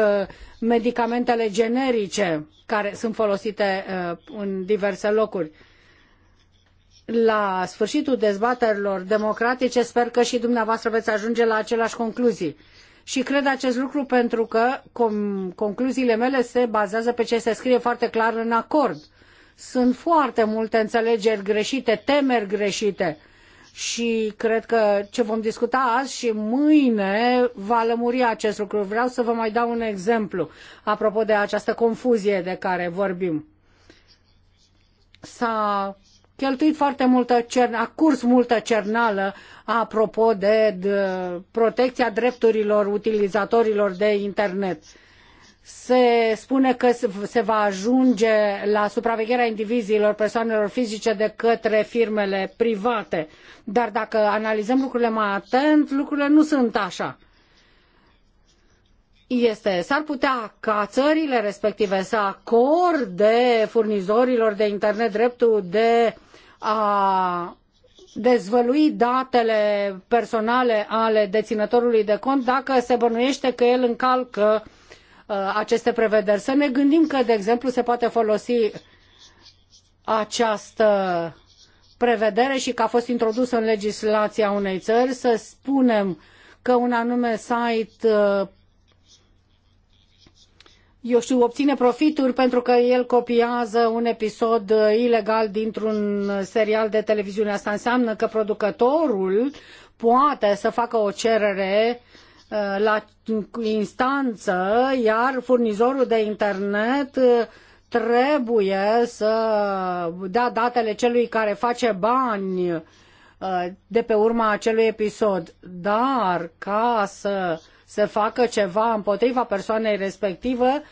medicamentele generice care sunt folosite uh, în diverse locuri. Uh, la sfârșitul dezbaterilor democratice, sper că și dumneavoastră veți ajunge la aceleași concluzii. Și cred acest lucru pentru că concluziile mele se bazează pe ce se scrie foarte clar în acord. Sunt foarte multe înțelegeri greșite, temeri greșite și cred că ce vom discuta azi și mâine va lămuri acest lucru. Vreau să vă mai dau un exemplu apropo de această confuzie de care vorbim. S-a cheltuit foarte multă cernă, a curs multă cernală apropo de, de protecția drepturilor utilizatorilor de internet. Se spune că se va ajunge la supravegherea indivizilor, persoanelor fizice, de către firmele private. Dar dacă analizăm lucrurile mai atent, lucrurile nu sunt așa este, s-ar putea ca țările respective să acorde furnizorilor de internet dreptul de a dezvălui datele personale ale deținătorului de cont dacă se bănuiește că el încalcă uh, aceste prevederi. Să ne gândim că, de exemplu, se poate folosi această prevedere și că a fost introdusă în legislația unei țări, să spunem că un anume site uh, eu știu, obține profituri pentru că el copiază un episod uh, ilegal dintr-un uh, serial de televiziune. Asta înseamnă că producătorul poate să facă o cerere uh, la instanță, iar furnizorul de internet trebuie să dea datele celui care face bani de pe urma acelui episod. Dar ca să să facă ceva împotriva persoanei respective,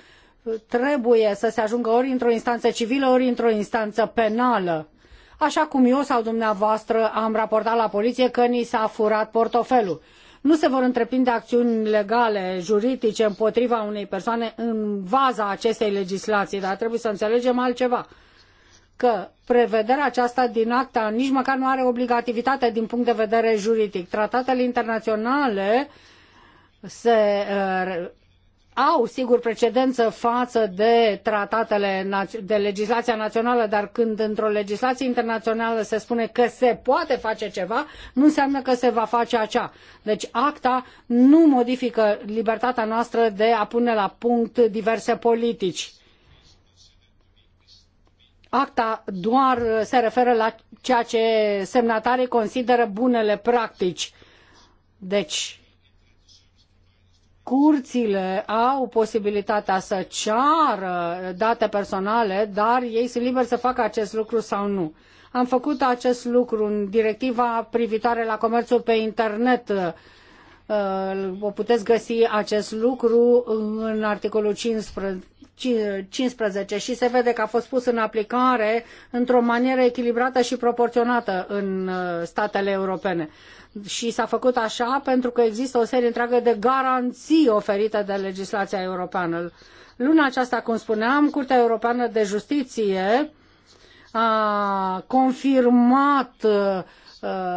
trebuie să se ajungă ori într-o instanță civilă, ori într-o instanță penală. Așa cum eu sau dumneavoastră am raportat la poliție că ni s-a furat portofelul. Nu se vor întreprinde acțiuni legale, juridice, împotriva unei persoane în baza acestei legislații, dar trebuie să înțelegem altceva că prevederea aceasta din acta nici măcar nu are obligativitate din punct de vedere juridic. Tratatele internaționale uh, se uh, au, sigur, precedență față de tratatele, de legislația națională, dar când într-o legislație internațională se spune că se poate face ceva, nu înseamnă că se va face acea. Deci acta nu modifică libertatea noastră de a pune la punct diverse politici. Acta doar se referă la ceea ce semnatarii consideră bunele practici. Deci, curțile au posibilitatea să ceară date personale, dar ei sunt liberi să facă acest lucru sau nu. Am făcut acest lucru în directiva privitoare la comerțul pe internet. Uh, o puteți găsi acest lucru în articolul 15, 15 și se vede că a fost pus în aplicare într-o manieră echilibrată și proporționată în uh, statele europene și s-a făcut așa pentru că există o serie întreagă de garanții oferite de legislația europeană. Luna aceasta, cum spuneam, Curtea Europeană de Justiție a confirmat uh,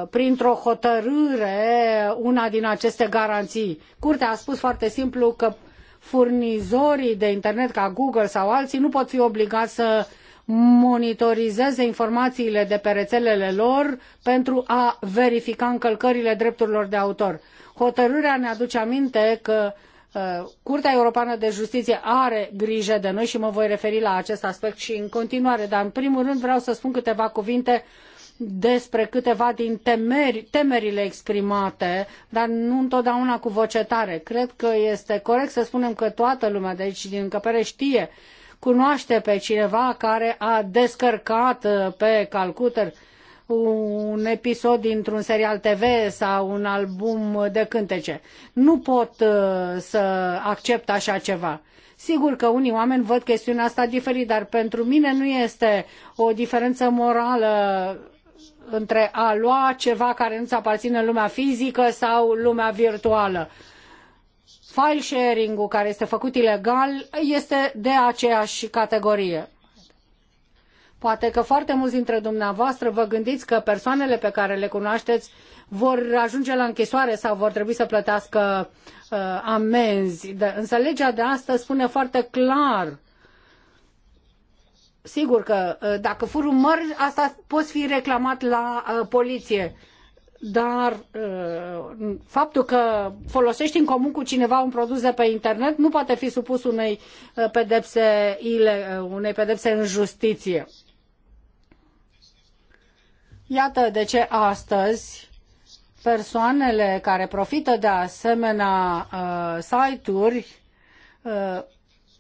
printr-o hotărâre una din aceste garanții. Curtea a spus foarte simplu că furnizorii de internet ca Google sau alții nu pot fi obligați să monitorizeze informațiile de pe rețelele lor pentru a verifica încălcările drepturilor de autor. Hotărârea ne aduce aminte că uh, Curtea Europeană de Justiție are grijă de noi și mă voi referi la acest aspect și în continuare, dar în primul rând vreau să spun câteva cuvinte despre câteva din temeri, temerile exprimate, dar nu întotdeauna cu voce tare. Cred că este corect să spunem că toată lumea de aici din încăpere știe uh, cunoaște pe cineva care a descărcat uh, pe calcuter un episod dintr-un serial TV sau un album de cântece. Nu pot uh, să accept așa ceva. Sigur că unii oameni văd chestiunea asta diferit, dar pentru mine nu este o diferență morală între a lua ceva care nu-ți aparține în lumea fizică sau lumea virtuală. Uh, file sharing-ul care este făcut ilegal este de aceeași categorie. Poate că foarte mulți dintre dumneavoastră vă gândiți că persoanele pe care le cunoașteți vor ajunge la închisoare sau vor trebui să plătească uh, amenzi. De, însă legea de astăzi spune foarte clar Sigur că uh, dacă furi un măr, asta poți fi reclamat la uh, poliție dar uh, faptul că folosești în comun cu cineva un produs de pe internet nu poate fi supus unei uh, pedepse, ile uh, unei pedepse în justiție. Iată de ce astăzi persoanele care profită de asemenea uh, site-uri uh,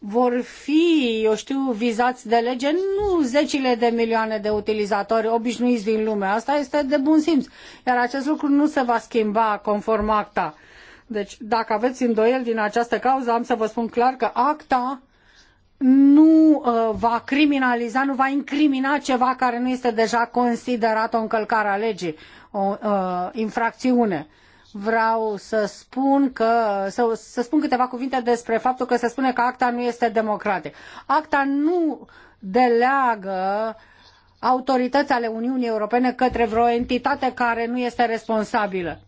vor fi, eu știu, vizați de lege, nu zecile de milioane de utilizatori obișnuiți din lume. Asta este de bun simț. Iar acest lucru nu se va schimba conform acta. Deci, dacă aveți îndoieli din această cauză, am să vă spun clar că acta nu uh, va criminaliza, nu va incrimina ceva care nu este deja considerat o încălcare a legii, o uh, infracțiune. Uh, vreau să spun că să, să spun câteva cuvinte despre faptul că se spune că acta nu este democratic. Acta nu deleagă autorități ale Uniunii Europene către vreo entitate care nu este responsabilă.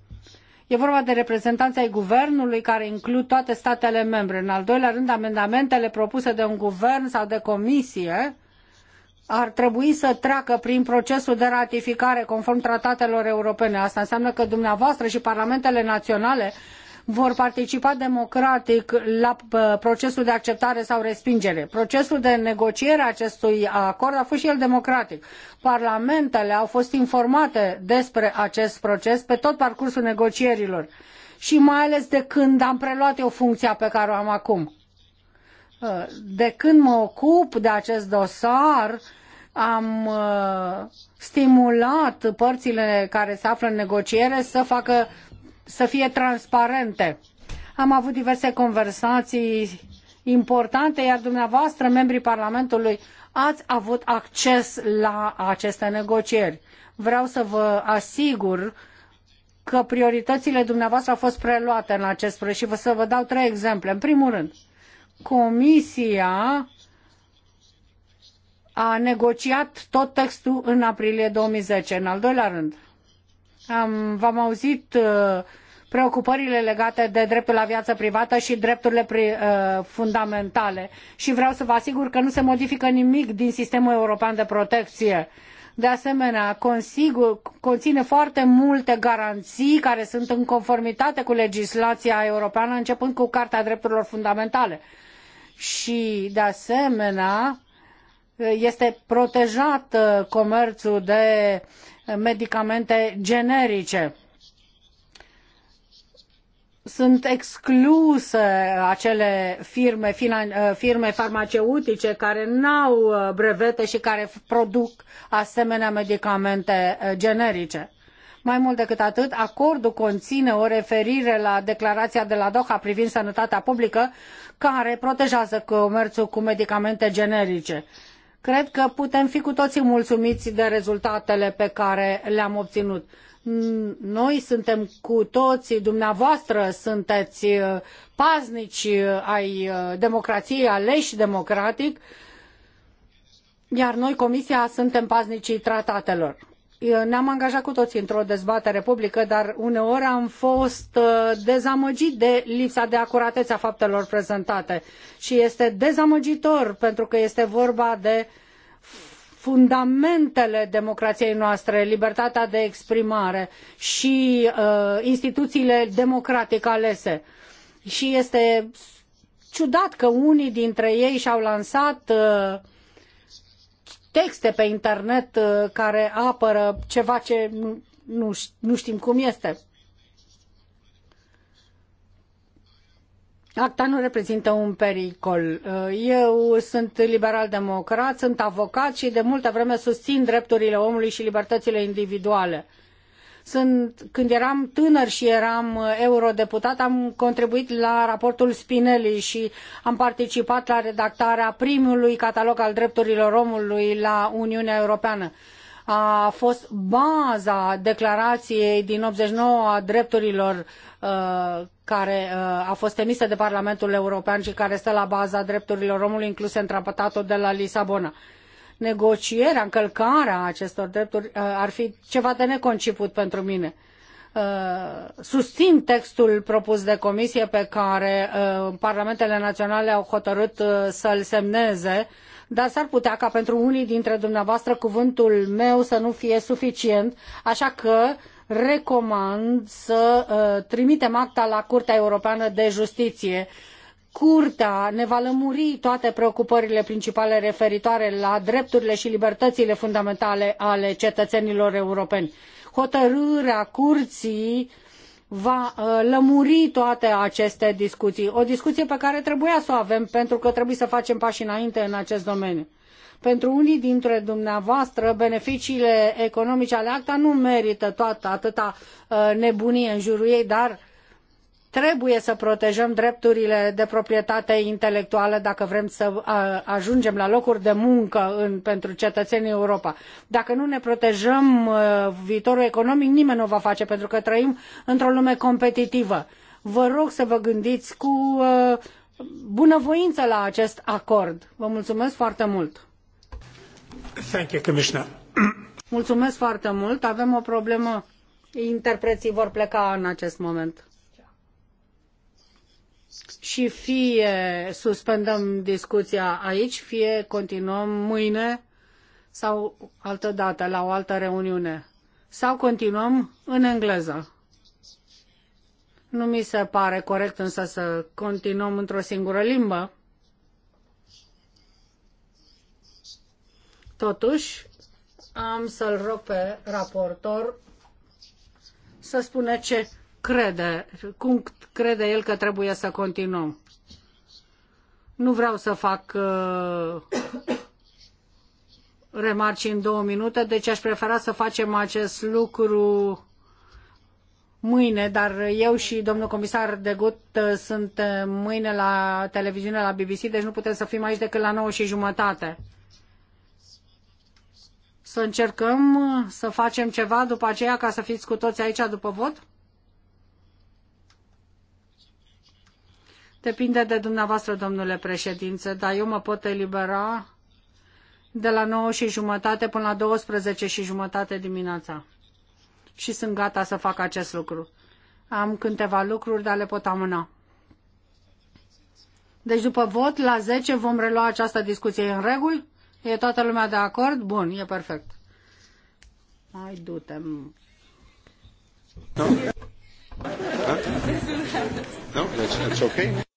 E vorba de reprezentanța ai guvernului care includ toate statele membre. În al doilea rând, amendamentele propuse de un guvern sau de comisie ar trebui să treacă prin procesul de ratificare conform tratatelor europene. Asta înseamnă că dumneavoastră și parlamentele naționale vor participa democratic la uh, procesul de acceptare sau respingere. Procesul de negociere a acestui acord a fost și el democratic. Parlamentele au fost informate despre acest proces pe tot parcursul negocierilor și mai ales de când am preluat eu funcția pe care o am acum de când mă ocup de acest dosar, am uh, stimulat părțile care se află în negociere să facă să fie transparente. Am avut diverse conversații importante, iar dumneavoastră, membrii Parlamentului, ați avut acces la aceste negocieri. Vreau să vă asigur că prioritățile dumneavoastră au fost preluate în acest proiect și vă să vă dau trei exemple. În primul rând, Comisia a negociat tot textul în aprilie 2010. În al doilea rând, am, v-am auzit uh, preocupările legate de dreptul la viață privată și drepturile pri, uh, fundamentale și vreau să vă asigur că nu se modifică nimic din sistemul european de protecție. De asemenea, consigur, conține foarte multe garanții care sunt în conformitate cu legislația europeană, începând cu Carta Drepturilor Fundamentale. Uh, și, de asemenea, este protejat uh, comerțul de medicamente generice. Sunt excluse acele firme, uh, firme farmaceutice care nu au uh, brevete și care produc asemenea medicamente generice. Mai mult decât atât, acordul conține o referire la declarația de la Doha privind sănătatea publică, care protejează comerțul cu medicamente generice. Cred că putem fi cu toții mulțumiți de rezultatele pe care le-am obținut. Noi suntem cu toții, dumneavoastră sunteți uh, paznici uh, ai uh, democrației, aleși democratic, iar noi, Comisia, suntem paznicii tratatelor ne-am angajat cu toții într-o dezbatere publică, dar uneori am fost dezamăgit de lipsa de acuratețe a faptelor prezentate. Și este dezamăgitor pentru că este vorba de fundamentele democrației noastre, libertatea de exprimare și uh, instituțiile democratic alese. Și este ciudat că unii dintre ei și-au lansat uh, texte pe internet uh, care apără ceva ce nu, nu știm cum este. Acta nu reprezintă un pericol. Uh, eu sunt liberal-democrat, sunt avocat și de multă vreme susțin drepturile omului și libertățile individuale. Sunt, când eram tânăr și eram uh, eurodeputat, am contribuit la raportul Spinelli și am participat la redactarea primului catalog al drepturilor omului la Uniunea Europeană a fost baza declarației din 89 a drepturilor uh, care uh, a fost emisă de Parlamentul European și care stă la baza drepturilor omului incluse în tratatul de la Lisabona. Uh, negocierea, încălcarea acestor drepturi uh, ar fi ceva de neconceput pentru mine. Uh, susțin textul propus de comisie pe care uh, parlamentele naționale au hotărât să-l semneze, dar s-ar putea ca pentru unii dintre dumneavoastră cuvântul meu să nu fie suficient, așa că recomand să trimitem acta la Curtea Europeană de Justiție uh, Curtea ne va lămuri toate preocupările principale referitoare la drepturile și libertățile fundamentale ale cetățenilor europeni. Hotărârea curții va uh, lămuri toate aceste discuții. O discuție pe care trebuia să o avem pentru că trebuie să facem pași înainte în acest domeniu. Pentru unii dintre dumneavoastră, beneficiile economice ale acta nu merită toată atâta uh, nebunie în jurul ei, dar Trebuie să protejăm drepturile de proprietate intelectuală dacă vrem să ajungem la locuri de muncă în, pentru cetățenii Europa. Dacă nu ne protejăm uh, viitorul economic, nimeni nu o va face pentru că trăim într-o lume competitivă. Vă rog să vă gândiți cu uh, bunăvoință la acest acord. Vă mulțumesc foarte mult. Thank you, Commissioner. Mulțumesc foarte mult. Avem o problemă. Interpreții vor pleca în acest moment și fie suspendăm discuția aici, fie continuăm mâine sau altă dată, la o altă reuniune. Sau continuăm în engleză. Nu mi se pare corect însă să continuăm într-o singură limbă. Totuși, am să-l rog pe raportor să spună ce crede, cum crede el că trebuie să continuăm. Nu vreau să fac uh, remarci în două minute, deci aș prefera să facem acest lucru mâine, dar eu și domnul comisar de Gut uh, sunt uh, mâine la televiziune la BBC, deci nu putem să fim aici decât la 9 și jumătate. Să încercăm uh, să facem ceva după aceea ca să fiți cu toți aici după vot? Depinde de dumneavoastră, domnule președinte, dar eu mă pot elibera de la 9 și jumătate până la 12 și jumătate dimineața. Și sunt gata să fac acest lucru. Am câteva lucruri, dar le pot amâna. Deci după vot, la 10 vom relua această discuție. E în regulă? E toată lumea de acord? Bun, e perfect. Hai, du-te. No? No, that's, that's okay.